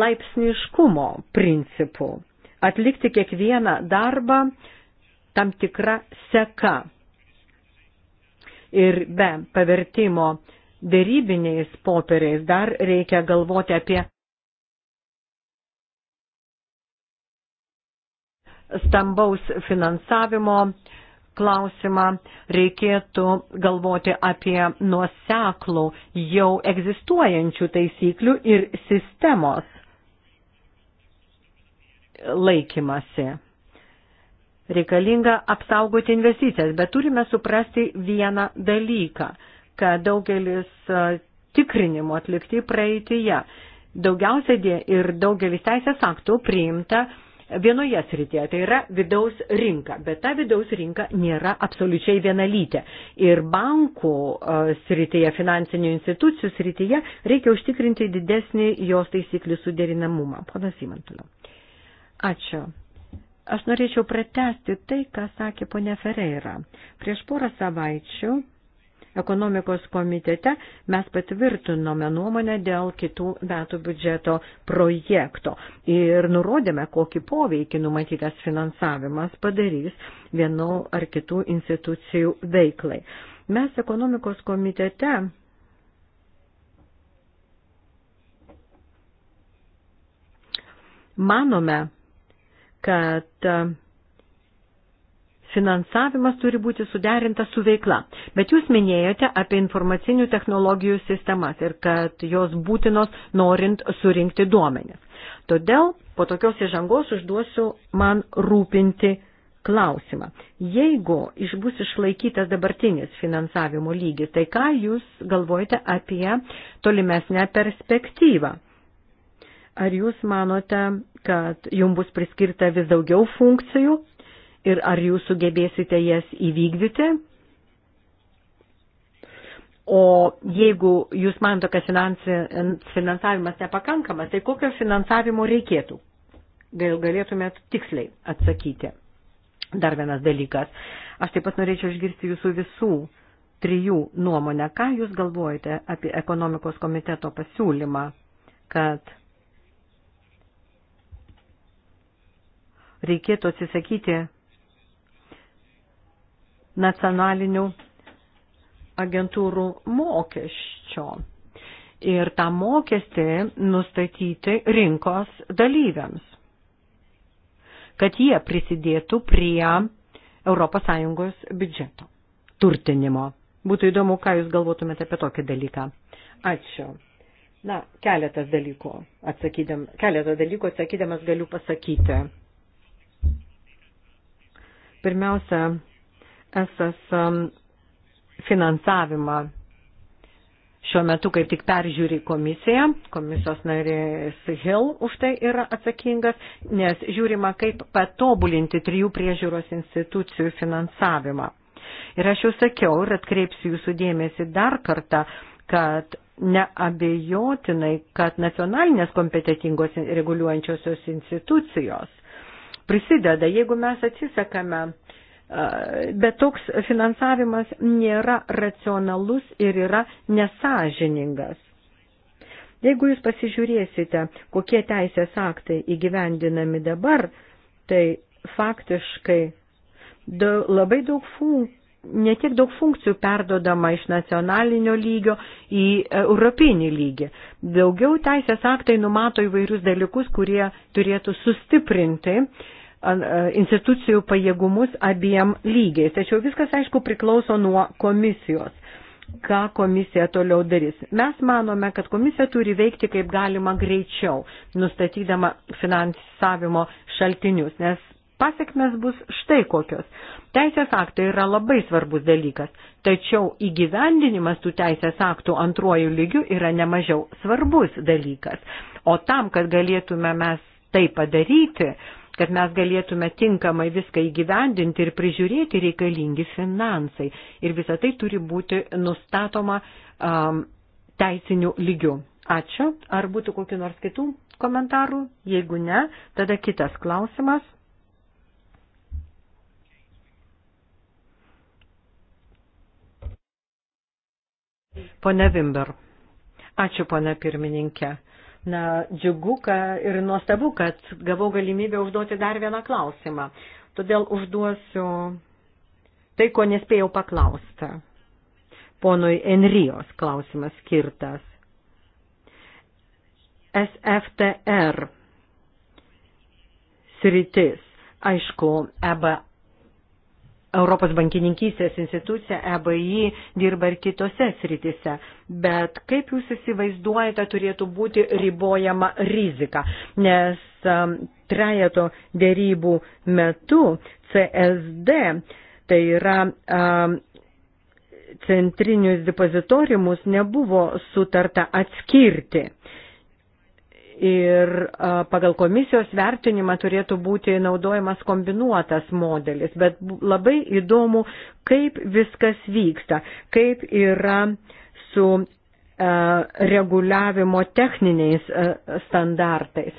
laipsniškumo principu. Atlikti kiekvieną darbą tam tikrą seką. Ir be pavertimo dėrybiniais popieriais dar reikia galvoti apie stambaus finansavimo uh, klausimą reikėtų galvoti apie nuoseklų jau egzistuojančių taisyklių ir sistemos laikymasi. Reikalinga apsaugoti investicijas, bet turime suprasti vieną dalyką, kad daugelis e, tikrinimų atlikti praeitįje daugiausiai ir daugelis teisės aktų priimta vienoje srityje, tai yra vidaus rinka, bet ta vidaus rinka nėra absoliučiai vienalytė. Ir bankų e, srityje, finansinių institucijų srityje reikia užtikrinti didesnį jos taisyklių suderinamumą. Ponas Simantulio. Ačiū. Aš norėčiau pratesti tai, ką sakė ponia Ferreira. Prieš porą savaičių ekonomikos komitete mes patvirtinome nuomonę dėl kitų metų biudžeto projekto ir nurodėme, kokį poveikį numatytas finansavimas padarys vienu ar kitų institucijų veiklai. Mes ekonomikos komitete manome, kad finansavimas turi būti suderintas su veikla. Bet jūs minėjote apie informacinių technologijų sistemas ir kad jos būtinos norint surinkti duomenis. Todėl po tokios įžangos užduosiu man rūpinti klausimą. Jeigu iš bus išlaikytas dabartinis finansavimo lygis, tai ką jūs galvojate apie tolimesnę perspektyvą? Ar jūs manote, kad jums bus priskirta vis daugiau funkcijų ir ar jūs sugebėsite jas įvykdyti. O jeigu jūs manote, kad finansavimas nepakankamas, tai kokio finansavimo reikėtų? Gal galėtumėt tiksliai atsakyti. Dar vienas dalykas. Aš taip pat norėčiau išgirsti jūsų visų trijų nuomonę. Ką jūs galvojate apie ekonomikos komiteto pasiūlymą, kad reikėtų atsisakyti nacionalinių agentūrų mokesčio. Ir tą mokestį nustatyti rinkos dalyviams, kad jie prisidėtų prie ES biudžeto turtinimo. Būtų įdomu, ką Jūs galvotumėte apie tokį dalyką. Ačiū. Na, keletas dalykų, atsakydam, keletą dalykų atsakydamas galiu pasakyti. Pirmiausia, SS um, finansavimą šiuo metu kaip tik peržiūri komisija, komisijos narės Hill už tai yra atsakingas, nes žiūrima, kaip patobulinti trijų priežiūros institucijų finansavimą. Ir aš jau sakiau ir atkreipsiu jūsų dėmesį dar kartą, kad neabejotinai, kad nacionalinės kompetitingos reguliuojančiosios institucijos prisideda, jeigu mes atsisakame uh, Bet toks finansavimas nėra racionalus ir yra nesažiningas. Jeigu jūs pasižiūrėsite, kokie teisės aktai įgyvendinami dabar, tai faktiškai da, labai daug funkcijų netiek daug funkcijų perdodama iš nacionalinio lygio į europinį lygį. Daugiau teisės aktai numato įvairius dalykus, kurie turėtų sustiprinti E, institucijų pajėgumus abiem lygiais. Tačiau viskas, aišku, priklauso nuo komisijos ką komisija toliau darys. Mes manome, kad komisija turi veikti kaip galima greičiau, nustatydama finansavimo šaltinius, nes pasiekmes bus štai kokios. Teisės aktai yra labai svarbus dalykas, tačiau įgyvendinimas tų teisės aktų antruoju lygiu yra nemažiau svarbus dalykas. O tam, kad galėtume mes tai padaryti, kad mes galėtume tinkamai viską įgyvendinti ir prižiūrėti reikalingi finansai. Ir visa tai turi būti nustatoma um, teisiniu lygiu. Ačiū. Ar būtų kokiu nors kitų komentarų? Jeigu ne, tada kitas klausimas. Pone Vimber. Ačiū, pone pirmininkė. Na, džiugu ir nuostabu, kad gavau galimybę užduoti dar vieną klausimą. Todėl užduosiu tai, ko nespėjau paklausti. Ponui Enrijos klausimas skirtas. SFTR sritis. Aišku, EBA Europos bankininkystės institucija EBI dirba ir kitose sritise, bet kaip jūs įsivaizduojate turėtų būti ribojama rizika, nes um, trejato dėrybų metu CSD, tai yra um, centrinius depozitoriumus, nebuvo sutarta atskirti. Uh, ir pagal komisijos vertinimą turėtų būti naudojamas kombinuotas modelis, bet labai įdomu, kaip viskas vyksta, kaip yra su reguliavimo techniniais standartais.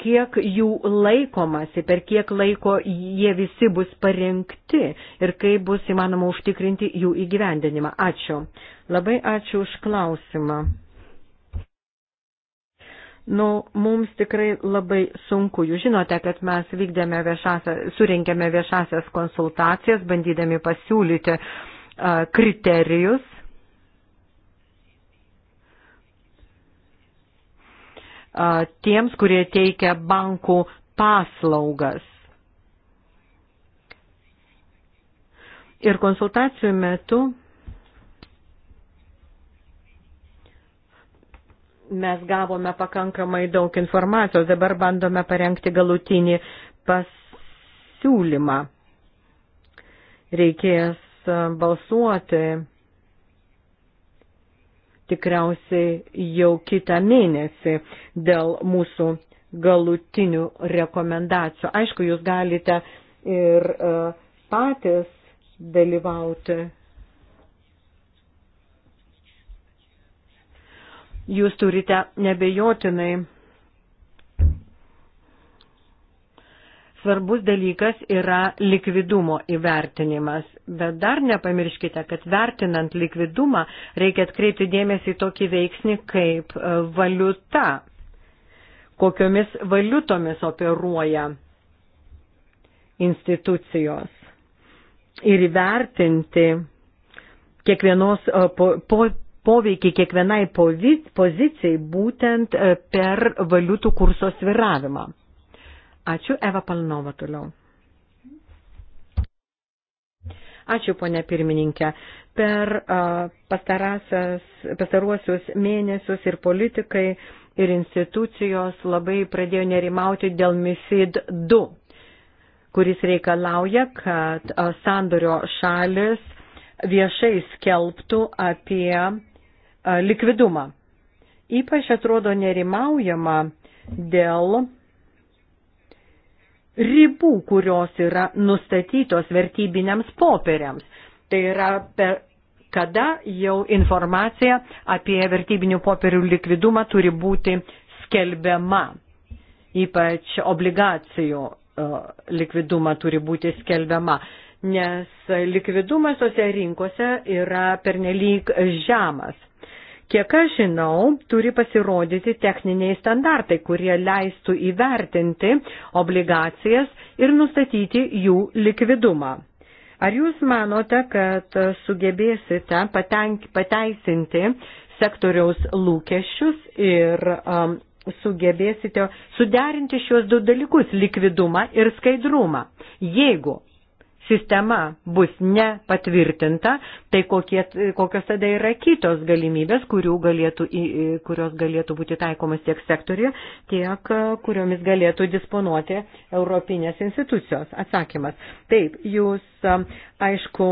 Kiek jų laikomasi, per kiek laiko jie visi bus parengti ir kaip bus įmanoma užtikrinti jų įgyvendinimą. Ačiū. Labai ačiū už klausimą. Nu, mums tikrai labai sunku. Jūs žinote, kad mes vykdėme viešasias, surinkėme viešasias konsultacijas, bandydami pasiūlyti uh, kriterijus. Uh, tiems, kurie teikia bankų paslaugas. Ir konsultacijų metu mes gavome pakankamai daug informacijos, dabar bandome parengti galutinį pasiūlymą. Reikės e, balsuoti tikriausiai jau kitą mėnesį dėl mūsų galutinių rekomendacijų. Aišku, jūs galite ir e, patys dalyvauti jūs turite nebejotinai. Svarbus dalykas yra likvidumo įvertinimas, bet dar nepamirškite, kad vertinant likvidumą reikia atkreipti dėmesį į tokį veiksnį kaip e, valiuta, kokiomis valiutomis operuoja institucijos ir įvertinti kiekvienos e, po, po, poveikį kiekvienai pozicijai būtent e, per valiutų kurso sviravimą. Ačiū, Eva Palnova toliau. Ačiū, ponė pirmininkė. Per pastaruosius mėnesius ir politikai, ir institucijos labai pradėjo nerimauti dėl MIFID 2, kuris reikalauja, kad sandorio šalis viešai skelbtų apie likvidumą. Ypač atrodo nerimaujama dėl ribų, kurios yra nustatytos vertybiniams popieriams. Tai yra per kada jau informacija apie vertybinių popierių likvidumą turi būti skelbiama. Ypač obligacijų likvidumą turi būti skelbiama nes likvidumas tose rinkose yra pernelyg žemas. Kiek aš žinau, turi pasirodyti techniniai standartai, kurie leistų įvertinti obligacijas ir nustatyti jų likvidumą. Ar jūs manote, kad sugebėsite patenk, pateisinti sektoriaus lūkesčius ir um, sugebėsite suderinti šios du dalykus - likvidumą ir skaidrumą? Jeigu sistema bus nepatvirtinta, tai kokie, kokios tada yra kitos galimybės, galėtų, kurios galėtų būti taikomas tiek sektoriuje, tiek e, kuriomis galėtų disponuoti Europinės institucijos. Atsakymas. Taip, jūs e, aišku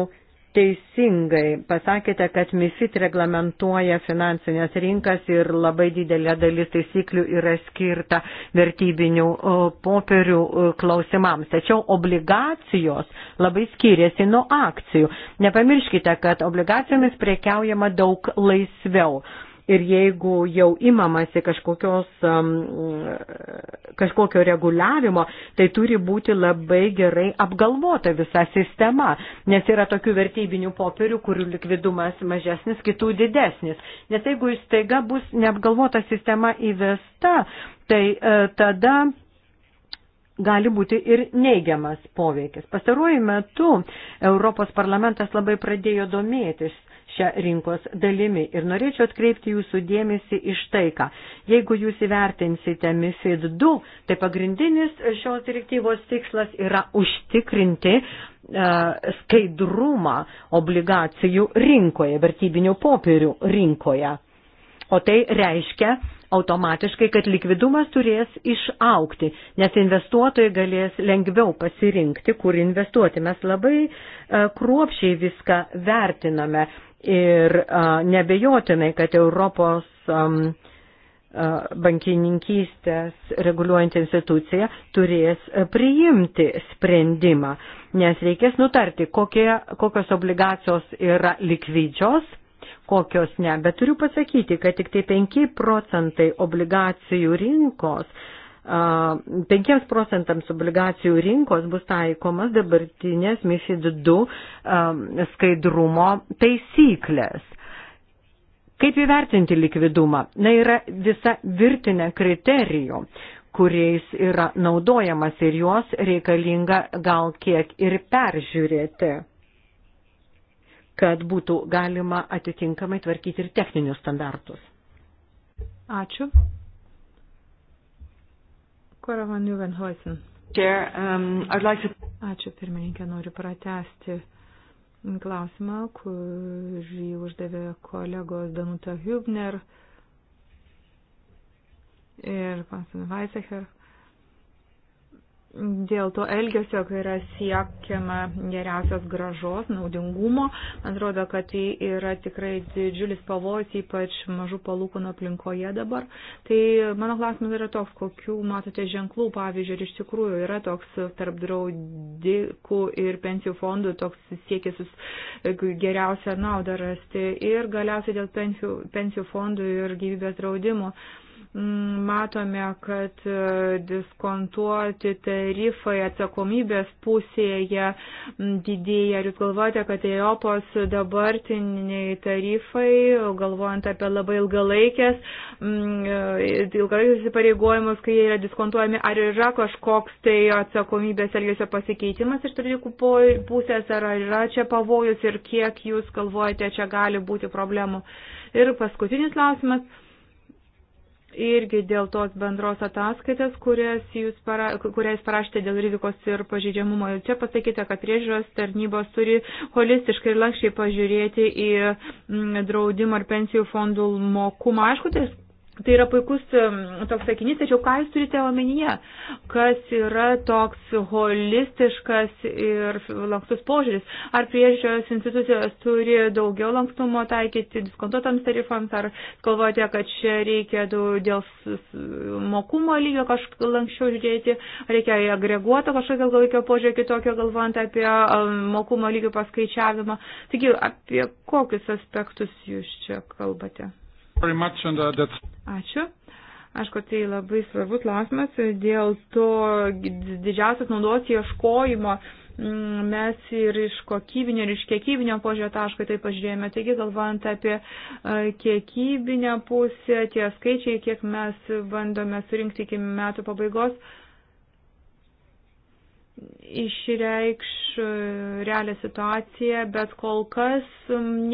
teisingai pasakėte, kad MIFID reglamentuoja finansinės rinkas ir labai didelė dalis taisyklių yra skirta vertybinių popierių klausimams. Tačiau obligacijos labai skiriasi nuo akcijų. Nepamirškite, kad obligacijomis priekiaujama daug laisviau. Ir jeigu jau imamasi kažkokios, kažkokio reguliavimo, tai turi būti labai gerai apgalvota visa sistema, nes yra tokių vertybinių popierių, kurių likvidumas mažesnis, kitų didesnis. Nes jeigu staiga bus neapgalvota sistema įvesta, tai e, tada gali būti ir neigiamas poveikis. Pastaruoju metu Europos parlamentas labai pradėjo domėtis šia rinkos dalimi. Ir norėčiau atkreipti jūsų dėmesį iš tai, ką jeigu jūs įvertinsite MIFID 2, tai pagrindinis šios direktyvos tikslas yra užtikrinti e, skaidrumą obligacijų rinkoje, vertybinių popierių rinkoje. O tai reiškia automatiškai, kad likvidumas turės išaukti, nes investuotojai galės lengviau pasirinkti, kur investuoti. Mes labai e, kruopšiai viską vertiname Ir a, nebejotinai, kad Europos a, a, bankininkystės reguliuojant instituciją turės priimti sprendimą, nes reikės nutarti, kokie, kokios obligacijos yra likvidžios, kokios ne. Bet turiu pasakyti, kad tik tai 5 procentai obligacijų rinkos 5 procentams obligacijų rinkos bus taikomas dabartinės MIFID 2 skaidrumo taisyklės. Kaip įvertinti likvidumą? Na, yra visa virtinė kriterijų, kuriais yra naudojamas ir juos reikalinga gal kiek ir peržiūrėti kad būtų galima atitinkamai tvarkyti ir techninius standartus. Ačiū. Kora Van Juvenhoisen. Um, Ačiū pirmininkė, noriu pratesti klausimą, kurį uždavė kolegos Danuta Hübner ir Konstantin Weisecher dėl to elgesio, kai yra siekiama geriausios gražos, naudingumo. Man atrodo, kad tai yra tikrai didžiulis pavojus, ypač mažų palūkonų aplinkoje dabar. Tai mano klausimas yra toks, kokių matote ženklų, pavyzdžiui, ir iš tikrųjų yra toks tarp draudikų ir pensijų fondų toks siekis geriausią naudą rasti. Ir galiausiai dėl pensijų, pensijų fondų ir gyvybės draudimo. Uh, Mm, matome, kad e, diskontuoti tarifai atsakomybės pusėje mm, didėja. Ar jūs galvojate, kad Europos dabartiniai tarifai, galvojant apie labai ilgalaikės, mm, e, ilgalaikės įsipareigojimus, kai jie yra diskontuojami, ar yra kažkoks tai atsakomybės elgesio pasikeitimas iš tarifų pusės, ar yra čia pavojus ir kiek jūs galvojate, čia gali būti problemų. Ir paskutinis klausimas irgi dėl tos bendros ataskaitas, jūs para, kurią jūs parašėte dėl rizikos ir pažydžiamumo. Ir čia pasakyta, kad priežiūros tarnybos turi holistiškai ir lakščiai pažiūrėti į mm, draudimo ar pensijų fondų mokumą. Aišku, tai Tai yra puikus toks sakinys, tačiau ką jūs turite omenyje, kas yra toks holistiškas ir lankstus požiūris? Ar priežiūros institucijos turi daugiau lankstumo taikyti diskontuotams tarifams, ar galvojate, kad čia reikia dėl mokumo lygio kažkaip lankščiau žiūrėti, reikia agreguoto kažkokio galaikio požiūrio kitokio, galvojant apie mokumo lygio paskaičiavimą? Taigi, apie kokius aspektus jūs čia kalbate? Uh, Ačiū. Aišku, tai labai svarbus klausimas. Dėl to didžiausias naudos ieškojimo mm, mes ir iš kokybinio, ir iš kiekybinio požiūrio taško tai pažiūrėjome. Taigi, galvojant apie e, kiekybinę pusę, tie skaičiai, kiek mes bandome surinkti iki metų pabaigos, išreikš e, realią situaciją, bet kol kas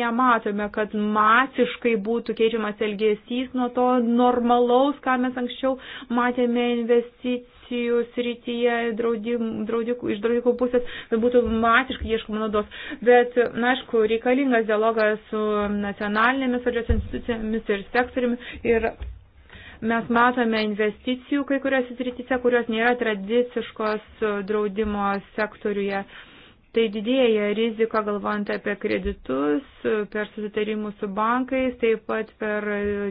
nematome, kad masiškai būtų keičiamas elgesys nuo to normalaus, ką mes anksčiau matėme investicijų srityje draudim, draudikų, iš draudikų pusės, kad būtų masiškai ieškoma naudos. Bet, na, aišku, reikalingas dialogas su nacionalinėmis valdžios institucijomis ir sektoriumi. Ir Mes matome investicijų kai kuriuose srityse, kurios nėra tradiciškos draudimo sektoriuje. Tai didėja rizika, galvojant apie kreditus, per susitarimus su bankais, taip pat per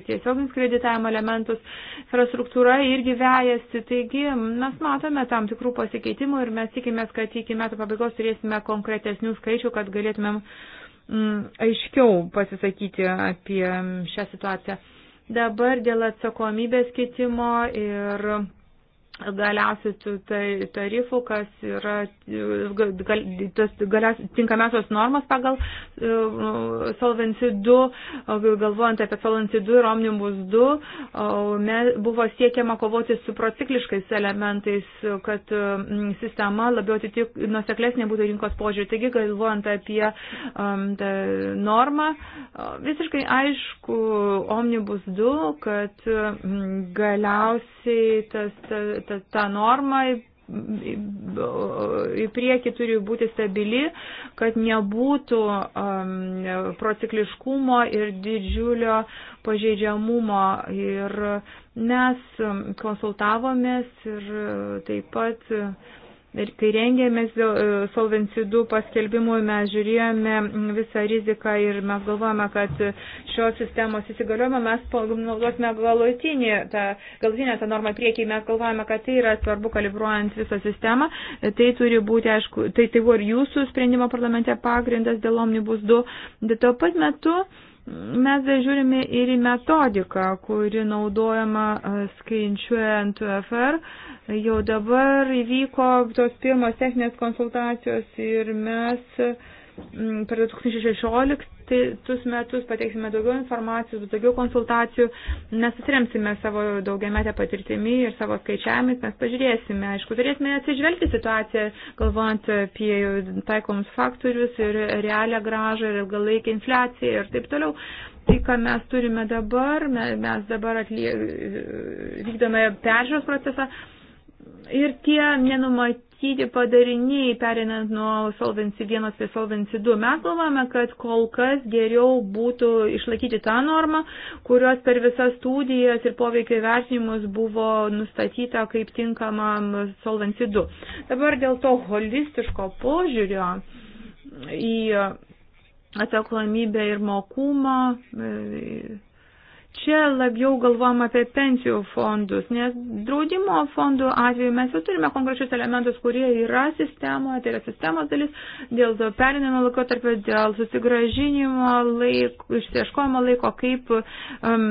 tiesioginius kreditavimo elementus, infrastruktūra irgi vejasi. Taigi mes matome tam tikrų pasikeitimų ir mes tikimės, kad iki metų pabaigos turėsime konkretesnių skaičių, kad galėtumėm mm, aiškiau pasisakyti apie šią situaciją. Dabar dėl atsakomybės kitimo ir galiausiai tai tarifų, kas yra gal, tas galias, tinkamiausios normas pagal uh, Solvency 2, galvojant apie Solvency 2 ir Omnibus 2, uh, buvo siekiama kovoti su procikliškais elementais, kad uh, sistema labiau atitik, nuseklesnė būtų rinkos požiūrį. Taigi, galvojant apie um, normą, uh, visiškai aišku Omnibus 2, kad um, galiausiai tas, tas ta, ta norma į priekį turi būti stabili, kad nebūtų um, procikliškumo ir didžiulio pažeidžiamumo. Ir mes um, konsultavomės ir uh, taip pat uh, Ir kai rengėmės e, Solvency 2 paskelbimui, mes žiūrėjome visą riziką ir mes galvojame, kad šios sistemos įsigaliojimą mes naudosime galutinį, tą, galutinę tą normą priekį. Mes galvojame, kad tai yra svarbu kalibruojant visą sistemą. Tai turi būti, aišku, tai, tai buvo ir jūsų sprendimo parlamente pagrindas dėl Omnibus 2. Bet tuo pat metu mes žiūrime ir į metodiką, kuri naudojama e, skaičiuojant UFR Jau dabar įvyko tos pirmos techninės konsultacijos ir mes mm, per 2016 tus metus pateiksime daugiau informacijos, daugiau konsultacijų, mes susiremsime savo daugiametę patirtimį ir savo skaičiavimais, mes pažiūrėsime, aišku, turėsime atsižvelgti situaciją, galvojant apie taikomus faktorius ir realią gražą ir ilgalaikę infliaciją ir taip toliau. Tai, ką mes turime dabar, mes dabar atlie... vykdome peržiūros procesą, Ir tie nenumatyti padariniai, perinant nuo Solvency 1 prie Solvency 2, mes galvojame, kad kol kas geriau būtų išlaikyti tą normą, kurios per visas studijas ir poveikio vertinimus buvo nustatyta kaip tinkama Solvency 2. Dabar dėl to holistiško požiūrio į atsakomybę ir mokumą čia labiau galvojam apie pensijų fondus, nes draudimo fondų atveju mes jau turime konkrečius elementus, kurie yra sistemoje, tai yra sistemos dalis, dėl perinimo laikotarpio, dėl susigražinimo laiko, išsieškojimo laiko, kaip um,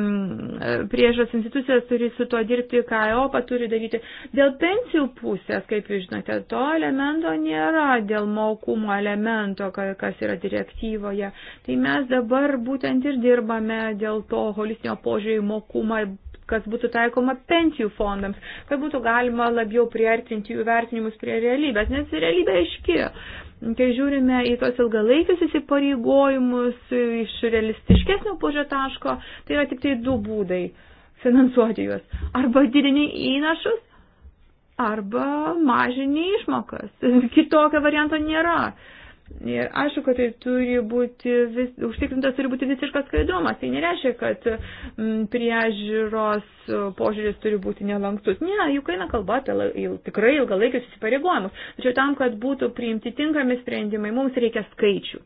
priežas institucijos turi su tuo dirbti, ką EOPA turi daryti. Dėl pensijų pusės, kaip jūs žinote, to elemento nėra, dėl maukumo elemento, kas yra direktyvoje. Tai mes dabar būtent ir dirbame dėl to holistinio strateginio požiūrį mokumą kas būtų taikoma pensijų fondams, kad būtų galima labiau priartinti jų vertinimus prie realybės, nes realybė aiški. Kai žiūrime į tos ilgalaikius įsipareigojimus iš realistiškesnio požiūrio taško, tai yra tik tai du būdai finansuoti juos. Arba didini įnašus, arba mažini išmokas. Kitokio varianto nėra. Uh, Ir aišku, kad tai turi būti, vis, užtikrintas turi būti visiškas skaidrumas. Tai nereiškia, kad m, mm, priežiūros požiūris turi būti nelankstus. Ne, juk eina kalba apie il, tikrai ilgalaikius įsipareigojimus. Tačiau tam, kad būtų priimti tinkami sprendimai, mums reikia skaičių.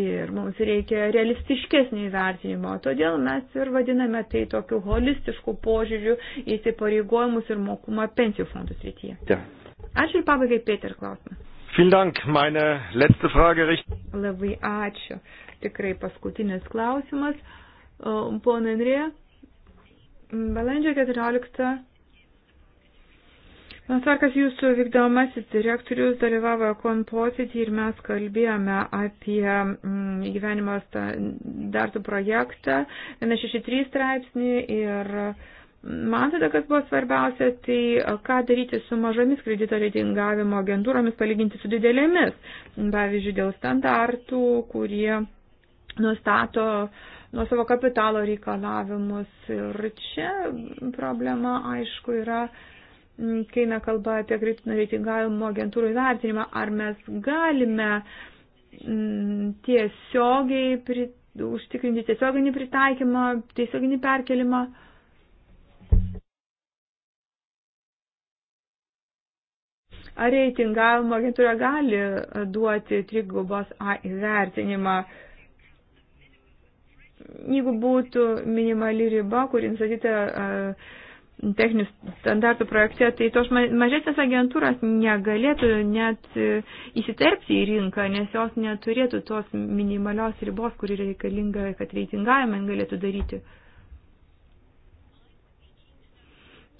Ir mums reikia realistiškesnio įvertinimo, todėl mes ir vadiname tai tokiu holistišku požiūriu įsipareigojimus ir mokumą pensijų fondų srityje. Ja. Ačiū ir pabaigai, Peter, klausimas. Vielen Dank. Meine letzte Frage richtet. Labai ačiū. Tikrai paskutinis klausimas. Pone Andrė, balandžio 14. Mansarkas, jūsų vykdomasis direktorius dalyvavo kon posėdį ir mes kalbėjome apie mm, gyvenimo standartų projektą 163 straipsnį ir uh, Man tada, kas buvo svarbiausia, tai ką daryti su mažomis kredito reitingavimo agentūromis palyginti su didelėmis. Pavyzdžiui, dėl standartų, kurie nustato nuo savo kapitalo reikalavimus. Ir čia problema, aišku, yra, kai nekalba apie kredito reitingavimo agentūrų įvertinimą, ar mes galime mm, tiesiogiai pri, užtikrinti tiesioginį pritaikymą, tiesioginį perkelimą. Ar reitingavimo agentūra gali duoti trigubos A įvertinimą? Jeigu būtų minimali riba, kur nustatyta e, techninių standartų projekte, tai tos mažesnės agentūros negalėtų net e, įsiterpti į rinką, nes jos neturėtų tos minimalios ribos, kuri reikalinga, kad reitingavimą galėtų daryti.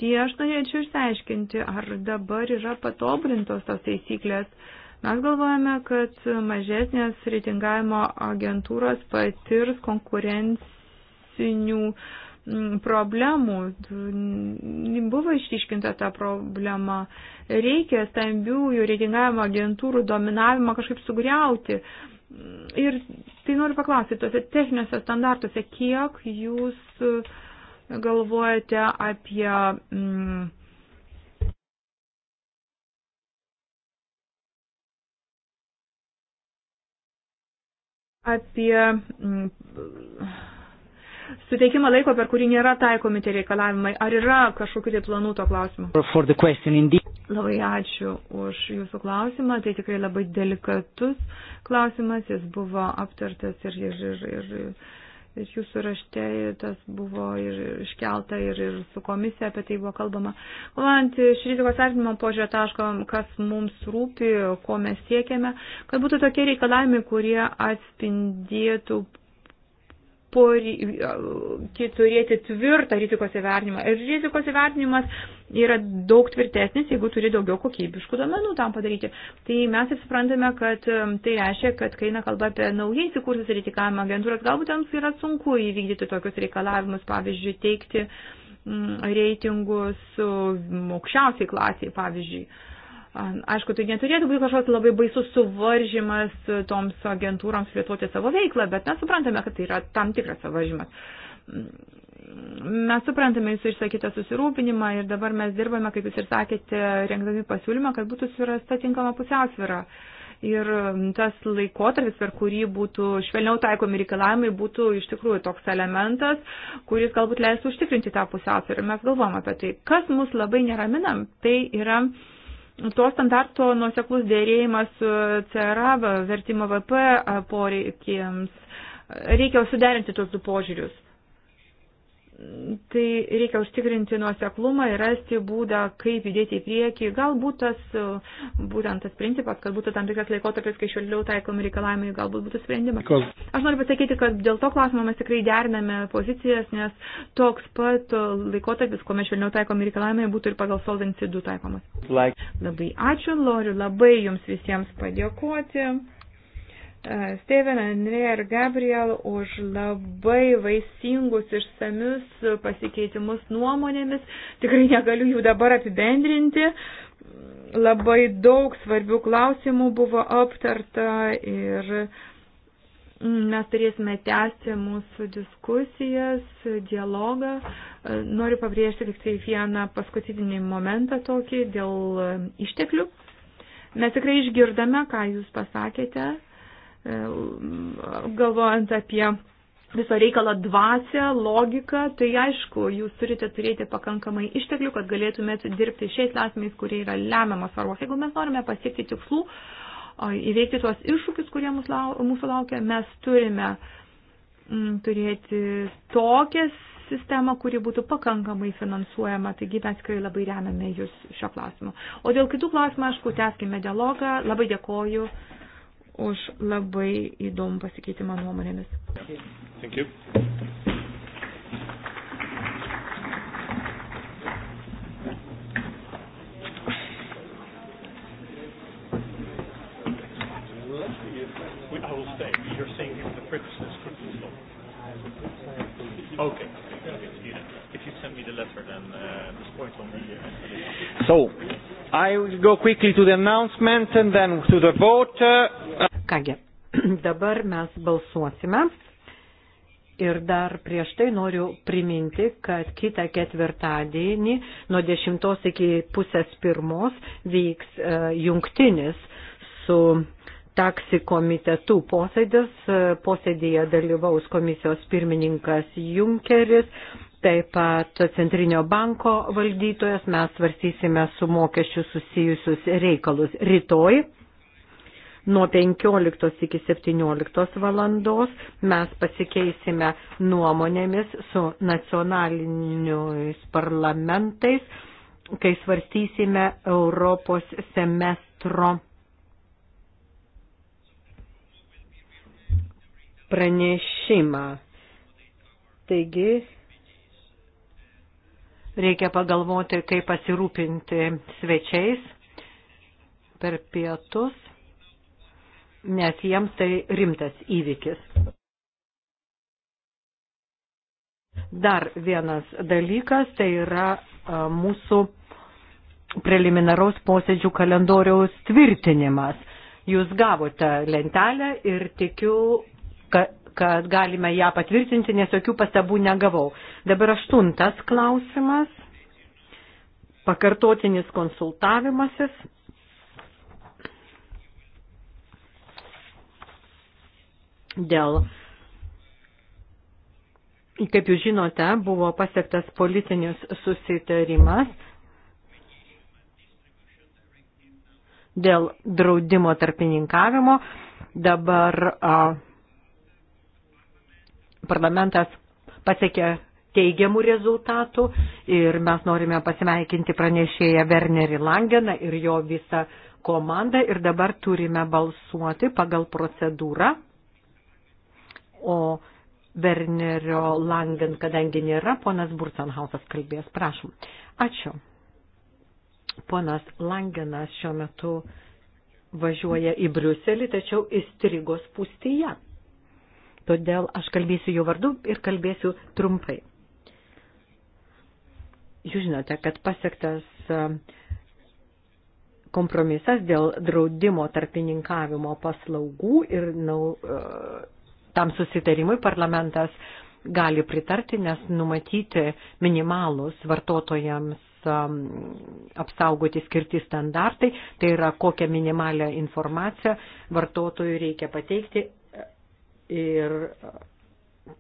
Tai aš norėčiau išsiaiškinti, ar dabar yra patobrintos tos taisyklės. Mes galvojame, kad mažesnės reitingavimo agentūros patirs konkurencinių mm, problemų. Buvo išryškinta ta problema. Reikia stambiųjų reitingavimo agentūrų dominavimą kažkaip sugriauti. Ir tai noriu paklausyti, tuose techniniuose standartuose, kiek jūs uh, galvojate apie. Mm, apie mm, suteikimą laiko, per kurį nėra taikomi tie reikalavimai. Ar yra kažkokiu tai planu to klausimu? Labai ačiū už Jūsų klausimą. Tai tikrai labai delikatus klausimas. Jis buvo aptartas ir, ir, ir, ir ir jūsų rašte tas buvo ir iškelta ir, ir su komisija apie tai buvo kalbama. Kalbant iš rizikos vertinimo požiūrio taško, kas mums rūpi, ko mes siekiame, kad būtų tokie reikalavimai, kurie atspindėtų poreikį turėti tvirtą rizikos įvertinimą. Ir rizikos įvertinimas yra daug tvirtesnis, jeigu turi daugiau kokybiškų domenų tam padaryti. Tai mes taip suprantame, kad um, tai reiškia, kad kai eina kalba apie naujai įsikursus reitikavimo agentūras, galbūt jiems yra sunku įvykdyti tokius reikalavimus, pavyzdžiui, teikti mm, reitingus um, aukščiausiai klasiai, pavyzdžiui. Aišku, tai neturėtų būti kažkoks labai baisus suvaržymas toms agentūroms plėtoti savo veiklą, bet mes suprantame, kad tai yra tam tikras suvaržymas. Mes suprantame jūsų išsakytą susirūpinimą ir dabar mes dirbame, kaip jūs ir sakėte, rengdami pasiūlymą, kad būtų surasta tinkama pusiausvėra. Ir tas laikotarpis, per kurį būtų švelniau taikomi reikalavimai, būtų iš tikrųjų toks elementas, kuris galbūt leistų užtikrinti tą pusiausvyrą. Mes galvom apie tai. Kas mus labai neraminam, tai yra uh, to standarto nuoseklus dėrėjimas su e, CRA, vertimo VP e, poreikiams. Reikia suderinti tos du požiūrius tai reikia užtikrinti nuoseklumą ir rasti būdą, kaip judėti į priekį. Galbūt tas, būtent tas principas, kad būtų tam tikras laikotarpis, kai šioliau taikomi reikalavimai, galbūt būtų sprendimas. Aš noriu pasakyti, kad dėl to klausimo mes tikrai deriname pozicijas, nes toks pat laikotarpis, kuomet šioliau taikomi reikalavimai, būtų ir pagal Solvency 2 taikomas. Like. Labai ačiū, noriu labai jums visiems padėkoti. E, Steven, Andrė ir Gabriel už labai vaisingus išsamius pasikeitimus nuomonėmis. Tikrai negaliu jų dabar apibendrinti. Labai daug svarbių klausimų buvo aptarta ir mm, mes turėsime tęsti mūsų diskusijas, dialogą. E, noriu pabrėžti tik tai vieną paskutinį momentą tokį dėl išteklių. Mes tikrai išgirdame, ką jūs pasakėte galvojant apie viso reikalo dvasę, logiką, tai aišku, jūs turite turėti pakankamai išteklių, kad galėtumėt dirbti šiais lasmiais, kurie yra lemiamas svarbos. Jeigu mes norime pasiekti tikslų, įveikti tuos iššūkius, kurie mūsų laukia, mes turime mm, turėti tokią sistemą, kuri būtų pakankamai finansuojama, taigi mes tikrai labai remiame jūs šio klausimu. O dėl kitų klausimų, aišku, tęskime dialogą. Labai dėkoju už labai įdomų pasikeitimą nuomonėmis. Thank you. I will go quickly to the announcement and then to the vote. Kągi, (clears throat) dabar mes balsuosime. Ir dar prieš tai noriu priminti, kad kitą ketvirtadienį nuo 10 iki pusės pirmos vyks uh, jungtinis su taksi komitetų posėdis. E, Posėdėje dalyvaus komisijos pirmininkas Junkeris, taip pat Centrinio banko valdytojas, mes svarstysime su mokesčių susijusius reikalus rytoj. Nuo 15 iki 17 valandos mes pasikeisime nuomonėmis su nacionaliniais parlamentais, kai svarstysime Europos semestro pranešimą. Taigi Reikia pagalvoti, kaip pasirūpinti svečiais per pietus, nes jiems tai rimtas įvykis. Dar vienas dalykas, tai yra mūsų preliminaraus posėdžių kalendoriaus tvirtinimas. Jūs gavote lentelę ir tikiu, kad kad galime ją patvirtinti, nes jokių pastabų negavau. Dabar aštuntas klausimas. Pakartotinis konsultavimasis. Dėl, kaip jūs žinote, buvo pasiektas politinis susitarimas dėl draudimo tarpininkavimo. Dabar a, parlamentas pasiekė teigiamų rezultatų ir mes norime pasimeikinti pranešėją Wernerį Langeną ir jo visą komandą ir dabar turime balsuoti pagal procedūrą. O Wernerio Langen, kadangi nėra, ponas Bursanhausas kalbės, prašom. Ačiū. Ponas Langenas šiuo metu važiuoja į Briuselį, tačiau įstrigos pustyje todėl aš kalbėsiu jo vardu ir kalbėsiu trumpai. Jūs žinote, kad pasiektas e, kompromisas dėl draudimo tarpininkavimo paslaugų ir nau, e, tam susitarimui parlamentas gali pritarti, nes numatyti minimalus vartotojams e, apsaugoti skirti standartai, tai yra kokią minimalę informaciją vartotojui reikia pateikti ir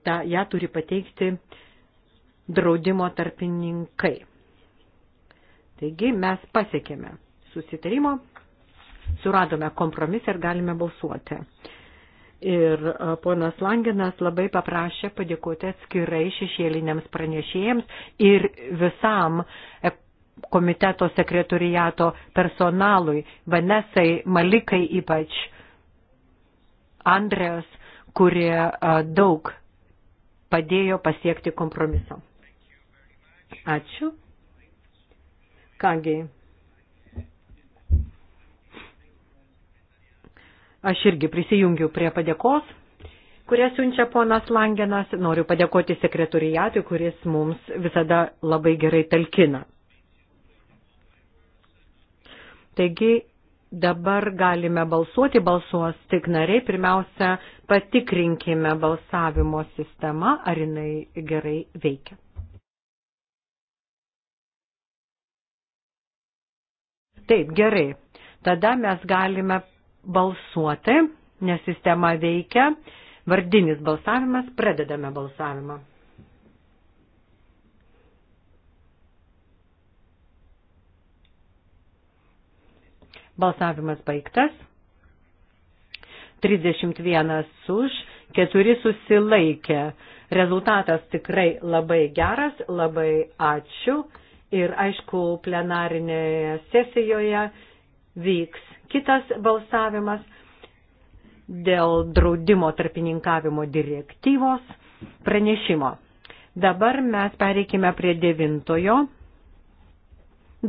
ta, ją turi pateikti draudimo tarpininkai. Taigi mes pasiekėme susitarimo, suradome kompromisą ir galime balsuoti. Ir ponas Langinas labai paprašė padėkoti atskirai šešėliniams pranešėjams ir visam e, komiteto sekretoriato personalui, Vanesai, Malikai ypač, Andrės, kurie daug padėjo pasiekti kompromiso. Ačiū. Kągi. Aš irgi prisijungiu prie padėkos, kurią siunčia ponas Langenas. Noriu padėkoti sekretoriatui, kuris mums visada labai gerai talkina. Taigi Dabar galime balsuoti, balsuos tik nariai. Pirmiausia, patikrinkime balsavimo sistemą, ar jinai gerai veikia. Taip, gerai. Tada mes galime balsuoti, nes sistema veikia. Vardinis balsavimas, pradedame balsavimą. Balsavimas baigtas. 31 už, 4 susilaikė. Rezultatas tikrai labai geras, labai ačiū. Ir aišku, plenarinėje sesijoje vyks kitas balsavimas dėl draudimo tarpininkavimo direktyvos pranešimo. Dabar mes pereikime prie devintojo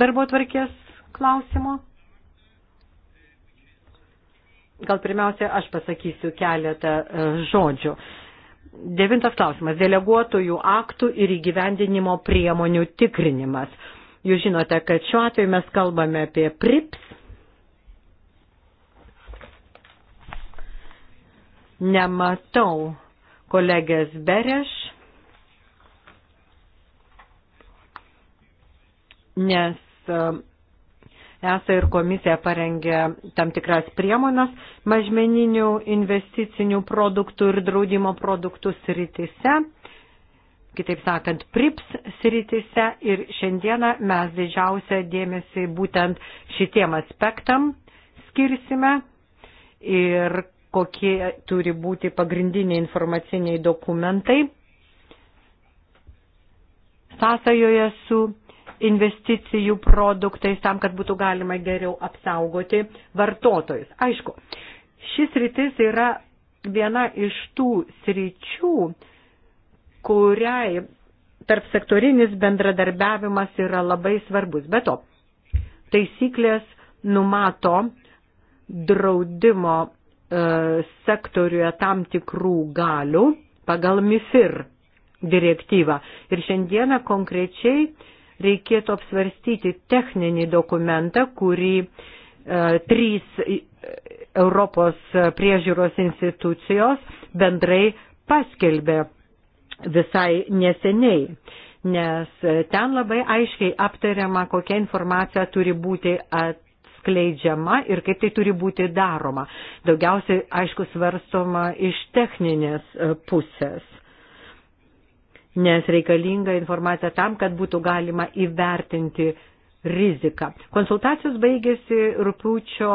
darbo tvarkės klausimo. Gal pirmiausia, aš pasakysiu keletą e, žodžių. Devintas klausimas. Deleguotojų aktų ir įgyvendinimo priemonių tikrinimas. Jūs žinote, kad šiuo atveju mes kalbame apie PRIPS. Nematau kolegės Bereš, nes e, ESA ir komisija parengė tam tikras priemonas mažmeninių investicinių produktų ir draudimo produktų sritise, kitaip sakant, PRIPS sritise ir šiandieną mes didžiausią dėmesį būtent šitiem aspektam skirsime ir kokie turi būti pagrindiniai informaciniai dokumentai sąsajoje su investicijų produktais tam, kad būtų galima geriau apsaugoti vartotojus. Aišku, šis rytis yra viena iš tų sričių, kuriai tarp sektorinis bendradarbiavimas yra labai svarbus. Be to, taisyklės numato draudimo e, sektoriuje tam tikrų galių pagal MIFIR direktyvą. Ir šiandieną konkrečiai reikėtų apsvarstyti techninį dokumentą, kurį e, trys e, Europos priežiūros institucijos bendrai paskelbė visai neseniai nes ten labai aiškiai aptariama, kokia informacija turi būti atskleidžiama ir kaip tai turi būti daroma. Daugiausiai, aišku, svarstoma iš techninės e, pusės nes reikalinga informacija tam, kad būtų galima įvertinti riziką. Konsultacijos baigėsi rūpiučio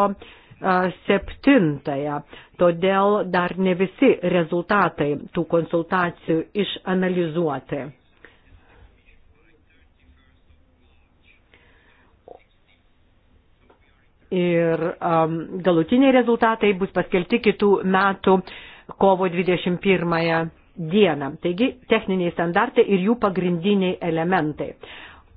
7, todėl dar ne visi rezultatai tų konsultacijų išanalizuoti. ir um, galutiniai rezultatai bus paskelti kitų metų kovo 21 dieną. Taigi techniniai standartai ir jų pagrindiniai elementai.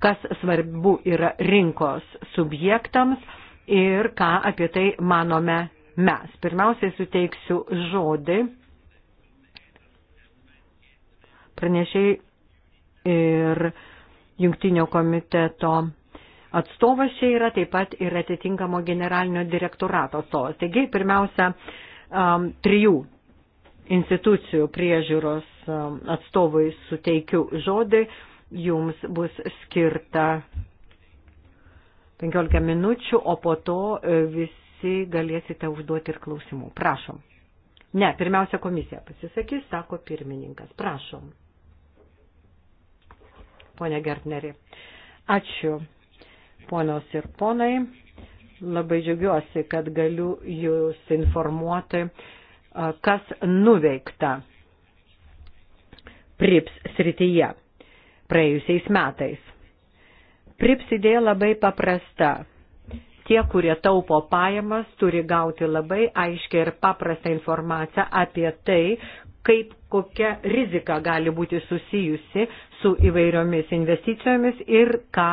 Kas svarbu yra rinkos subjektams ir ką apie tai manome mes. Pirmiausiai suteiksiu žodį pranešiai ir jungtinio komiteto atstovas čia yra, taip pat ir atitinkamo generalinio direktorato atstovas. Taigi, pirmiausia, um, trijų institucijų priežiūros um, atstovai suteikiu žodį, jums bus skirta 15 minučių, o po to e, visi galėsite užduoti ir klausimų. Prašom. Ne, pirmiausia komisija pasisakys, sako pirmininkas. Prašom. Pone Gertneri. Ačiū, ponios ir ponai. Labai džiaugiuosi, kad galiu jūs informuoti kas nuveikta PRIPS srityje praėjusiais metais. PRIPS idėja labai paprasta. Tie, kurie taupo pajamas, turi gauti labai aiškę ir paprastą informaciją apie tai, kaip kokia rizika gali būti susijusi su įvairiomis investicijomis ir ką,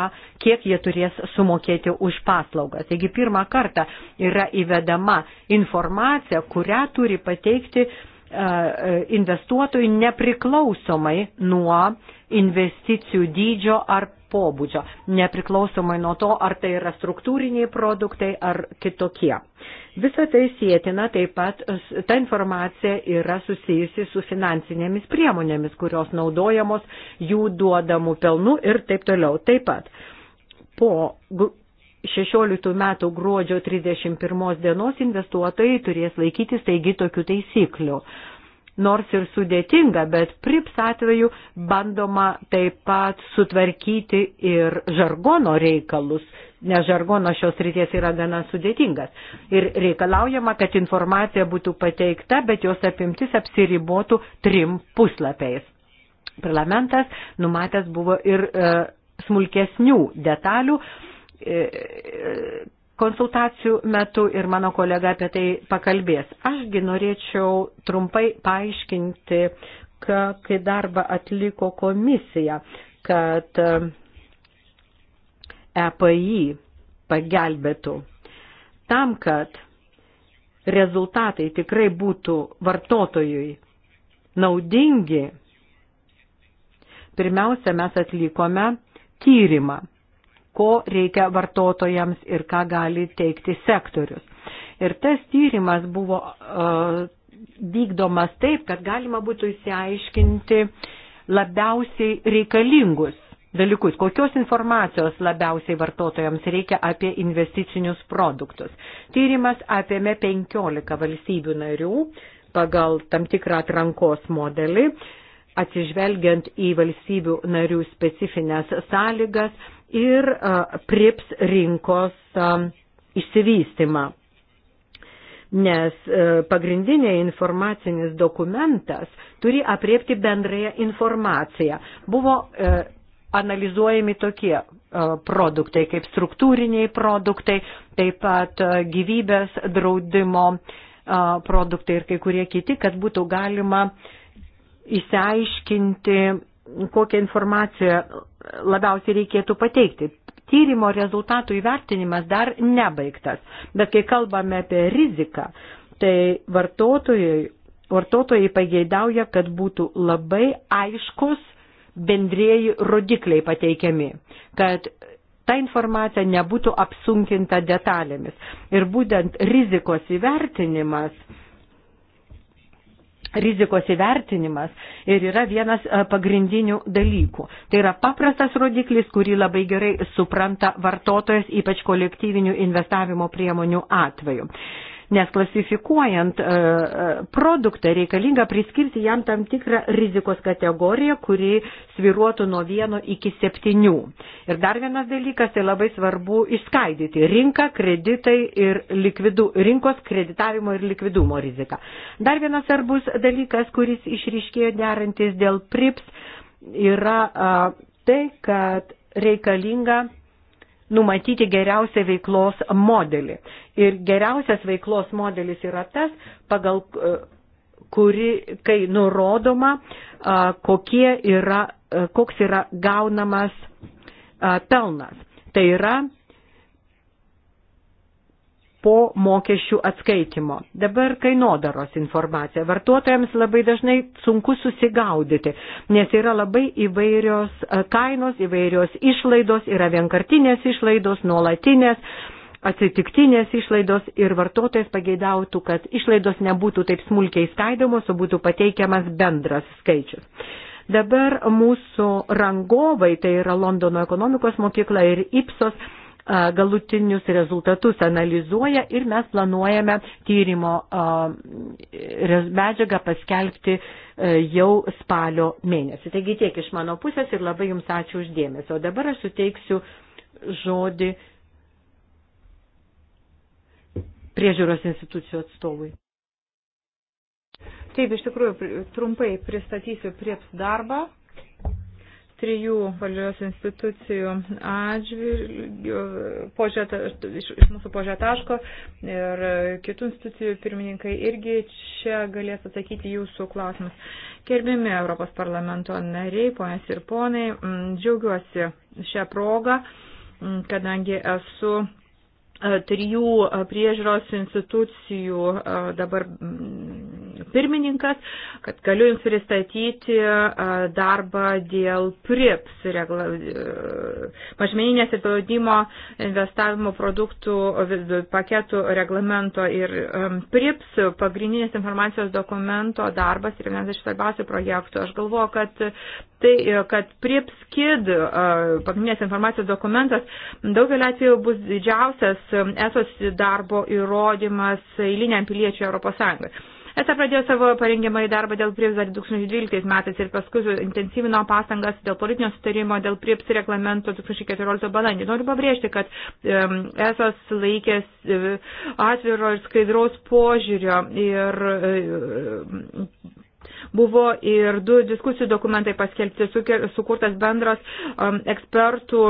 kiek jie turės sumokėti už paslaugą. Taigi pirmą kartą yra įvedama informacija, kurią turi pateikti e, investuotojai nepriklausomai nuo investicijų dydžio ar pobūdžio, nepriklausomai nuo to, ar tai yra struktūriniai produktai ar kitokie. Visą tai sėtina taip pat, ta informacija yra susijusi su finansinėmis priemonėmis, kurios naudojamos jų duodamų pelnų ir taip toliau. Taip pat po 16 metų gruodžio 31 dienos investuotojai turės laikytis taigi tokių taisyklių nors ir sudėtinga, bet prips atveju bandoma taip pat sutvarkyti ir žargono reikalus, nes žargono šios ryties yra gana sudėtingas. Ir reikalaujama, kad informacija būtų pateikta, bet jos apimtis apsiribotų trim puslapiais. Parlamentas numatęs buvo ir e, smulkesnių detalių, e, e konsultacijų metu ir mano kolega apie tai pakalbės. Ašgi norėčiau trumpai paaiškinti, kai darbą atliko komisija, kad EPI e pagelbėtų tam, kad rezultatai tikrai būtų vartotojui naudingi, pirmiausia, mes atlikome tyrimą ko reikia vartotojams ir ką gali teikti sektorius. Ir tas tyrimas buvo uh, vykdomas taip, kad galima būtų įsiaiškinti labiausiai reikalingus dalykus, kokios informacijos labiausiai vartotojams reikia apie investicinius produktus. Tyrimas apėmė 15 valstybių narių pagal tam tikrą atrankos modelį, atsižvelgiant į valstybių narių specifines sąlygas ir prips rinkos išsivystimą. Nes e, pagrindinė informacinis dokumentas turi apriepti bendrąją informaciją. Buvo e, analizuojami tokie produktai kaip struktūriniai produktai, taip pat gyvybės draudimo produktai ir kai kurie kiti, kad būtų galima įsiaiškinti kokią informaciją labiausiai reikėtų pateikti. Tyrimo rezultatų įvertinimas dar nebaigtas, bet kai kalbame apie riziką, tai vartotojai, vartotojai pageidauja, kad būtų labai aiškus bendrėjai rodikliai pateikiami, kad ta informacija nebūtų apsunkinta detalėmis. Ir būtent rizikos įvertinimas rizikos įvertinimas ir yra vienas e, pagrindinių dalykų. Tai yra paprastas rodiklis, kurį labai gerai supranta vartotojas, ypač kolektyvinių investavimo priemonių atveju nes klasifikuojant e, e, produktą reikalinga priskirti jam tam tikrą rizikos kategoriją, kuri sviruotų nuo vieno iki septynių. Ir dar vienas dalykas, tai labai svarbu išskaidyti rinką, kreditai ir likvidų, rinkos kreditavimo ir likvidumo riziką. Dar vienas svarbus dalykas, kuris išryškėjo derantis dėl PRIPS, yra a, tai, kad reikalinga numatyti geriausią veiklos modelį. Ir geriausias veiklos modelis yra tas, pagal e, kuri, kai nurodoma, kokie yra, e, koks yra gaunamas pelnas. Tai yra po mokesčių atskaitimo. Dabar kainodaros informacija. Vartotojams labai dažnai sunku susigaudyti, nes yra labai įvairios e, kainos, įvairios išlaidos, yra vienkartinės išlaidos, nuolatinės atsitiktinės išlaidos ir vartotojas pageidautų, kad išlaidos nebūtų taip smulkiai skaidomos, o būtų pateikiamas bendras skaičius. Dabar mūsų rangovai, tai yra Londono ekonomikos mokykla ir IPSOS, galutinius rezultatus analizuoja ir mes planuojame tyrimo medžiagą paskelbti jau spalio mėnesį. Taigi tiek iš mano pusės ir labai Jums ačiū uždėmesio. O dabar aš suteiksiu žodį priežiūros institucijų atstovui. Taip, iš tikrųjų, trumpai pristatysiu prieps darbą trijų valdžios institucijų atžvilgių, iš, iš mūsų požiūrė taško ir kitų institucijų pirmininkai irgi čia galės atsakyti jūsų klausimus. Gerbimi Europos parlamento nariai, ponės ir ponai, džiaugiuosi šią progą, kadangi esu trijų priežiūros institucijų dabar mm, pirmininkas, kad galiu jums pristatyti darbą dėl PRIPS, regla, mažmeninės ir draudimo investavimo produktų paketų reglamento ir PRIPS pagrindinės informacijos dokumento darbas ir vienas iš svarbiausių projektų. Aš galvoju, kad tai, kad PRIPS KID pagrindinės informacijos dokumentas daugelį atveju bus didžiausias esos darbo įrodymas eiliniam piliečiui ES. ESA pradėjo savo parengiamąjį darbą dėl PRIPS dar 2012 metais ir paskui intensyvino pastangas dėl politinio sutarimo, dėl PRIPS reglamento 2014 balandį. Noriu pabrėžti, kad ESA laikės e, atviro ir skaidraus požiūrio ir e, buvo ir du diskusijų dokumentai paskelbti, sukurtas bendras ekspertų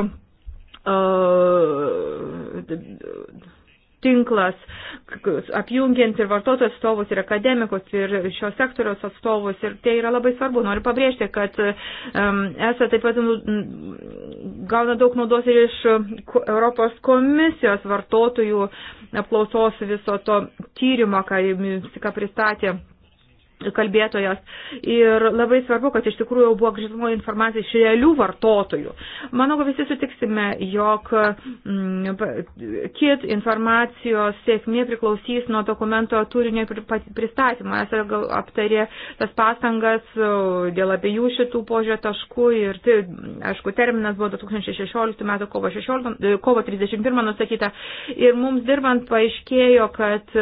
tinklas, apjungiant ir vartotojų atstovus, ir akademikus, ir šio sektoriaus atstovus, ir tai yra labai svarbu. Noriu pabrėžti, kad ESA taip pat nu, gauna daug naudos ir iš Europos komisijos vartotojų apklausos viso to tyrimo, ką jums ką pristatė kalbėtojos. Ir labai svarbu, kad iš tikrųjų buvo grįžtamo informacija iš realių vartotojų. Manau, kad visi sutiksime, jog m, mm, kit informacijos sėkmė priklausys nuo dokumento turinio pristatymo. Mes aptarė tas pastangas dėl abiejų šitų požiūrio taškų ir, tai, aišku, terminas buvo 2016 m. Kovo, 16, kovo 31 nustatyta. Ir mums dirbant paaiškėjo, kad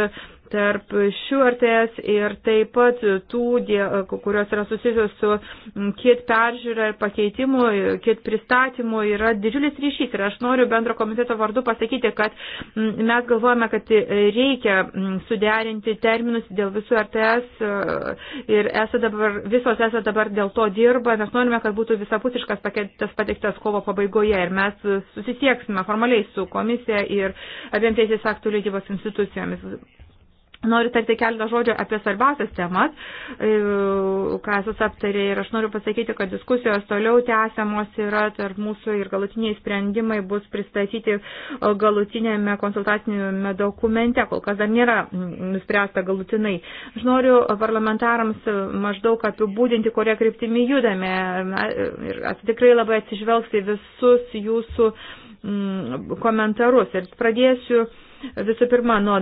tarp šių RTS ir taip pat tų, kurios yra susijusios su kiek peržiūra ir pakeitimu, kiek pristatymu, yra didžiulis ryšys. Ir aš noriu bendro komiteto vardu pasakyti, kad mm, mes galvojame, kad reikia mm, suderinti terminus dėl visų RTS e, ir esą dabar, visos esą dabar dėl to dirba. Mes norime, kad būtų visapusiškas paketas pateiktas kovo pabaigoje ir mes susisieksime formaliai su komisija ir abiem teisės aktų leidybos institucijomis. Noriu tarti keletą žodžių apie svarbiausias temas, e, ką esu aptarė ir aš noriu pasakyti, kad diskusijos toliau tęsiamos yra tarp mūsų ir galutiniai sprendimai bus pristatyti e, galutinėme konsultacinėme dokumente, kol kas dar nėra nuspręsta galutinai. Aš noriu parlamentarams e, maždaug apibūdinti, kurie kryptimi judame ir tikrai labai atsižvelgsiu visus jūsų komentarus ir pradėsiu visų pirma nuo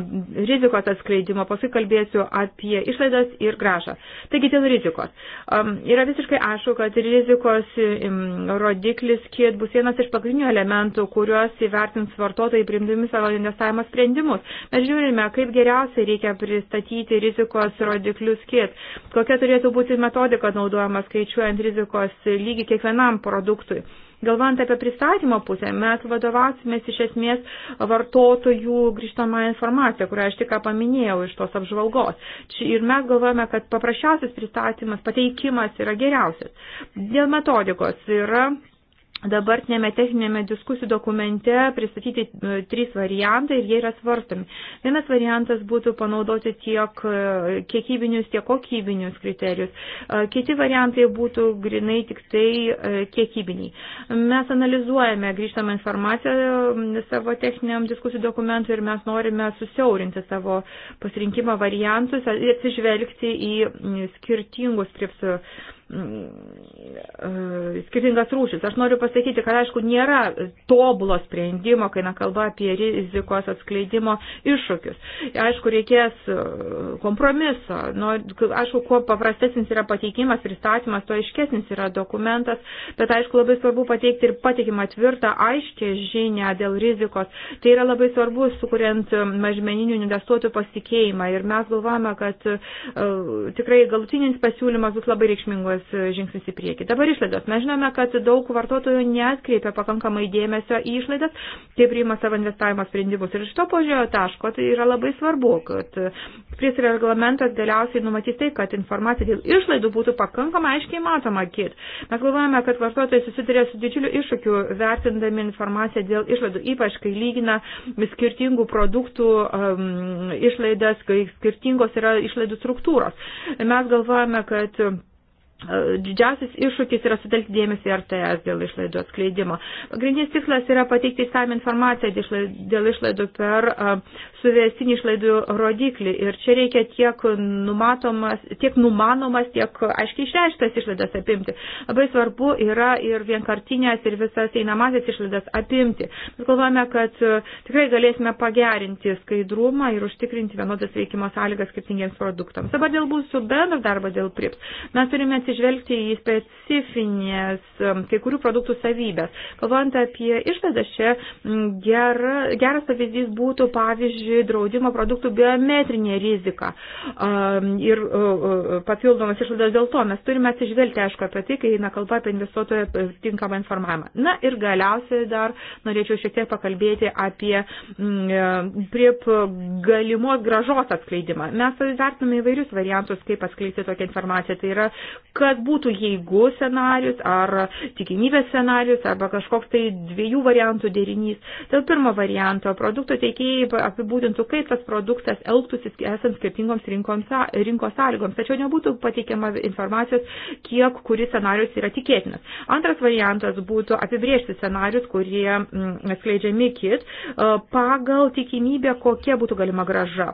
rizikos atskleidimo, paskui kalbėsiu apie išlaidas ir gražą. Taigi dėl rizikos. Um, yra visiškai aišku, kad rizikos um, rodiklis KIT bus vienas iš pagrindinių elementų, kuriuos įvertins vartotojai priimdami savo investavimo sprendimus. Mes žiūrime, kaip geriausiai reikia pristatyti rizikos rodiklius KIT, kokia turėtų būti metodika naudojama skaičiuojant rizikos lygį kiekvienam produktui. Galvant apie pristatymo pusę, mes vadovausimės iš esmės vartotojų grįžtamąją informaciją, kurią aš tik ką paminėjau iš tos apžvalgos. Ir mes galvojame, kad paprasčiausias pristatymas, pateikimas yra geriausias. Dėl metodikos yra dabartinėme techninėme diskusijų dokumente pristatyti e, trys variantai ir jie yra svarstomi. Vienas variantas būtų panaudoti tiek e, kiekybinius, tiek kokybinius kriterijus. E, kiti variantai būtų grinai tik tai kiekybiniai. Mes analizuojame grįžtamą informaciją savo techniniam diskusijų dokumentui ir mes norime susiaurinti savo pasirinkimą variantus ir atsižvelgti į skirtingus pripsų Mm, e, skirtingas rūšis. Aš noriu pasakyti, kad aišku, nėra tobulo sprendimo, kai kalba apie rizikos atskleidimo iššūkius. Aišku, reikės e, kompromiso. Nu, aišku, kuo paprastesnis yra pateikimas, pristatymas, tuo aiškesnis yra dokumentas, bet aišku, labai svarbu pateikti ir patikimą tvirtą, aiškę žinę dėl rizikos. Tai yra labai svarbu, sukuriant e, mažmeninių investuotojų pasitikėjimą. Ir mes galvojame, kad uh, tikrai galutinis pasiūlymas bus labai reikšmingoje ženklas žingsnis į priekį. Dabar išlaidos. Mes žinome, kad daug vartotojų neatkreipia pakankamai dėmesio į išlaidas, kai priima savo investavimo sprendimus. Ir iš to požiūrio taško tai yra labai svarbu, kad pris reglamentas galiausiai numatys tai, kad informacija dėl išlaidų būtų pakankamai aiškiai matoma kit. Mes galvojame, kad vartotojai susiduria su didžiuliu iššūkiu vertindami informaciją dėl išlaidų, ypač kai lygina skirtingų produktų um, išlaidas, kai skirtingos yra išlaidų struktūros. Mes galvojame, kad Didžiausias iššūkis yra sutelkti dėmesį RTS dėl išlaidų atskleidimo. Pagrindinis tikslas yra pateikti įsame informaciją dėl išlaidų per suvestinį išlaidų rodiklį. Ir čia reikia tiek, numatomas, tiek numanomas, tiek aiškiai išreikštas išlaidas apimti. Labai svarbu yra ir vienkartinės, ir visas einamasias išlaidas apimti. Mes galvojame, kad e, tikrai galėsime pagerinti skaidrumą ir užtikrinti vienodas veikimo sąlygas skirtingiems produktams. Dabar dėl būsų bendro darbo dėl prips. Mes turime atsižvelgti į specifinės e, kai kurių produktų savybės. Kalbant apie išlaidas, čia gera, geras pavyzdys būtų, pavyzdžiui, pavyzdžiui, draudimo produktų biometrinė rizika um, ir uh, uh, papildomas išlaidas dėl to. Mes turime atsižvelgti, aišku, apie tai, kai eina kalba apie investuotojo tinkamą informavimą. Na ir galiausiai dar norėčiau šiek tiek pakalbėti apie mm, e, prie galimos gražos atskleidimą. Mes vertiname įvairius variantus, kaip atskleisti tokią informaciją. Tai yra, kas būtų jeigu scenarius ar tikimybės scenarius arba kažkoks tai dviejų variantų derinys. Dėl pirmo varianto produkto teikėjai apibūdina apibūdintų, kaip tas produktas elgtųsi esant skirtingoms rinkoms, rinkos sąlygoms, tačiau nebūtų pateikiama informacijos, kiek kuris scenarius yra tikėtinas. Antras variantas būtų apibriežti scenarius, kurie mm, skleidžiami kit pagal tikimybę, kokia būtų galima graža.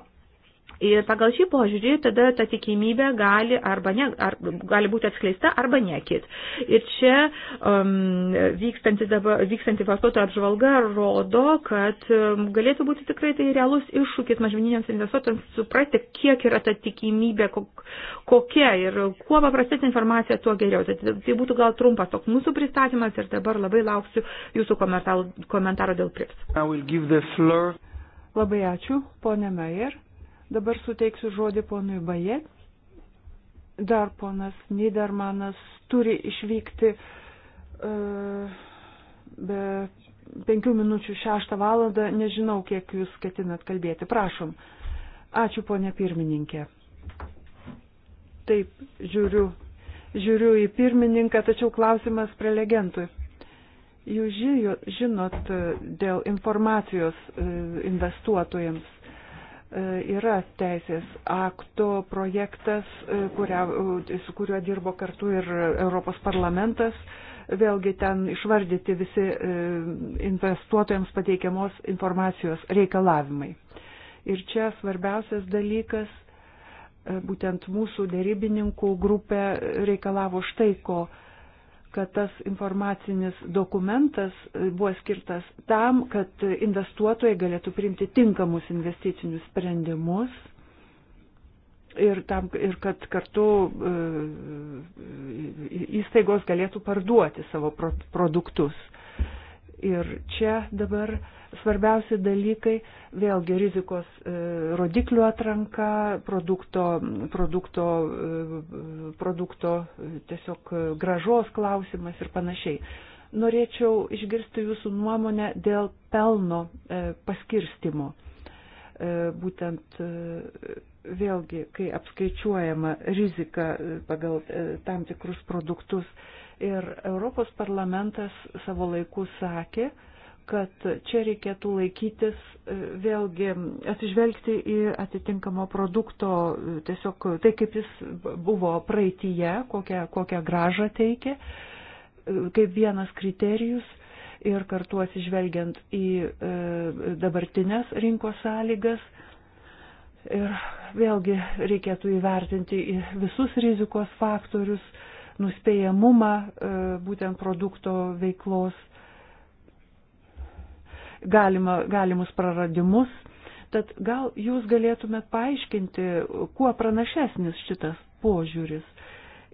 Ir pagal šį požiūrį tada ta tikimybė gali, arba ne, ar, gali būti atskleista arba nekit. Ir čia um, vykstanti, dabar, vykstanti vartotojų apžvalga rodo, kad um, galėtų būti tikrai tai realus iššūkis mažmeniniams investuotojams suprasti, kiek yra ta tikimybė, kok, kokia ir kuo paprastesnė informacija, tuo geriau. Tai, tai būtų gal trumpas toks mūsų pristatymas ir dabar labai lauksiu jūsų komentaro, komentaro dėl prips. Labai ačiū, ponė Meijer. Dabar suteiksiu žodį ponui Baje. Dar ponas Nidermanas turi išvykti uh, be penkių minučių šeštą valandą. Nežinau, kiek jūs ketinat kalbėti. Prašom. Ačiū, ponė pirmininkė. Taip, žiūriu, žiūriu į pirmininką, tačiau klausimas prelegentui. Jūs žinot dėl informacijos e, investuotojams yra teisės akto projektas, e, kuria, e, su kuriuo dirbo kartu ir Europos parlamentas. Vėlgi ten išvardyti visi e, investuotojams pateikiamos informacijos reikalavimai. Ir čia svarbiausias dalykas, būtent mūsų dėrybininkų grupė reikalavo štai ko kad tas informacinis dokumentas e, buvo skirtas tam, kad investuotojai galėtų priimti tinkamus investicinius sprendimus ir, tam, ir kad kartu e, įstaigos galėtų parduoti savo produktus. Ir čia dabar svarbiausi dalykai, vėlgi rizikos e, rodiklių atranka, produkto, produkto, e, produkto e, tiesiog gražos klausimas ir panašiai. Norėčiau išgirsti jūsų nuomonę dėl pelno paskirstimo. Būtent vėlgi, kai apskaičiuojama rizika pagal tam tikrus produktus. Ir Europos parlamentas savo laiku sakė, kad čia reikėtų laikytis e, vėlgi atsižvelgti į atitinkamo produkto e, tiesiog tai, kaip jis buvo praeitįje, kokią, kokią gražą teikė, e, kaip vienas kriterijus ir kartu atsižvelgiant į dabartinės rinkos sąlygas. Ir vėlgi reikėtų įvertinti visus rizikos faktorius, nuspėjamumą būtent produkto veiklos galima, galimus praradimus. Tad gal jūs galėtumėt paaiškinti, kuo pranašesnis šitas požiūris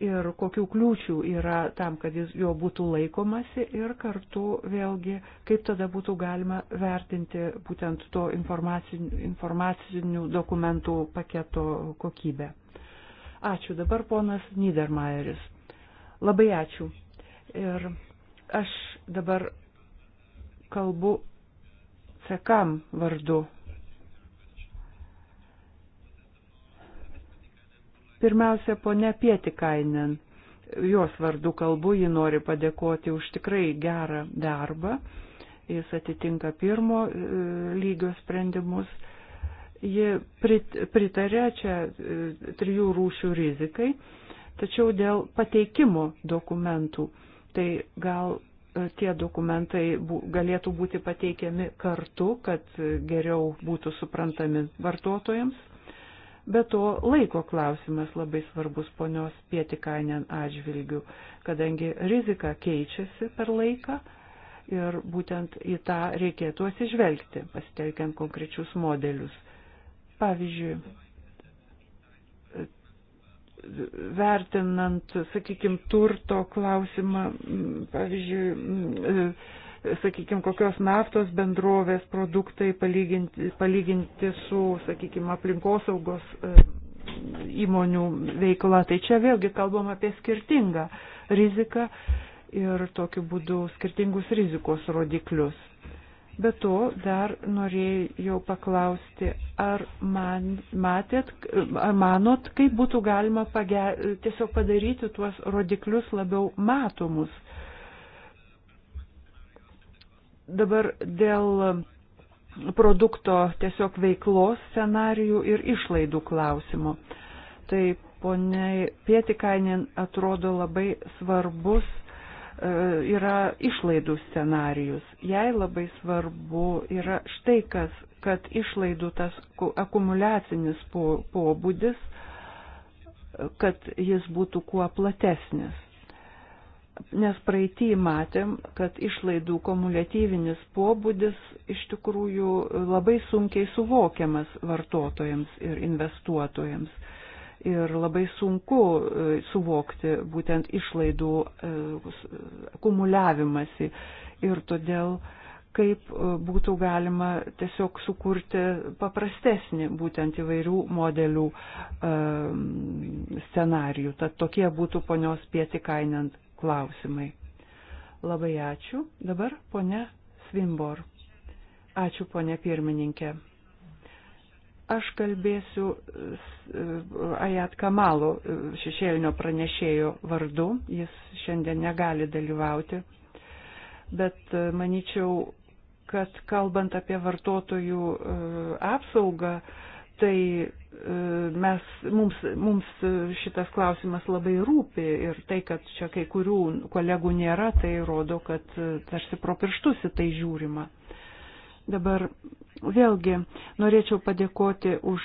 ir kokių kliūčių yra tam, kad jis, jo būtų laikomasi ir kartu vėlgi, kaip tada būtų galima vertinti būtent to informacinių, informacinių dokumentų paketo kokybę. Ačiū. Dabar ponas Niedermayeris. Labai ačiū. Ir aš dabar kalbu sekam vardu. Pirmiausia, ponia Pietikainen, jos vardu kalbu, ji nori padėkoti už tikrai gerą darbą, jis atitinka pirmo e, lygio sprendimus. Ji pritarė čia e, trijų rūšių rizikai, tačiau dėl pateikimo dokumentų, tai gal tie dokumentai galėtų būti pateikiami kartu, kad geriau būtų suprantami vartotojams. Be to, laiko klausimas labai svarbus ponios pietikainen atžvilgių, kadangi rizika keičiasi per laiką ir būtent į tą reikėtų atsižvelgti, pasitelkiant konkrečius modelius. Pavyzdžiui, vertinant, sakykime, turto klausimą, pavyzdžiui, sakykime, kokios naftos bendrovės produktai palyginti, palyginti su, sakykime, aplinkosaugos e, įmonių veikla. Tai čia vėlgi kalbam apie skirtingą riziką ir tokiu būdu skirtingus rizikos rodiklius. Be to, dar norėjau paklausti, ar, man, matėt, ar manot, kaip būtų galima page, tiesiog padaryti tuos rodiklius labiau matomus. Dabar dėl produkto tiesiog veiklos scenarijų ir išlaidų klausimo. Tai poniai Pietikainin atrodo labai svarbus E, yra išlaidų scenarius. Jai labai svarbu yra štai kas, kad išlaidų tas akumulacinis pobūdis, kad jis būtų kuo platesnis. Nes praeitį matėm, kad išlaidų kumuliatyvinis pobūdis iš tikrųjų labai sunkiai suvokiamas vartotojams ir investuotojams ir labai sunku e, suvokti būtent išlaidų e, kumuliavimąsi ir todėl kaip e, būtų galima tiesiog sukurti paprastesnį būtent įvairių modelių scenarijų. Tad tokie būtų ponios pietikainant klausimai. Labai ačiū. Dabar ponia Svimbor. Ačiū ponia pirmininkė. Aš kalbėsiu e, Ajat Kamalo e, šešėlinio pranešėjo vardu, jis šiandien negali dalyvauti, bet e, manyčiau, kad kalbant apie vartotojų apsaugą, tai mes, mums, mums šitas klausimas labai rūpi ir tai, kad čia kai kurių kolegų nėra, tai rodo, kad tarsi pro pirštus į tai žiūrima. Dabar vėlgi norėčiau padėkoti už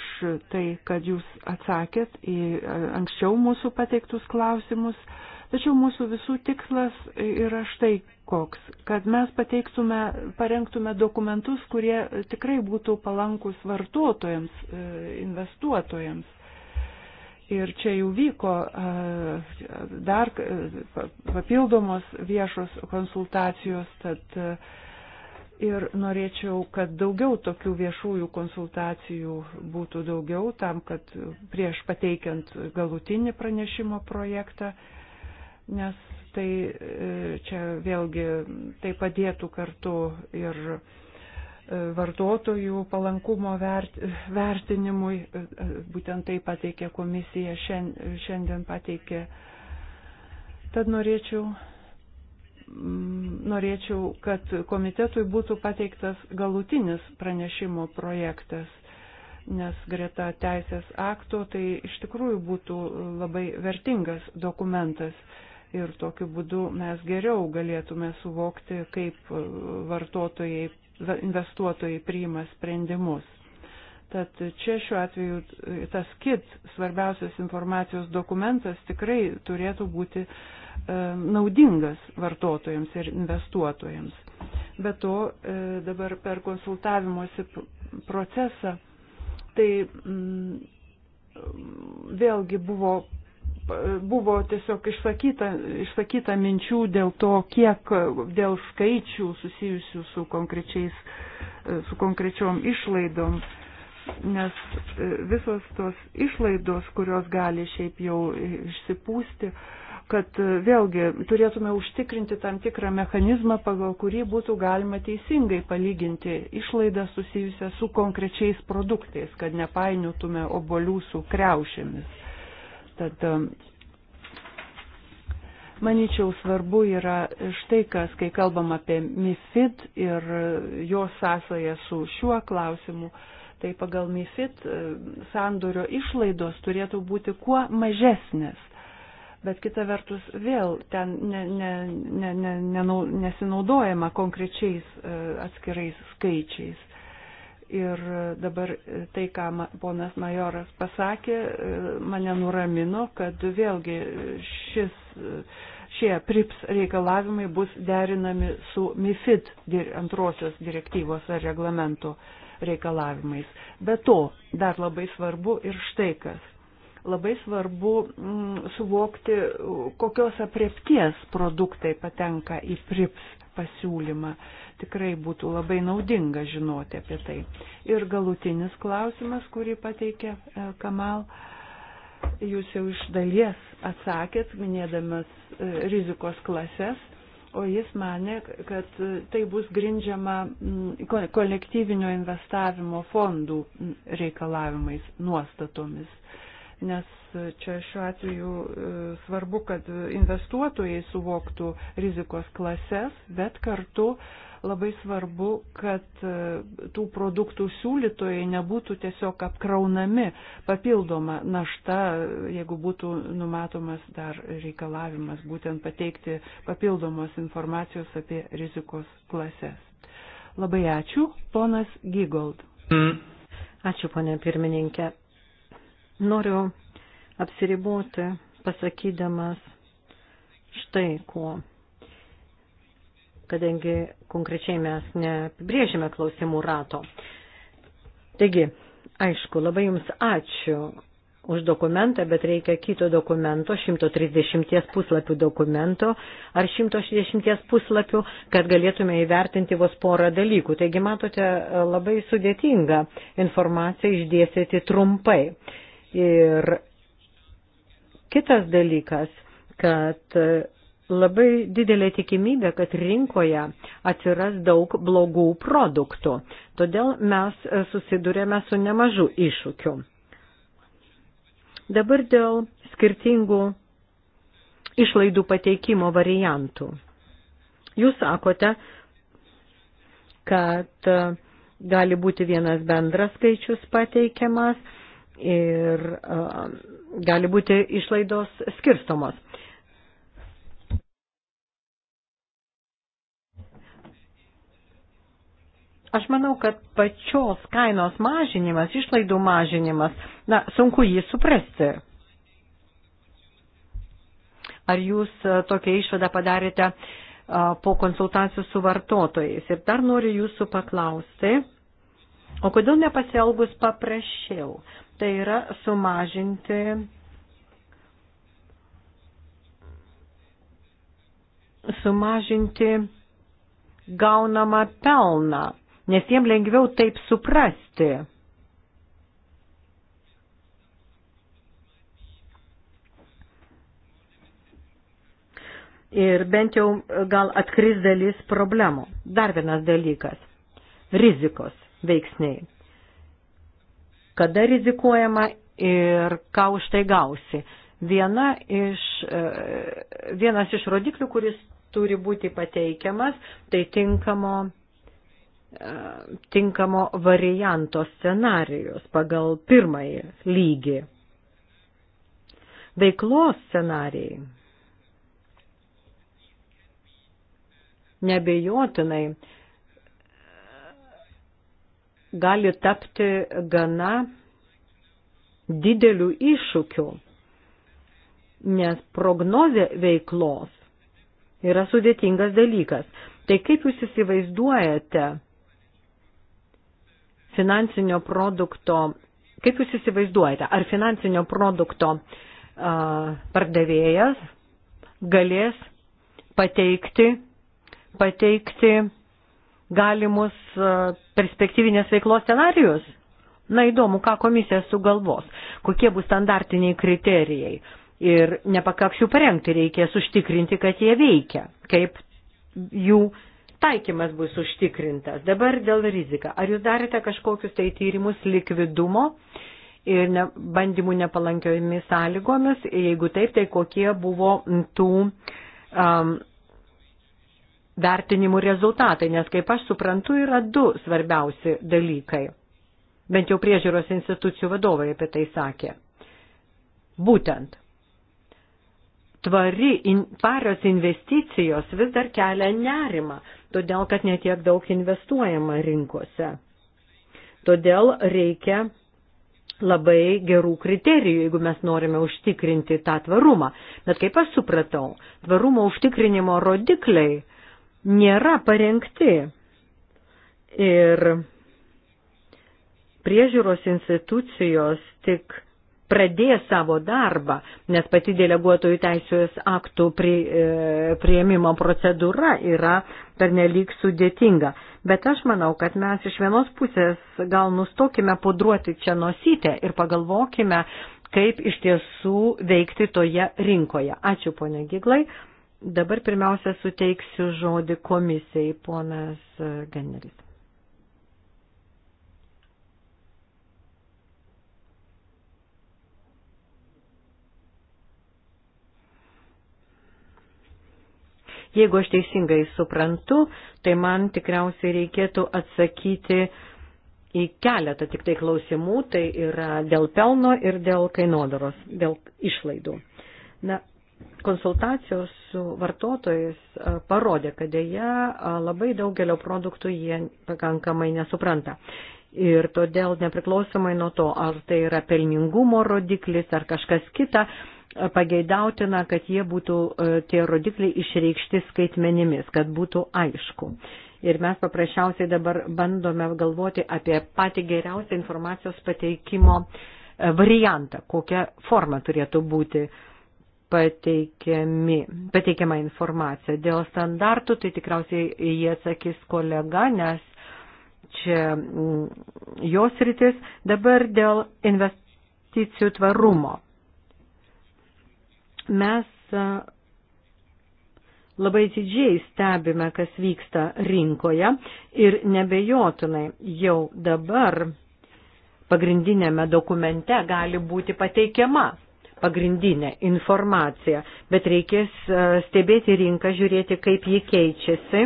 tai, kad jūs atsakėt į anksčiau mūsų pateiktus klausimus. Tačiau mūsų visų tikslas yra štai koks, kad mes pateiktume, parengtume dokumentus, kurie tikrai būtų palankus vartotojams, e, investuotojams. Ir čia jau vyko dar e, papildomos viešos konsultacijos, tad e, ir norėčiau, kad daugiau tokių viešųjų konsultacijų būtų daugiau tam, kad prieš pateikiant galutinį pranešimo projektą, nes tai e, čia vėlgi tai padėtų kartu ir e, vartotojų palankumo vert, vertinimui, e, būtent tai pateikė komisija, šiandien pateikė. Tad norėčiau Mm, norėčiau, kad komitetui būtų pateiktas galutinis pranešimo projektas, nes greta teisės akto tai iš tikrųjų būtų labai vertingas dokumentas ir tokiu būdu mes geriau galėtume suvokti, kaip vartotojai, investuotojai priima sprendimus. Tad čia šiuo atveju tas kit svarbiausias informacijos dokumentas tikrai turėtų būti uh, E, naudingas vartotojams ir investuotojams. Be to, e, dabar per konsultavimuose procesą, tai mm, vėlgi buvo, buvo tiesiog išsakyta, išsakyta minčių dėl to, kiek dėl skaičių susijusių su, e, su konkrečiom išlaidom nes visos tos išlaidos, kurios gali šiaip jau išsipūsti, kad e, vėlgi turėtume užtikrinti tam tikrą mechanizmą, pagal kurį būtų galima teisingai palyginti išlaidą susijusią su konkrečiais produktais, kad nepainiotume obolių su kreušėmis. Tad e, manyčiau, svarbu yra štai kas, kai kalbam apie MIFID ir jo sąsąją su šiuo klausimu, tai pagal MIFID e, sandorio išlaidos turėtų būti kuo mažesnės bet kita vertus vėl ten ne, ne, ne, ne, ne, nesinaudojama konkrečiais e, atskirais skaičiais. Ir dabar tai, ką ponas Majoras pasakė, e, mane nuramino, kad vėlgi šis, šie PRIPS reikalavimai bus derinami su MIFID antrosios direktyvos ar reglamento reikalavimais. Be to, dar labai svarbu ir štai kas labai svarbu mm, suvokti, kokios apriepties produktai patenka į PRIPS pasiūlymą. Tikrai būtų labai naudinga žinoti apie tai. Ir galutinis klausimas, kurį pateikė e, Kamal. Jūs jau iš dalies atsakėt, minėdamas e, rizikos klases, o jis mane, kad e, tai bus grindžiama mm, kolektyvinio investavimo fondų mm, reikalavimais, nuostatomis nes čia šiuo atveju e, svarbu, kad investuotojai suvoktų rizikos klases, bet kartu labai svarbu, kad e, tų produktų siūlytojai nebūtų tiesiog apkraunami papildoma našta, jeigu būtų numatomas dar reikalavimas būtent pateikti papildomos informacijos apie rizikos klases. Labai ačiū, ponas Gygold. Mm. Ačiū, ponė pirmininkė. Noriu apsiriboti pasakydamas štai kuo. Kadangi konkrečiai mes neapibrėžime klausimų rato. Taigi, aišku, labai Jums ačiū už dokumentą, bet reikia kito dokumento, 130 puslapių dokumento ar 160 puslapių, kad galėtume įvertinti vos porą dalykų. Taigi matote, labai sudėtinga informacija išdėsėti trumpai. Ir kitas dalykas, kad labai didelė tikimybė, kad rinkoje atsiras daug blogų produktų. Todėl mes susidurėme su nemažu iššūkiu. Dabar dėl skirtingų išlaidų pateikimo variantų. Jūs sakote, kad gali būti vienas bendras skaičius pateikiamas, ir gali būti išlaidos skirstomos. Aš manau, kad pačios kainos mažinimas, išlaidų mažinimas, na, sunku jį suprasti. Ar jūs tokią išvadą padarėte po konsultacijų su vartotojais? Ir dar noriu jūsų paklausti, o kodėl nepasielgus paprasčiau? tai yra sumažinti sumažinti gaunamą pelną, nes jiem lengviau taip suprasti. ir bent jau gal atkris dalis problemų. Dar vienas dalykas - rizikos veiksniai kada rizikuojama ir ką už tai gausi. Viena iš, e, vienas iš rodiklių, kuris turi būti pateikiamas, tai tinkamo, e, tinkamo varianto scenarijus pagal pirmąjį lygį. Veiklos scenarijai nebejotinai gali tapti gana didelių iššūkių, nes prognozė veiklos yra sudėtingas dalykas. Tai kaip jūs įsivaizduojate finansinio produkto, kaip jūs įsivaizduojate, ar finansinio produkto uh, pardavėjas galės pateikti, pateikti galimus e, perspektyvinės veiklos scenarius. Na įdomu, ką komisija sugalvos, kokie bus standartiniai kriterijai. Ir nepakaks jų parengti, reikės užtikrinti, kad jie veikia, kaip jų taikymas bus užtikrintas. Dabar dėl rizika. Ar jūs darėte kažkokius tai tyrimus likvidumo ir ne, bandymų nepalankiojomis sąlygomis? Jeigu taip, tai kokie buvo tų um, vertinimų rezultatai, nes kaip aš suprantu, yra du svarbiausi dalykai. Bent jau priežiūros institucijų vadovai apie tai sakė. Būtent tvari, in, tvarios investicijos vis dar kelia nerimą, todėl kad netiek daug investuojama rinkose. Todėl reikia labai gerų kriterijų, jeigu mes norime užtikrinti tą tvarumą. Bet kaip aš supratau, tvarumo užtikrinimo rodikliai nėra parengti. Ir priežiūros institucijos tik pradės savo darbą, nes pati deleguotojų teisės aktų pri, e, prieimimo procedūra yra pernelyg sudėtinga. Bet aš manau, kad mes iš vienos pusės gal nustokime pudruoti čia nosytę ir pagalvokime, kaip iš tiesų veikti toje rinkoje. Ačiū, ponia Giglai. Dabar pirmiausia suteiksiu žodį komisijai, ponas Ganneris. Jeigu aš teisingai suprantu, tai man tikriausiai reikėtų atsakyti į keletą tik tai klausimų, tai yra dėl pelno ir dėl kainodaros, dėl išlaidų. Na, konsultacijos su vartotojais parodė, kad dėja labai daugelio produktų jie pakankamai nesupranta. Ir todėl nepriklausomai nuo to, ar tai yra pelningumo rodiklis ar kažkas kita, pageidautina, kad jie būtų tie rodikliai išreikšti skaitmenimis, kad būtų aišku. Ir mes paprasčiausiai dabar bandome galvoti apie patį geriausią informacijos pateikimo variantą, kokia forma turėtų būti uh, pateikiami, pateikiama informacija. Dėl standartų tai tikriausiai jie atsakys kolega, nes čia mm, jos rytis. Dabar dėl investicijų tvarumo. Mes labai didžiai stebime, kas vyksta rinkoje ir nebejotinai jau dabar pagrindinėme dokumente gali būti pateikiama pagrindinę informaciją, bet reikės e, stebėti rinką, žiūrėti, kaip ji keičiasi.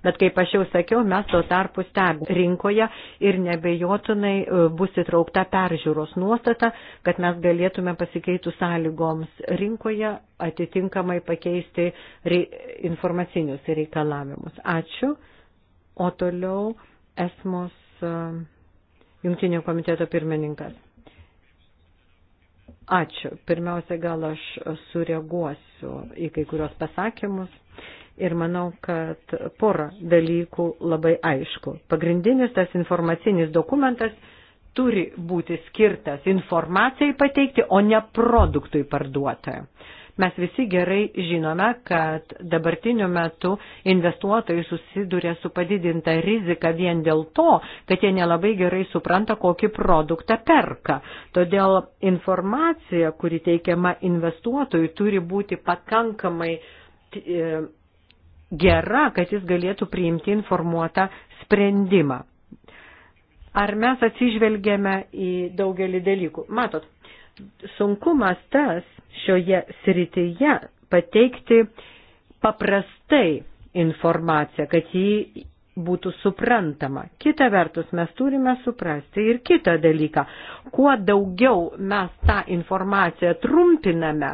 Bet kaip aš jau sakiau, mes tuo tarpu stebime rinkoje ir nebejotinai e, bus įtraukta peržiūros nuostata, kad mes galėtume pasikeitų sąlygoms rinkoje atitinkamai pakeisti re informacinius reikalavimus. Ačiū. O toliau esmos e, jungtinio komiteto pirmininkas. Ačiū. Pirmiausia, gal aš sureaguosiu į kai kurios pasakymus ir manau, kad pora dalykų labai aišku. Pagrindinis tas informacinis dokumentas turi būti skirtas informacijai pateikti, o ne produktui parduotojai. Mes visi gerai žinome, kad dabartiniu metu investuotojai susiduria su padidinta rizika vien dėl to, kad jie nelabai gerai supranta, kokį produktą perka. Todėl informacija, kuri teikiama investuotojui, turi būti pakankamai e, gera, kad jis galėtų priimti informuotą sprendimą. Ar mes atsižvelgėme į daugelį dalykų? Matot, sunkumas tas šioje srityje pateikti paprastai informaciją, kad jį būtų suprantama. Kita vertus, mes turime suprasti ir kitą dalyką. Kuo daugiau mes tą informaciją trumpiname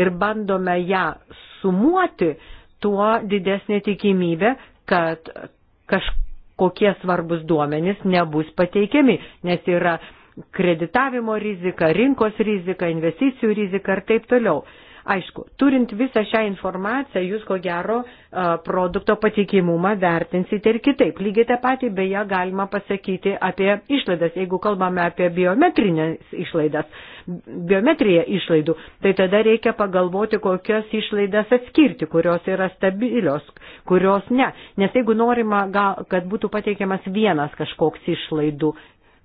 ir bandome ją sumuoti, tuo didesnė tikimybė, kad kažkokie svarbus duomenys nebus pateikiami, nes yra kreditavimo riziką, rinkos riziką, investicijų riziką ir taip toliau. Aišku, turint visą šią informaciją, jūs ko gero produkto patikimumą vertinsite ir kitaip. Lygiai tą patį beje galima pasakyti apie išlaidas. Jeigu kalbame apie biometrinės išlaidas, biometriją išlaidų, tai tada reikia pagalvoti, kokias išlaidas atskirti, kurios yra stabilios, kurios ne. Nes jeigu norima, kad būtų pateikiamas vienas kažkoks išlaidų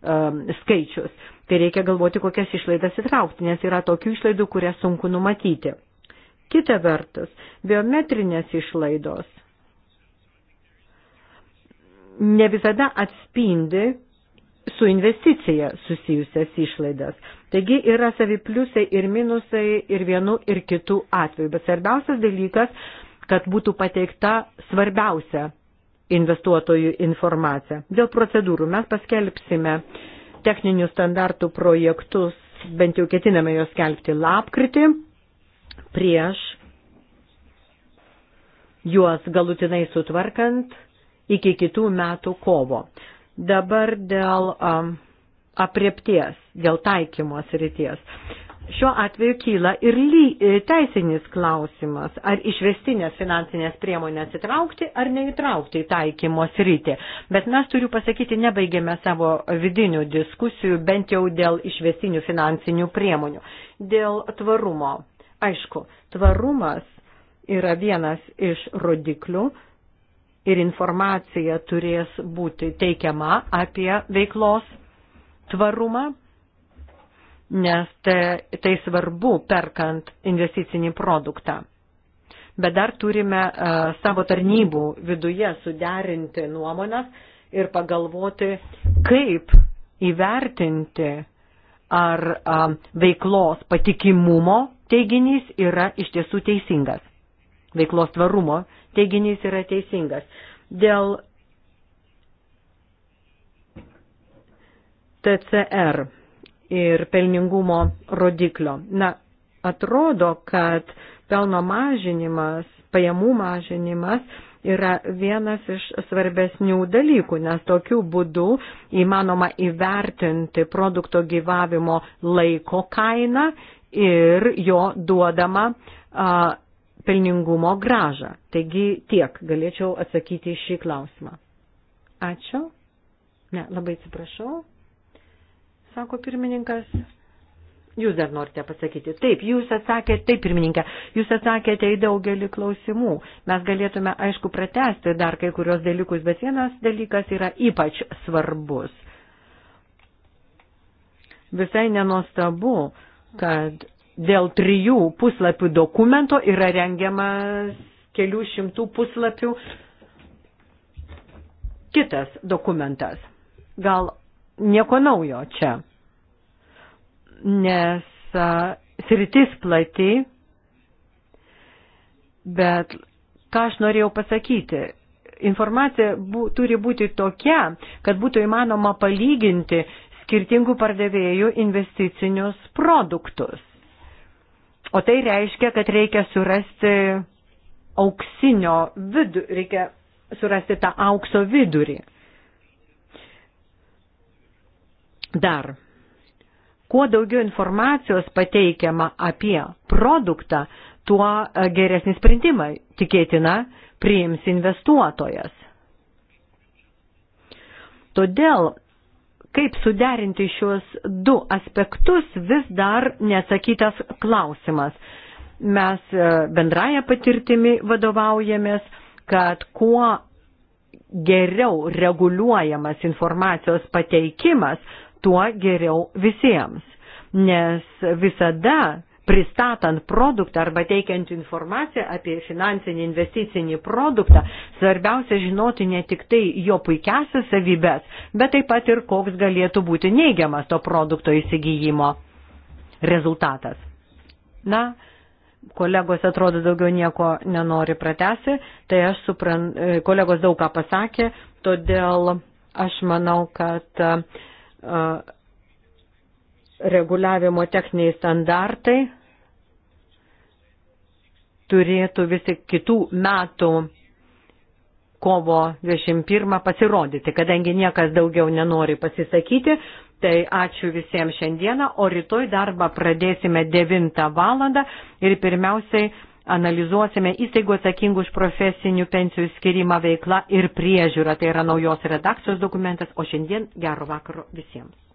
Um, skaičius. Tai reikia galvoti, kokias išlaidas įtraukti, nes yra tokių išlaidų, kurias sunku numatyti. Kita vertus, biometrinės išlaidos ne visada atspindi su investicija susijusias išlaidas. Taigi yra savi pliusai ir minusai ir vienu ir kitų atveju. Bet svarbiausias dalykas, kad būtų pateikta svarbiausia investuotojų informaciją. Dėl procedūrų mes paskelbsime techninių standartų projektus, bent jau ketiname juos skelbti lapkritį prieš juos galutinai sutvarkant iki kitų metų kovo. Dabar dėl um, apriepties, dėl taikymos ryties šiuo atveju kyla ir ly, e, teisinis klausimas, ar išvestinės finansinės priemonės įtraukti ar neįtraukti į taikymo sritį. Bet mes turiu pasakyti, nebaigėme savo vidinių diskusijų, bent jau dėl išvestinių finansinių priemonių. Dėl tvarumo. Aišku, tvarumas yra vienas iš rodiklių. Ir informacija turės būti teikiama apie veiklos tvarumą, nes tai, tai svarbu perkant investicinį produktą. Bet dar turime uh, savo tarnybų viduje suderinti nuomonės ir pagalvoti, kaip įvertinti, ar uh, veiklos patikimumo teiginys yra iš tiesų teisingas. Veiklos tvarumo teiginys yra teisingas. Dėl TCR ir pelningumo rodiklio. Na, atrodo, kad pelno mažinimas, pajamų mažinimas yra vienas iš svarbesnių dalykų, nes tokiu būdu įmanoma įvertinti produkto gyvavimo laiko kainą ir jo duodamą a, pelningumo gražą. Taigi tiek galėčiau atsakyti į šį klausimą. Ačiū. Ne, labai atsiprašau sako pirmininkas. Jūs dar norite pasakyti. Taip, jūs atsakėte, taip, pirmininkė, jūs atsakėte į daugelį klausimų. Mes galėtume, aišku, pratesti dar kai kurios dalykus, bet vienas dalykas yra ypač svarbus. Visai nenostabu, kad dėl trijų puslapių dokumento yra rengiamas kelių šimtų puslapių kitas dokumentas. Gal nieko naujo čia, nes sritis plati, bet ką aš norėjau pasakyti, informacija bu, turi būti tokia, kad būtų įmanoma palyginti skirtingų pardavėjų investicinius produktus. O tai reiškia, kad reikia surasti auksinio vidurį, reikia surasti tą aukso vidurį. Dar, kuo daugiau informacijos pateikiama apie produktą, tuo e, geresnį sprendimą tikėtina priims investuotojas. Todėl, kaip suderinti šios du aspektus, vis dar nesakytas klausimas. Mes e, bendraja patirtimi vadovaujamės, kad kuo geriau reguliuojamas informacijos pateikimas, tuo geriau visiems. Nes visada pristatant produktą arba teikiant informaciją apie finansinį investicinį produktą, svarbiausia žinoti ne tik tai jo puikiasias savybės, bet taip pat ir koks galėtų būti neigiamas to produkto įsigijimo rezultatas. Na, kolegos atrodo daugiau nieko nenori pratesi, tai aš suprantu, kolegos daug ką pasakė, todėl aš manau, kad uh, reguliavimo techniniai standartai turėtų visi kitų metų kovo 21 pasirodyti, kadangi niekas daugiau nenori pasisakyti, tai ačiū visiems šiandieną, o rytoj darbą pradėsime 9 valandą ir pirmiausiai analizuosime įstaigų atsakingų už profesinių pensijų skirimą veiklą ir priežiūrą. Tai yra naujos redakcijos dokumentas, o šiandien gero vakaro visiems.